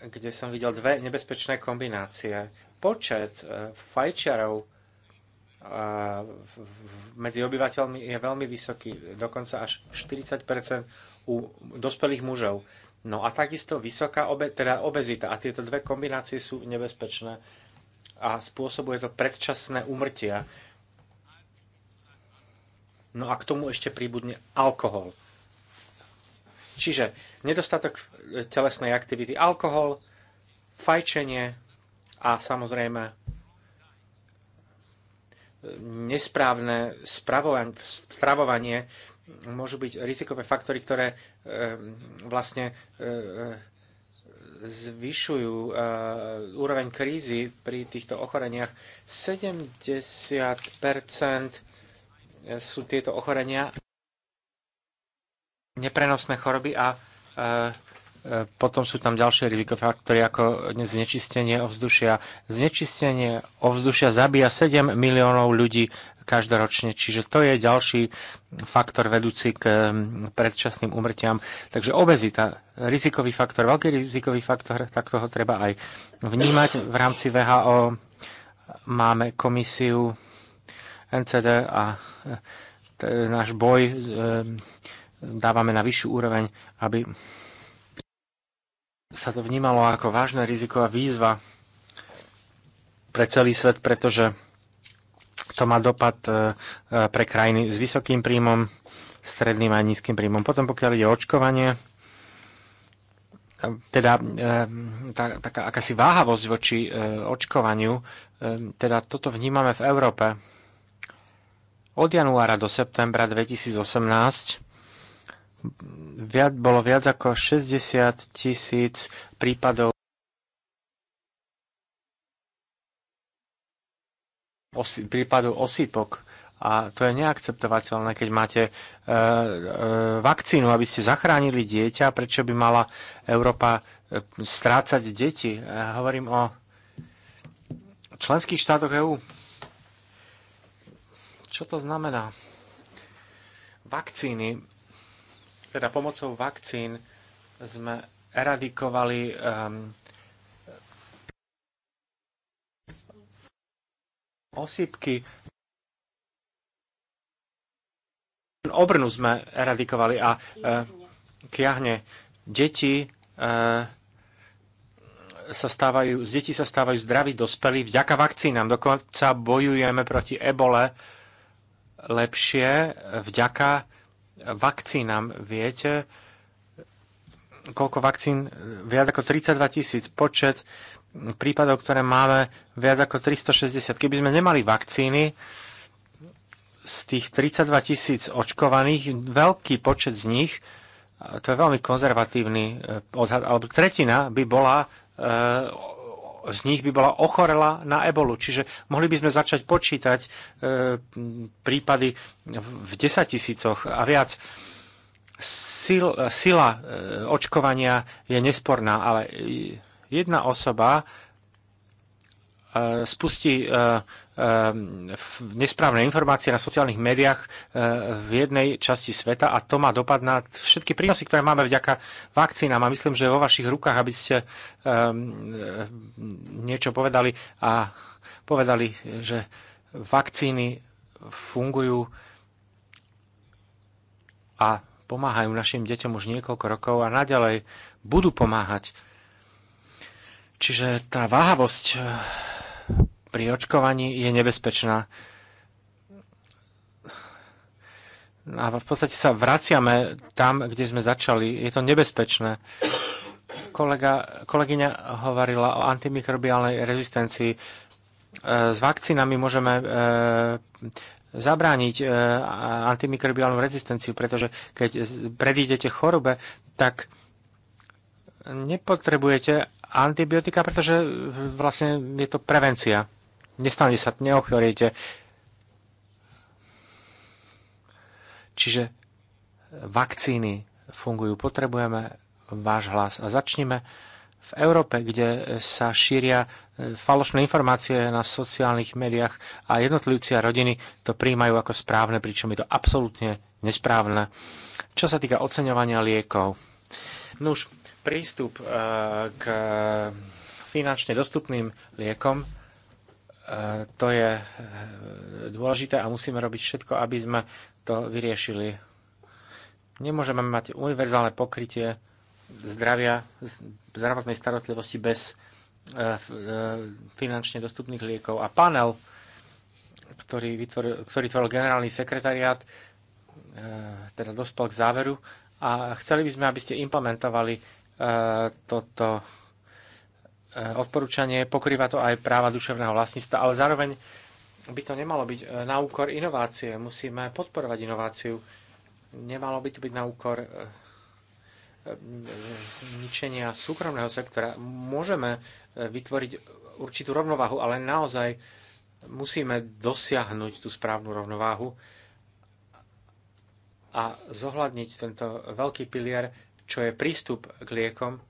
kde som videl dve nebezpečné kombinácie počet e, fajčiarov e, medzi obyvateľmi je veľmi vysoký, dokonca až 40 u dospelých mužov. No a takisto vysoká obe, teda obezita. A tieto dve kombinácie sú nebezpečné a spôsobuje to predčasné umrtia. No a k tomu ešte príbudne alkohol. Čiže nedostatok e, telesnej aktivity, alkohol, fajčenie, a samozrejme nesprávne spravovanie môžu byť rizikové faktory, ktoré eh, vlastne eh, eh, zvyšujú úroveň krízy pri týchto ochoreniach. 70 sú tieto ochorenia neprenosné choroby a potom sú tam ďalšie rizikofaktory ako znečistenie ovzdušia. Znečistenie ovzdušia zabíja 7 miliónov ľudí každoročne, čiže to je ďalší faktor vedúci k predčasným umrtiam. Takže obezita, rizikový faktor, veľký rizikový faktor, tak toho treba aj vnímať. V rámci VHO máme komisiu NCD a e, náš boj e, dávame na vyššiu úroveň, aby sa to vnímalo ako vážne riziko a výzva pre celý svet, pretože to má dopad e, e, pre krajiny s vysokým príjmom, stredným a nízkym príjmom. Potom pokiaľ ide o očkovanie, e, teda tá, taká akási váhavosť voči očkovaniu, teda toto vnímame v Európe. Od januára do septembra 2018 viac, bolo viac ako 60 tisíc prípadov osi, prípadov osýpok. A to je neakceptovateľné, keď máte e, e, vakcínu, aby ste zachránili dieťa, prečo by mala Európa e, strácať deti. Ja e, hovorím o členských štátoch EÚ. Čo to znamená? Vakcíny teda pomocou vakcín sme eradikovali um, ehm, osýpky. Obrnu sme eradikovali a uh, kiahne deti uh, sa stávajú, z detí sa stávajú zdraví dospelí vďaka vakcínám. Dokonca bojujeme proti ebole lepšie eh, vďaka vakcínam. Viete, koľko vakcín? Viac ako 32 tisíc počet prípadov, ktoré máme, viac ako 360. Keby sme nemali vakcíny, z tých 32 tisíc očkovaných, veľký počet z nich, to je veľmi konzervatívny eh, odhad, alebo tretina by bola eh, z nich by bola ochorela na ebolu. Čiže mohli by sme začať počítať e, prípady v 10 tisícoch a viac. Sil, sila e, očkovania je nesporná, ale jedna osoba e, spustí e, Ehm, nesprávne informácie na sociálnych médiách e, v jednej časti sveta a to má dopad na všetky prínosy, ktoré máme vďaka vakcínám a myslím, že vo vašich rukách, aby ste ehm, e, niečo povedali a povedali, že vakcíny fungujú a pomáhajú našim deťom už niekoľko rokov a naďalej budú pomáhať. Čiže tá váhavosť pri očkovaní je nebezpečná. A v podstate sa vraciame tam, kde sme začali. Je to nebezpečné. Kolega, kolegyňa hovorila o antimikrobiálnej rezistencii. E, s vakcínami môžeme e, zabrániť e, antimikrobiálnu rezistenciu, pretože keď predídete chorobe, tak nepotrebujete antibiotika, pretože vlastne je to prevencia nestane sa, neochoriete. Čiže vakcíny fungujú, potrebujeme váš hlas. A začneme v Európe, kde sa šíria e, falošné informácie na sociálnych médiách a jednotlivci a rodiny to príjmajú ako správne, pričom je to absolútne nesprávne. Čo sa týka oceňovania liekov. Nuž, no prístup e, k finančne dostupným liekom Eh, to je eh, dôležité a musíme robiť všetko, aby sme to vyriešili. Nemôžeme mať univerzálne pokrytie zdravia, zdravotnej starostlivosti bez eh, finančne dostupných liekov. A panel, ktorý, vytvoril, ktorý tvoril generálny sekretariát, teda dospel k záveru a chceli by sme, aby ste implementovali toto Eh, odporúčanie, pokrýva to aj práva duševného vlastníctva, ale zároveň by to nemalo byť eh, na úkor inovácie. Musíme podporovať inováciu. Nemalo by to byť na úkor eh, ničenia súkromného sektora. Môžeme vytvoriť určitú rovnováhu, ale naozaj musíme dosiahnuť tú správnu rovnováhu a zohľadniť tento veľký pilier, čo je prístup k liekom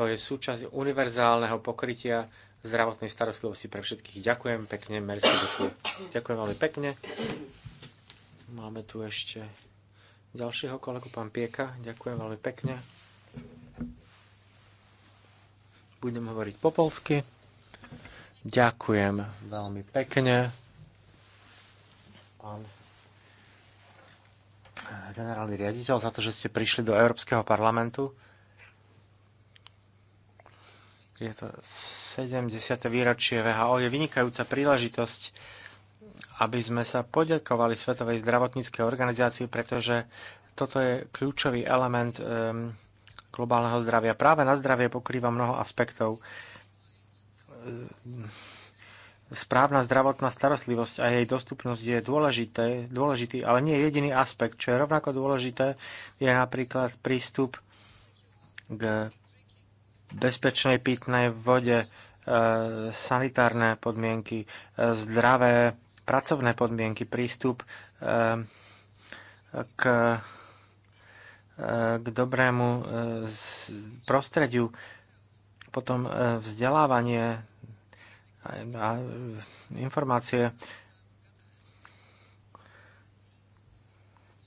to je súčasť univerzálneho pokrytia zdravotnej starostlivosti pre všetkých. Ďakujem pekne, merci Ďakujem veľmi pekne. Máme tu ešte ďalšieho kolegu, pán Pieka. Ďakujem veľmi pekne. Budem hovoriť po polsky. Ďakujem veľmi pekne. Pán eh, generálny riaditeľ, za to, že ste prišli do Európskeho parlamentu je to 70. výročie VHO, je vynikajúca príležitosť, aby sme sa poďakovali Svetovej zdravotníckej organizácii, pretože toto je kľúčový element um, globálneho zdravia. Práve na zdravie pokrýva mnoho aspektov správna zdravotná starostlivosť a jej dostupnosť je dôležité, dôležitý, ale nie jediný aspekt. Čo je rovnako dôležité, je napríklad prístup k bezpečnej pitnej vode, e, sanitárne podmienky, e, zdravé pracovné podmienky, prístup e, k, k dobrému prostrediu, potom vzdelávanie a informácie.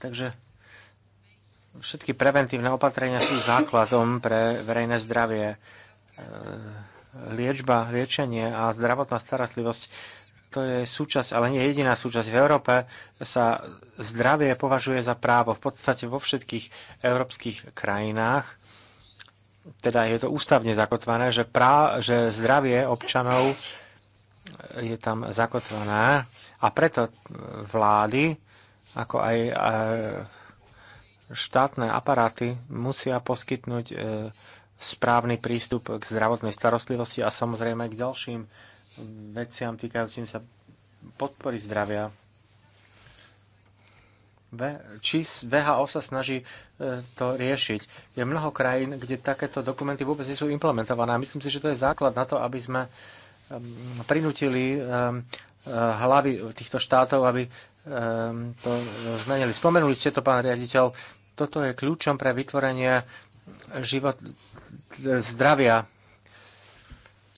Takže Všetky preventívne opatrenia sú základom pre verejné zdravie. E, liečba, liečenie a zdravotná starostlivosť to je súčasť, ale nie jediná súčasť. V Európe sa zdravie považuje za právo v podstate vo všetkých európskych krajinách. Teda je to ústavne zakotvané, že, prá, že zdravie občanov je tam zakotvané a preto vlády, ako aj štátne aparáty musia poskytnúť e, správny prístup k zdravotnej starostlivosti a samozrejme k ďalším veciam týkajúcim sa podpory zdravia. Či VHO sa snaží e, to riešiť. Je mnoho krajín, kde takéto dokumenty vôbec nie sú implementované. Myslím si, že to je základ na to, aby sme e, prinútili hlavy týchto štátov, aby to zmenili. Spomenuli ste to, pán riaditeľ, toto je kľúčom pre vytvorenie život, zdravia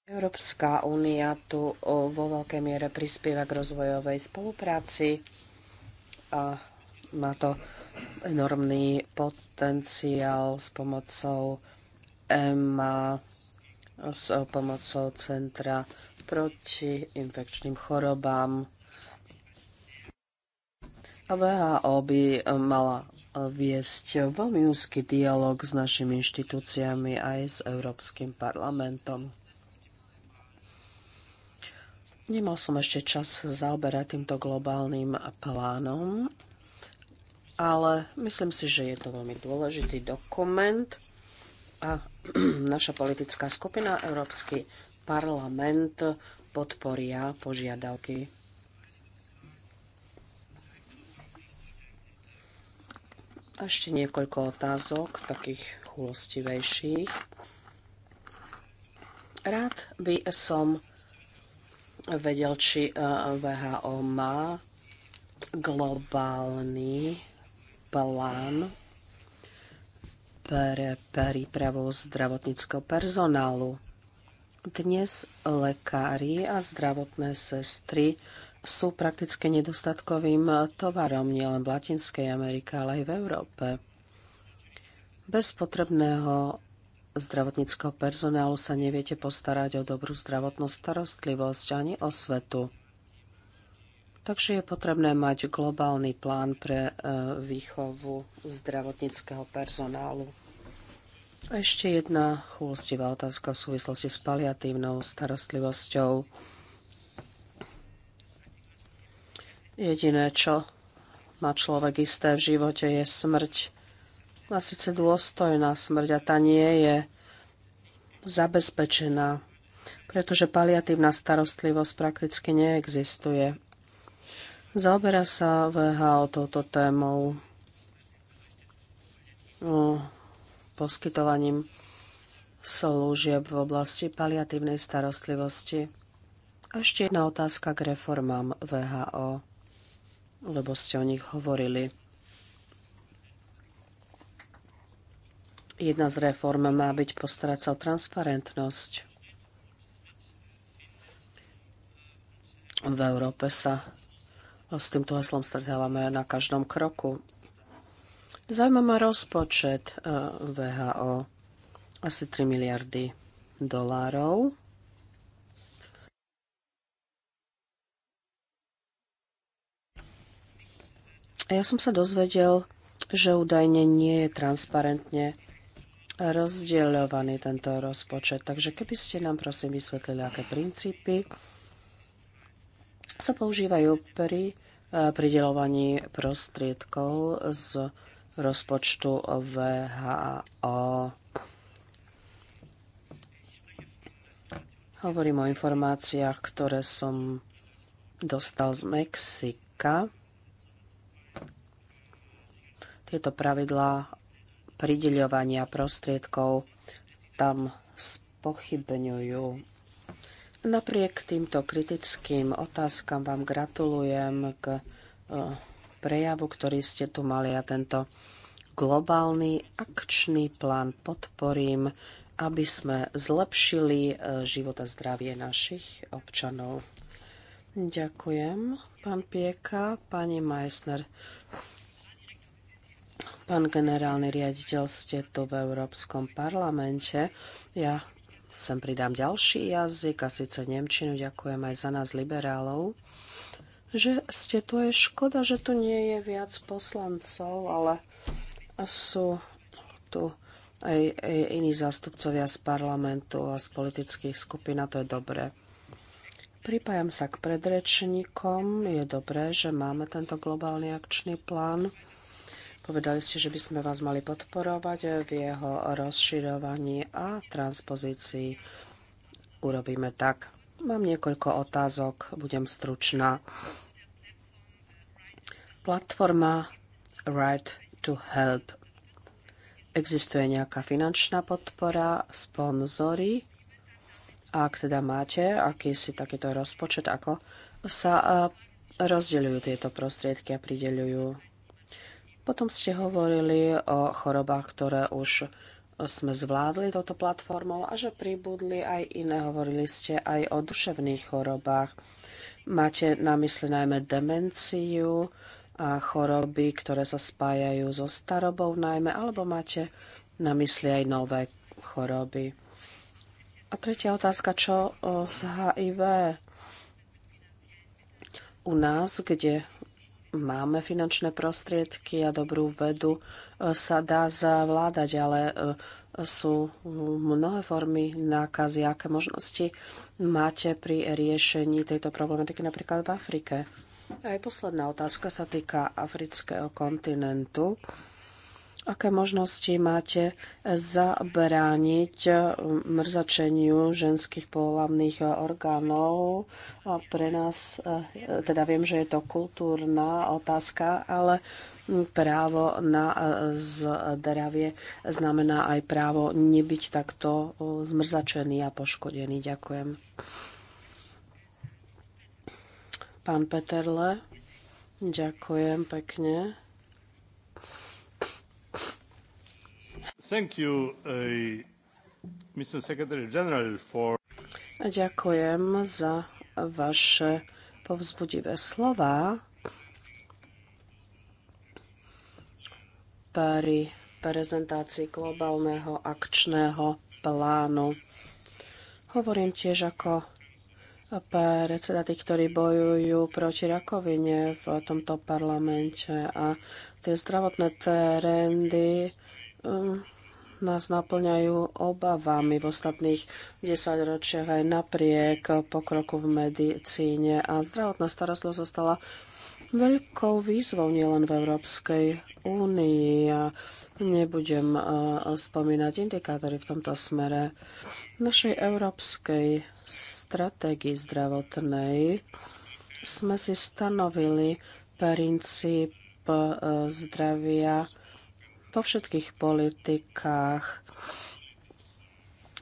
Európska únia tu vo veľkej miere prispieva k rozvojovej spolupráci a má to enormný potenciál s pomocou EMA, s pomocou Centra proti infekčným chorobám VHO by mala e, viesť veľmi úzky dialog s našimi inštitúciami aj s Európskym parlamentom. Nemal som ešte čas zaoberať týmto globálnym plánom, ale myslím si, že je to veľmi dôležitý dokument a naša politická skupina Európsky parlament podporia požiadavky Ešte niekoľko otázok, takých chulostivejších. Rád by som vedel, či e, VHO má globálny plán pre prípravu zdravotníckého personálu. Dnes lekári a zdravotné sestry sú prakticky nedostatkovým tovarom nielen v Latinskej Amerike, ale aj v Európe. Bez potrebného zdravotníckého personálu sa neviete postarať o dobrú zdravotnú starostlivosť ani o svetu. Takže je potrebné mať globálny plán pre e, výchovu zdravotníckého personálu. Ešte jedna chulstivá otázka v súvislosti s paliatívnou starostlivosťou. Jediné, čo má človek isté v živote, je smrť. A síce dôstojná smrť a tá nie je zabezpečená, pretože paliatívna starostlivosť prakticky neexistuje. Zaoberá sa VHO touto témou poskytovaním služieb v oblasti paliatívnej starostlivosti. A ešte jedna otázka k reformám VHO lebo ste o nich hovorili. Jedna z reform má byť postarať sa o transparentnosť. V Európe sa s týmto heslom stretávame na každom kroku. Zaujímavá rozpočet eh, VHO asi 3 miliardy dolárov. Ja som sa dozvedel, že údajne nie je transparentne rozdeľovaný tento rozpočet. Takže keby ste nám prosím vysvetlili, aké princípy sa používajú pri e, pridelovaní prostriedkov z rozpočtu VHO. Hovorím o informáciách, ktoré som dostal z Mexika tieto pravidlá prideľovania prostriedkov tam spochybňujú. Napriek týmto kritickým otázkam vám gratulujem k e, prejavu, ktorý ste tu mali a tento globálny akčný plán podporím, aby sme zlepšili e, život a zdravie našich občanov. Ďakujem, pán Pieka, pani Meissner. Pán generálny riaditeľ, ste tu v Európskom parlamente. Ja sem pridám ďalší jazyk, a síce Nemčinu. Ďakujem aj za nás, liberálov, že ste tu. Je škoda, že tu nie je viac poslancov, ale sú tu aj, aj iní zástupcovia z parlamentu a z politických skupín a to je dobré. Pripájam sa k predrečníkom. Je dobré, že máme tento globálny akčný plán. Povedali ste, že by sme vás mali podporovať v jeho rozširovaní a transpozícii. Urobíme tak. Mám niekoľko otázok, budem stručná. Platforma Right to Help. Existuje nejaká finančná podpora, sponzory? Ak teda máte akýsi takýto rozpočet, ako sa eh, rozdeľujú tieto prostriedky a prideľujú potom ste hovorili o chorobách, ktoré už sme zvládli touto platformou a že pribudli aj iné. Hovorili ste aj o duševných chorobách. Máte na mysli najmä demenciu a choroby, ktoré sa spájajú so starobou najmä, alebo máte na mysli aj nové choroby. A tretia otázka, čo z HIV? U nás, kde máme finančné prostriedky a dobrú vedu e, sa dá zvládať, ale e, sú mnohé formy nákazy. Aké možnosti máte pri riešení tejto problematiky napríklad v Afrike? Aj posledná otázka sa týka afrického kontinentu. Aké možnosti máte zabrániť eh, mrzačeniu ženských pohľavných eh, orgánov? Pre nás, eh, teda viem, že je to kultúrna otázka, ale právo na zdravie znamená aj právo nebyť takto zmrzačený a poškodený. Ďakujem. Pán Peterle, ďakujem pekne. Thank you, uh, Mr. Secretary General, for... Ďakujem za vaše povzbudivé slova. pri prezentácii globálneho akčného plánu. Hovorím tiež ako predseda tých, ktorí bojujú proti rakovine v tomto parlamente a tie zdravotné trendy um, nás naplňajú obavami v ostatných desaťročiach aj napriek pokroku v medicíne a zdravotná starostlivosť zostala veľkou výzvou nielen v Európskej únii. Ja nebudem e, spomínať indikátory v tomto smere. V našej európskej stratégii zdravotnej sme si stanovili princíp e, zdravia po všetkých politikách.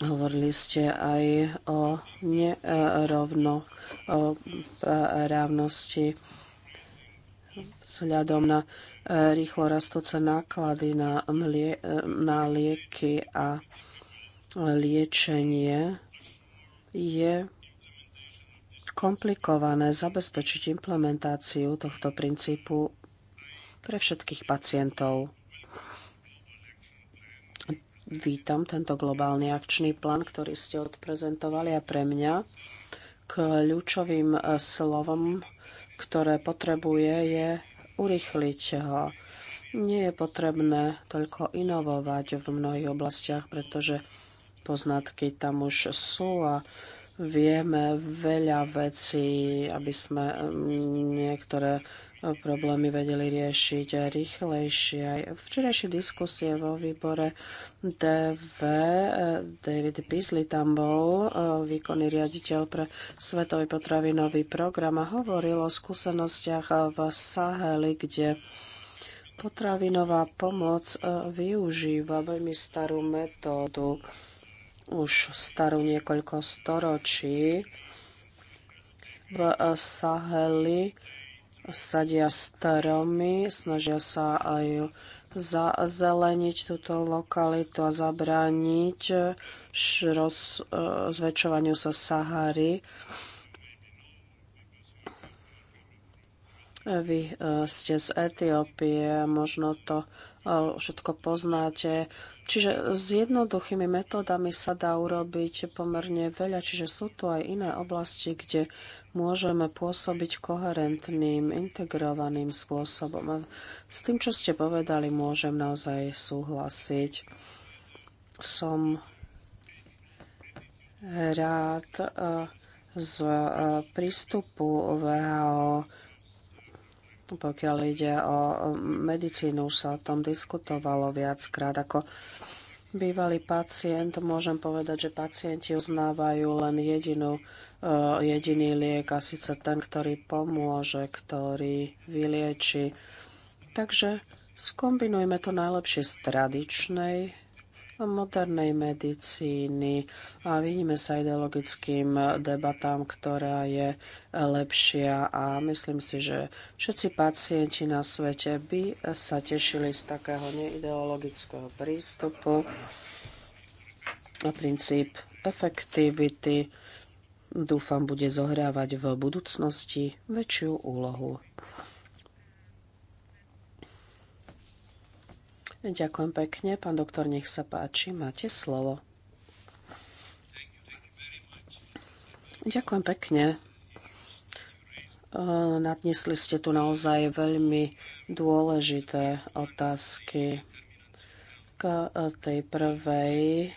Hovorili ste aj o nerovno vzhľadom na rýchlo rastúce náklady na, mlie, na lieky a liečenie je komplikované zabezpečiť implementáciu tohto princípu pre všetkých pacientov. Vítam tento globálny akčný plán, ktorý ste odprezentovali a pre mňa kľúčovým eh, slovom, ktoré potrebuje, je urychliť ho. Nie je potrebné toľko inovovať v mnohých oblastiach, pretože poznatky tam už sú a vieme veľa vecí, aby sme mm, niektoré problémy vedeli riešiť rýchlejšie. Včerajšie diskusie vo výbore DV, David Beasley tam bol, výkonný riaditeľ pre Svetový potravinový program a hovoril o skúsenostiach v Saheli, kde potravinová pomoc e, využíva veľmi starú metódu, už starú niekoľko storočí. V e, Saheli sadia stromy, snažia sa aj zazeleniť túto lokalitu a zabrániť roz, e, zväčšovaniu sa Sahary. Vy e, ste z Etiópie, možno to e, všetko poznáte. Čiže s jednoduchými metódami sa dá urobiť pomerne veľa, čiže sú tu aj iné oblasti, kde môžeme pôsobiť koherentným, integrovaným spôsobom. A s tým, čo ste povedali, môžem naozaj súhlasiť. Som rád eh, z eh, prístupu VHO pokiaľ ide o medicínu, sa o tom diskutovalo viackrát. Ako bývalý pacient môžem povedať, že pacienti uznávajú len jedinú, e, jediný liek a síce ten, ktorý pomôže, ktorý vylieči. Takže skombinujme to najlepšie z tradičnej modernej medicíny a vidíme sa ideologickým debatám, ktorá je lepšia a myslím si, že všetci pacienti na svete by sa tešili z takého neideologického prístupu a princíp efektivity dúfam bude zohrávať v budúcnosti väčšiu úlohu. Ďakujem pekne. Pán doktor, nech sa páči, máte slovo. Ďakujem pekne. Nadnesli ste tu naozaj veľmi dôležité otázky k e, tej prvej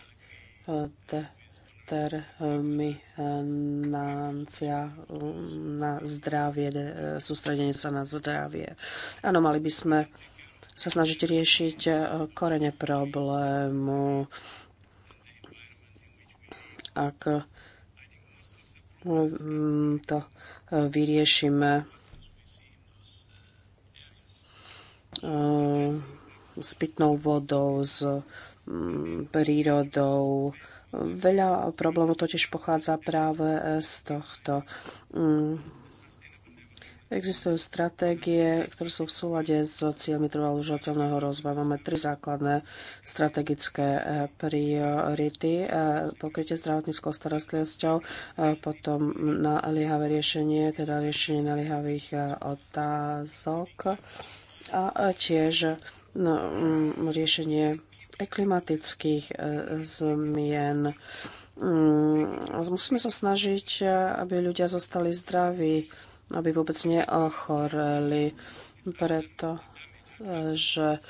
determinancia mm, na zdravie, e, sústredenie sa na zdravie. Áno, mali by sme sa snažiť riešiť e, korene problému. Ak mm, to e, vyriešime e, s pitnou vodou, s mm, prírodou. Veľa problémov totiž pochádza práve z tohto mm, Existujú stratégie, ktoré sú v súlade s cieľmi trvalo rozvoja. Máme tri základné strategické eh, priority. Eh, pokrytie zdravotníckou starostlivosťou, eh, potom naliehavé riešenie, teda riešenie naliehavých otázok a tiež no, mm, riešenie klimatických zmien. Mm, musíme sa snažiť, aby ľudia zostali zdraví aby vôbec neochoreli, pretože e,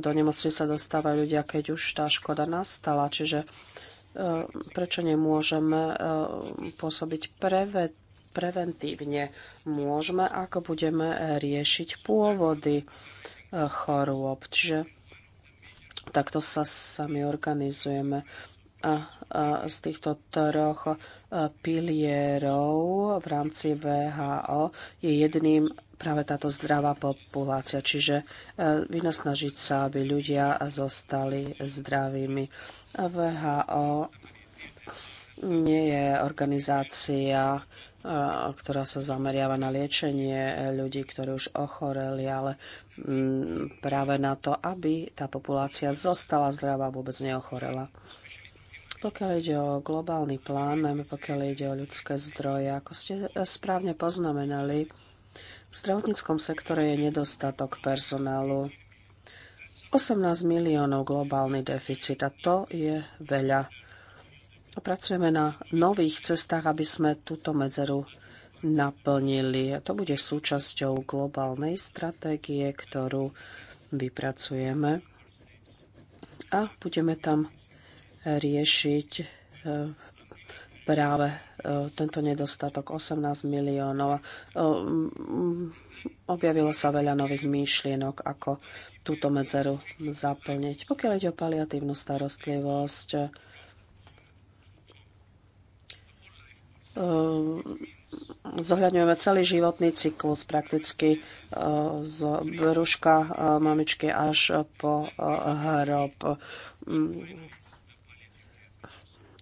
do nemocnice dostávajú ľudia, keď už tá škoda nastala. Čiže e, prečo nemôžeme e, pôsobiť preventívne môžeme, ako budeme riešiť pôvody chorôb. Čiže takto sa sami organizujeme z týchto troch e, pilierov v rámci VHO je jedným práve táto zdravá populácia, čiže e, vynosnažiť sa, aby ľudia zostali zdravými. VHO nie je organizácia, e, ktorá sa zameriava na liečenie ľudí, ktorí už ochoreli, ale práve na to, aby tá populácia zostala zdravá, vôbec neochorela. Pokiaľ ide o globálny plán, najmä pokiaľ ide o ľudské zdroje, ako ste správne poznamenali, v zdravotníckom sektore je nedostatok personálu. 18 miliónov globálny deficit a to je veľa. Pracujeme na nových cestách, aby sme túto medzeru naplnili. A to bude súčasťou globálnej stratégie, ktorú vypracujeme. A budeme tam riešiť e, práve e, tento nedostatok 18 miliónov. E, objavilo sa veľa nových myšlienok, ako túto medzeru zaplniť. Pokiaľ ide o paliatívnu starostlivosť, zohľadňujeme celý životný cyklus prakticky z brúška mamičky až po hrob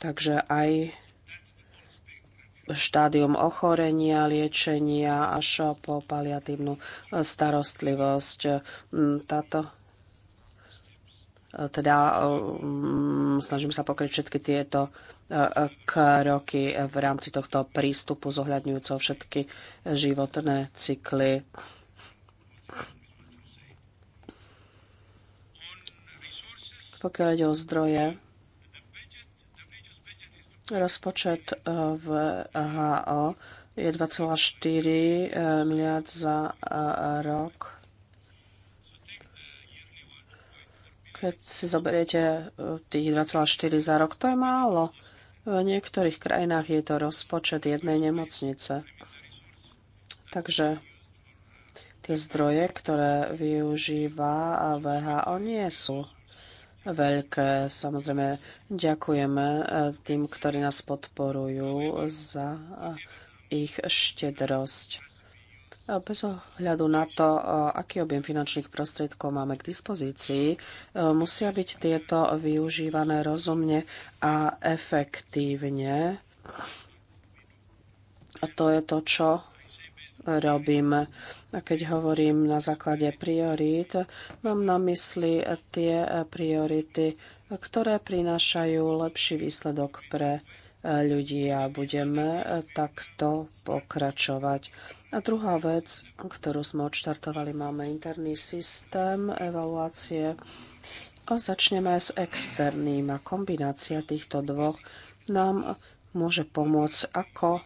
Takže aj štádium ochorenia, liečenia až po paliatívnu starostlivosť. Mm, Táto teda mm, snažím sa pokryť všetky tieto e, kroky v rámci tohto prístupu zohľadňujúco všetky životné cykly. Pokiaľ ide o zdroje, Rozpočet e, v HO je 2,4 e, miliard za e, rok. Keď si zoberiete tých 2,4 za rok, to je málo. V niektorých krajinách je to rozpočet jednej nemocnice. Takže tie zdroje, ktoré využíva VHO, nie sú veľké. Samozrejme, ďakujeme eh, tým, ktorí nás podporujú za eh, ich štedrosť. Bez ohľadu na to, eh, aký objem finančných prostriedkov máme k dispozícii, musia byť tieto využívané rozumne a efektívne. A to je to, čo robím. A keď hovorím na základe priorít, mám na mysli tie priority, ktoré prinášajú lepší výsledok pre e, ľudí a budeme e, takto pokračovať. A druhá vec, ktorú sme odštartovali, máme interný systém evaluácie a začneme s externým a kombinácia týchto dvoch nám môže pomôcť, ako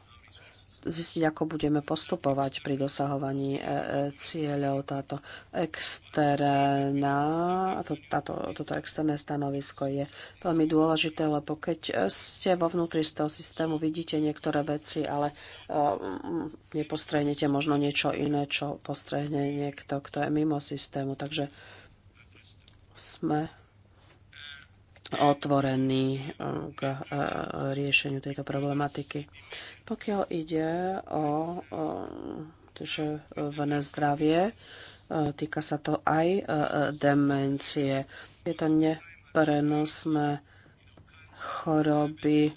zistiť, ako budeme postupovať pri dosahovaní e, e, cieľov. Táto externá, to, táto, toto externé stanovisko je veľmi dôležité, lebo keď ste vo vnútri z toho systému, vidíte niektoré veci, ale e, nepostrehnete možno niečo iné, čo postrehne niekto, kto je mimo systému. Takže sme otvorení eh, k eh, riešeniu tejto problematiky. Pokiaľ ide o eh, vné zdravie, týka sa to aj demencie. Je to neprenosné choroby,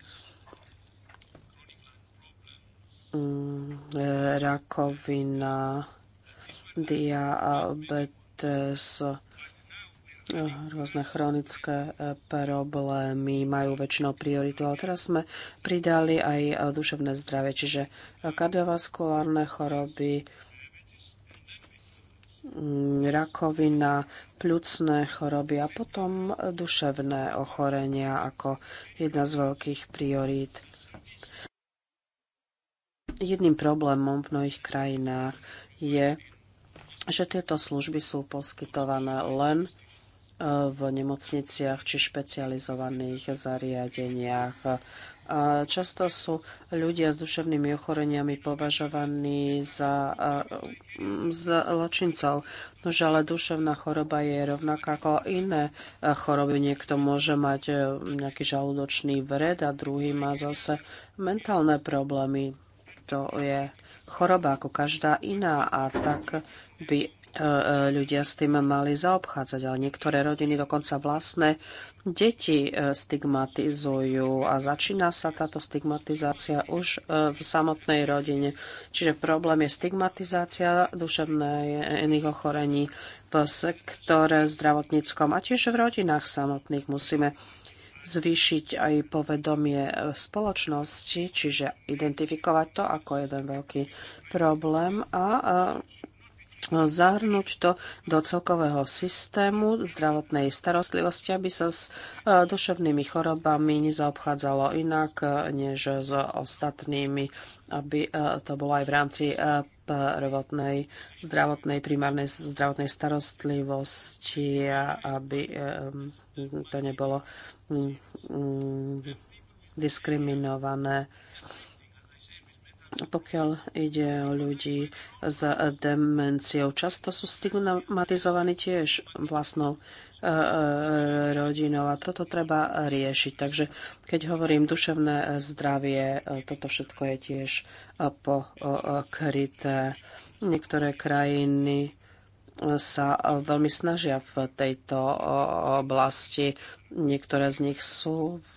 mm, rakovina, diabetes, rôzne chronické e, problémy majú väčšinou prioritu, ale teraz sme pridali aj e, duševné zdravie, čiže e, kardiovaskulárne choroby, mm, rakovina, pľucné choroby a potom duševné ochorenia ako jedna z veľkých priorít. Jedným problémom v mnohých krajinách je, že tieto služby sú poskytované len v nemocniciach či špecializovaných zariadeniach. často sú ľudia s duševnými ochoreniami považovaní za zločincov. Nože ale duševná choroba je rovnaká ako iné choroby. Niekto môže mať e, nejaký žalúdočný vred a druhý má zase mentálne problémy. To je choroba ako každá iná a tak by E, e, ľudia s tým mali zaobchádzať, ale niektoré rodiny dokonca vlastné deti e, stigmatizujú a začína sa táto stigmatizácia už v samotnej rodine. Čiže problém je stigmatizácia iných ochorení v sektore zdravotníckom a tiež v rodinách samotných musíme zvýšiť aj povedomie spoločnosti, čiže identifikovať to ako jeden veľký problém a zahrnúť to do celkového systému zdravotnej starostlivosti, aby sa s e, duševnými chorobami nezaobchádzalo inak e, než s ostatnými, aby e, to bolo aj v rámci prvotnej zdravotnej, primárnej zdravotnej starostlivosti, aby to nebolo diskriminované pokiaľ ide o ľudí s demenciou. Často sú stigmatizovaní tiež vlastnou e, e, rodinou a toto treba riešiť. Takže keď hovorím duševné zdravie, e, toto všetko je tiež pokryté. Niektoré krajiny sa veľmi snažia v tejto oblasti. Niektoré z nich sú v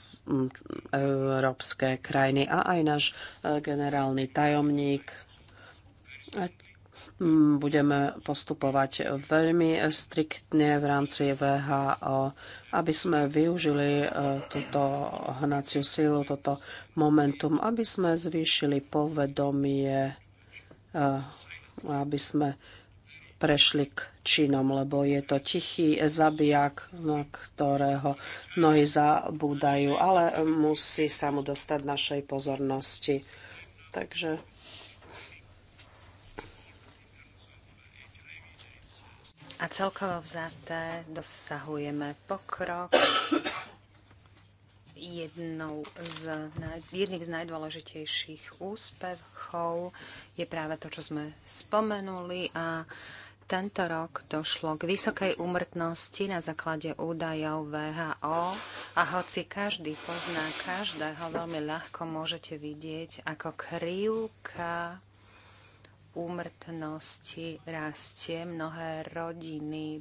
európske krajiny a aj náš e, generálny tajomník. Budeme postupovať veľmi striktne v rámci VHO, aby sme využili e, túto hnaciu silu, toto momentum, aby sme zvýšili povedomie, e, aby sme prešli k činom, lebo je to tichý zabijak, na ktorého mnohí zabúdajú, ale musí sa mu dostať našej pozornosti. Takže A celkovo vzaté dosahujeme pokrok. Jednou z, jedným z najdôležitejších úspechov je práve to, čo sme spomenuli a uh, tento rok došlo k vysokej úmrtnosti na základe údajov VHO a hoci každý pozná každého, veľmi ľahko môžete vidieť, ako krivka úmrtnosti rastie. Mnohé rodiny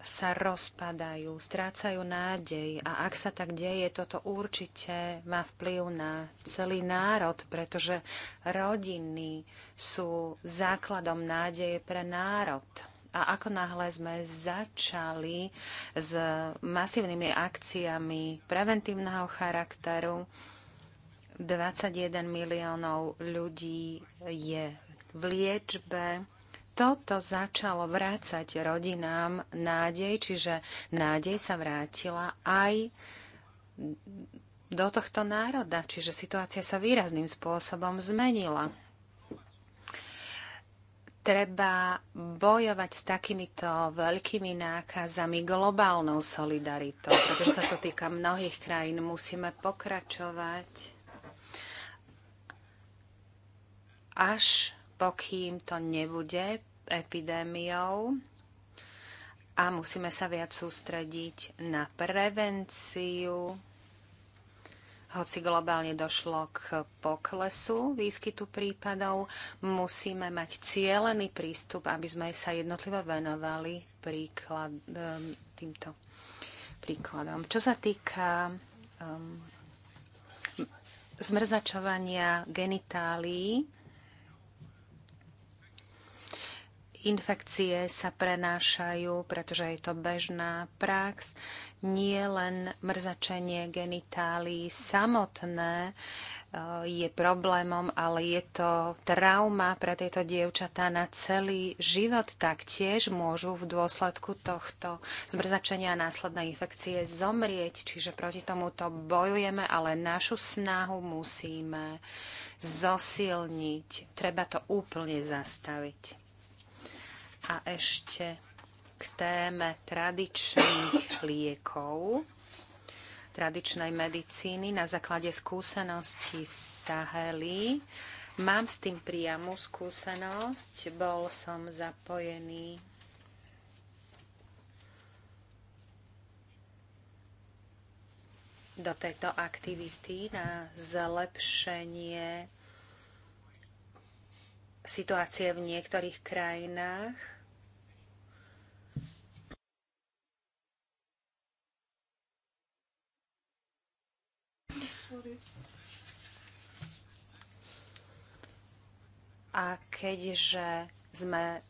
sa rozpadajú, strácajú nádej a ak sa tak deje, toto určite má vplyv na celý národ, pretože rodiny sú základom nádeje pre národ. A ako náhle sme začali s masívnymi akciami preventívneho charakteru, 21 miliónov ľudí je v liečbe, toto začalo vrácať rodinám nádej, čiže nádej sa vrátila aj do tohto národa, čiže situácia sa výrazným spôsobom zmenila. Treba bojovať s takýmito veľkými nákazami globálnou solidaritou, pretože sa to týka mnohých krajín. Musíme pokračovať až pokým to nebude epidémiou a musíme sa viac sústrediť na prevenciu, hoci globálne došlo k poklesu výskytu prípadov, musíme mať cieľený prístup, aby sme sa jednotlivo venovali príklad, um, týmto príkladom. Čo sa týka um, zmrzačovania genitálií, infekcie sa prenášajú, pretože je to bežná prax. Nie len mrzačenie genitálií samotné eh, je problémom, ale je to trauma pre tieto dievčatá na celý život. Taktiež môžu v dôsledku tohto zmrzačenia a následnej infekcie zomrieť. Čiže proti tomuto bojujeme, ale našu snahu musíme zosilniť. Treba to úplne zastaviť. A ešte k téme tradičných liekov, tradičnej medicíny na základe skúseností v Saheli. Mám s tým priamu skúsenosť, bol som zapojený do tejto aktivity na zlepšenie situácie v niektorých krajinách. A keďže sme,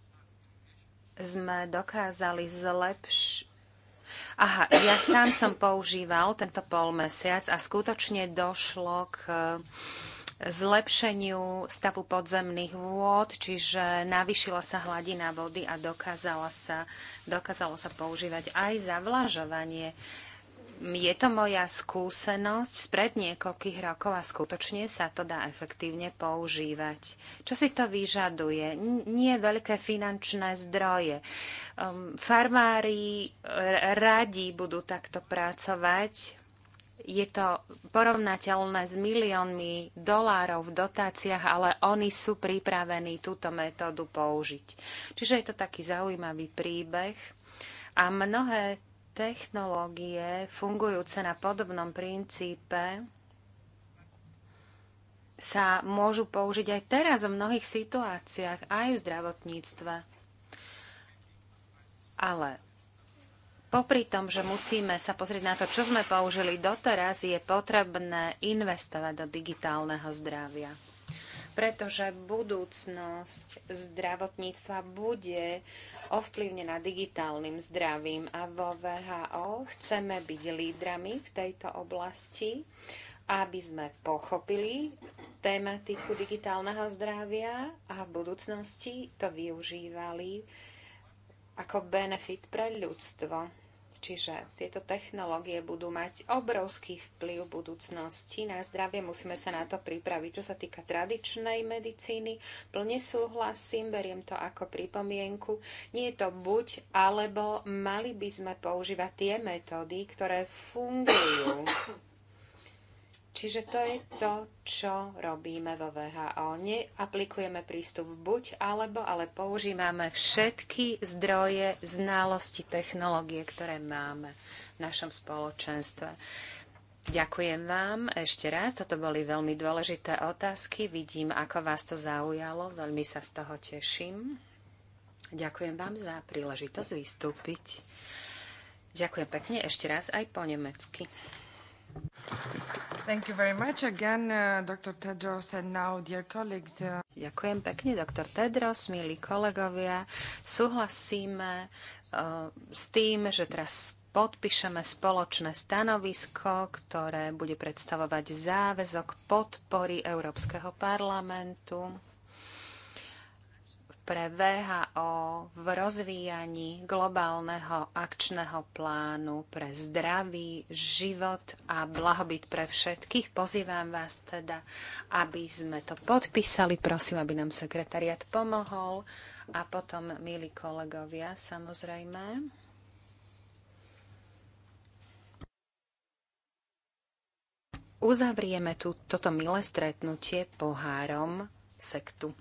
sme dokázali zlepšiť Aha, ja sám som používal tento pol mesiac a skutočne došlo k uh, zlepšeniu stavu podzemných vôd, čiže navýšila sa hladina vody a dokázala sa, dokázalo sa používať aj zavlažovanie. Je to moja skúsenosť spred niekoľkých rokov a skutočne sa to dá efektívne používať. Čo si to vyžaduje? Nie veľké finančné zdroje. Um, farmári radi budú takto pracovať je to porovnateľné s miliónmi dolárov v dotáciách, ale oni sú pripravení túto metódu použiť. Čiže je to taký zaujímavý príbeh a mnohé technológie fungujúce na podobnom princípe sa môžu použiť aj teraz v mnohých situáciách, aj v zdravotníctve. Ale Popri tom, že musíme sa pozrieť na to, čo sme použili doteraz, je potrebné investovať do digitálneho zdravia. Pretože budúcnosť zdravotníctva bude ovplyvnená digitálnym zdravím a vo VHO chceme byť lídrami v tejto oblasti, aby sme pochopili tematiku digitálneho zdravia a v budúcnosti to využívali ako benefit pre ľudstvo. Čiže tieto technológie budú mať obrovský vplyv v budúcnosti na zdravie. Musíme sa na to pripraviť. Čo sa týka tradičnej medicíny, plne súhlasím, beriem to ako pripomienku. Nie je to buď, alebo mali by sme používať tie metódy, ktoré fungujú Čiže to je to, čo robíme vo VHO. Neaplikujeme prístup buď alebo, ale používame všetky zdroje, znalosti, technológie, ktoré máme v našom spoločenstve. Ďakujem vám ešte raz. Toto boli veľmi dôležité otázky. Vidím, ako vás to zaujalo. Veľmi sa z toho teším. Ďakujem vám za príležitosť vystúpiť. Ďakujem pekne ešte raz aj po nemecky. Uh, uh, Ďakujem pekne, doktor Tedros, milí kolegovia. Súhlasíme uh, s tým, že teraz podpíšeme spoločné stanovisko, ktoré bude predstavovať záväzok podpory Európskeho parlamentu pre VHO v rozvíjaní globálneho akčného plánu pre zdravý život a blahobyt pre všetkých. Pozývam vás teda, aby sme to podpísali. Prosím, aby nám sekretariat pomohol. A potom, milí kolegovia, samozrejme. Uzavrieme tu, toto milé stretnutie pohárom sektu.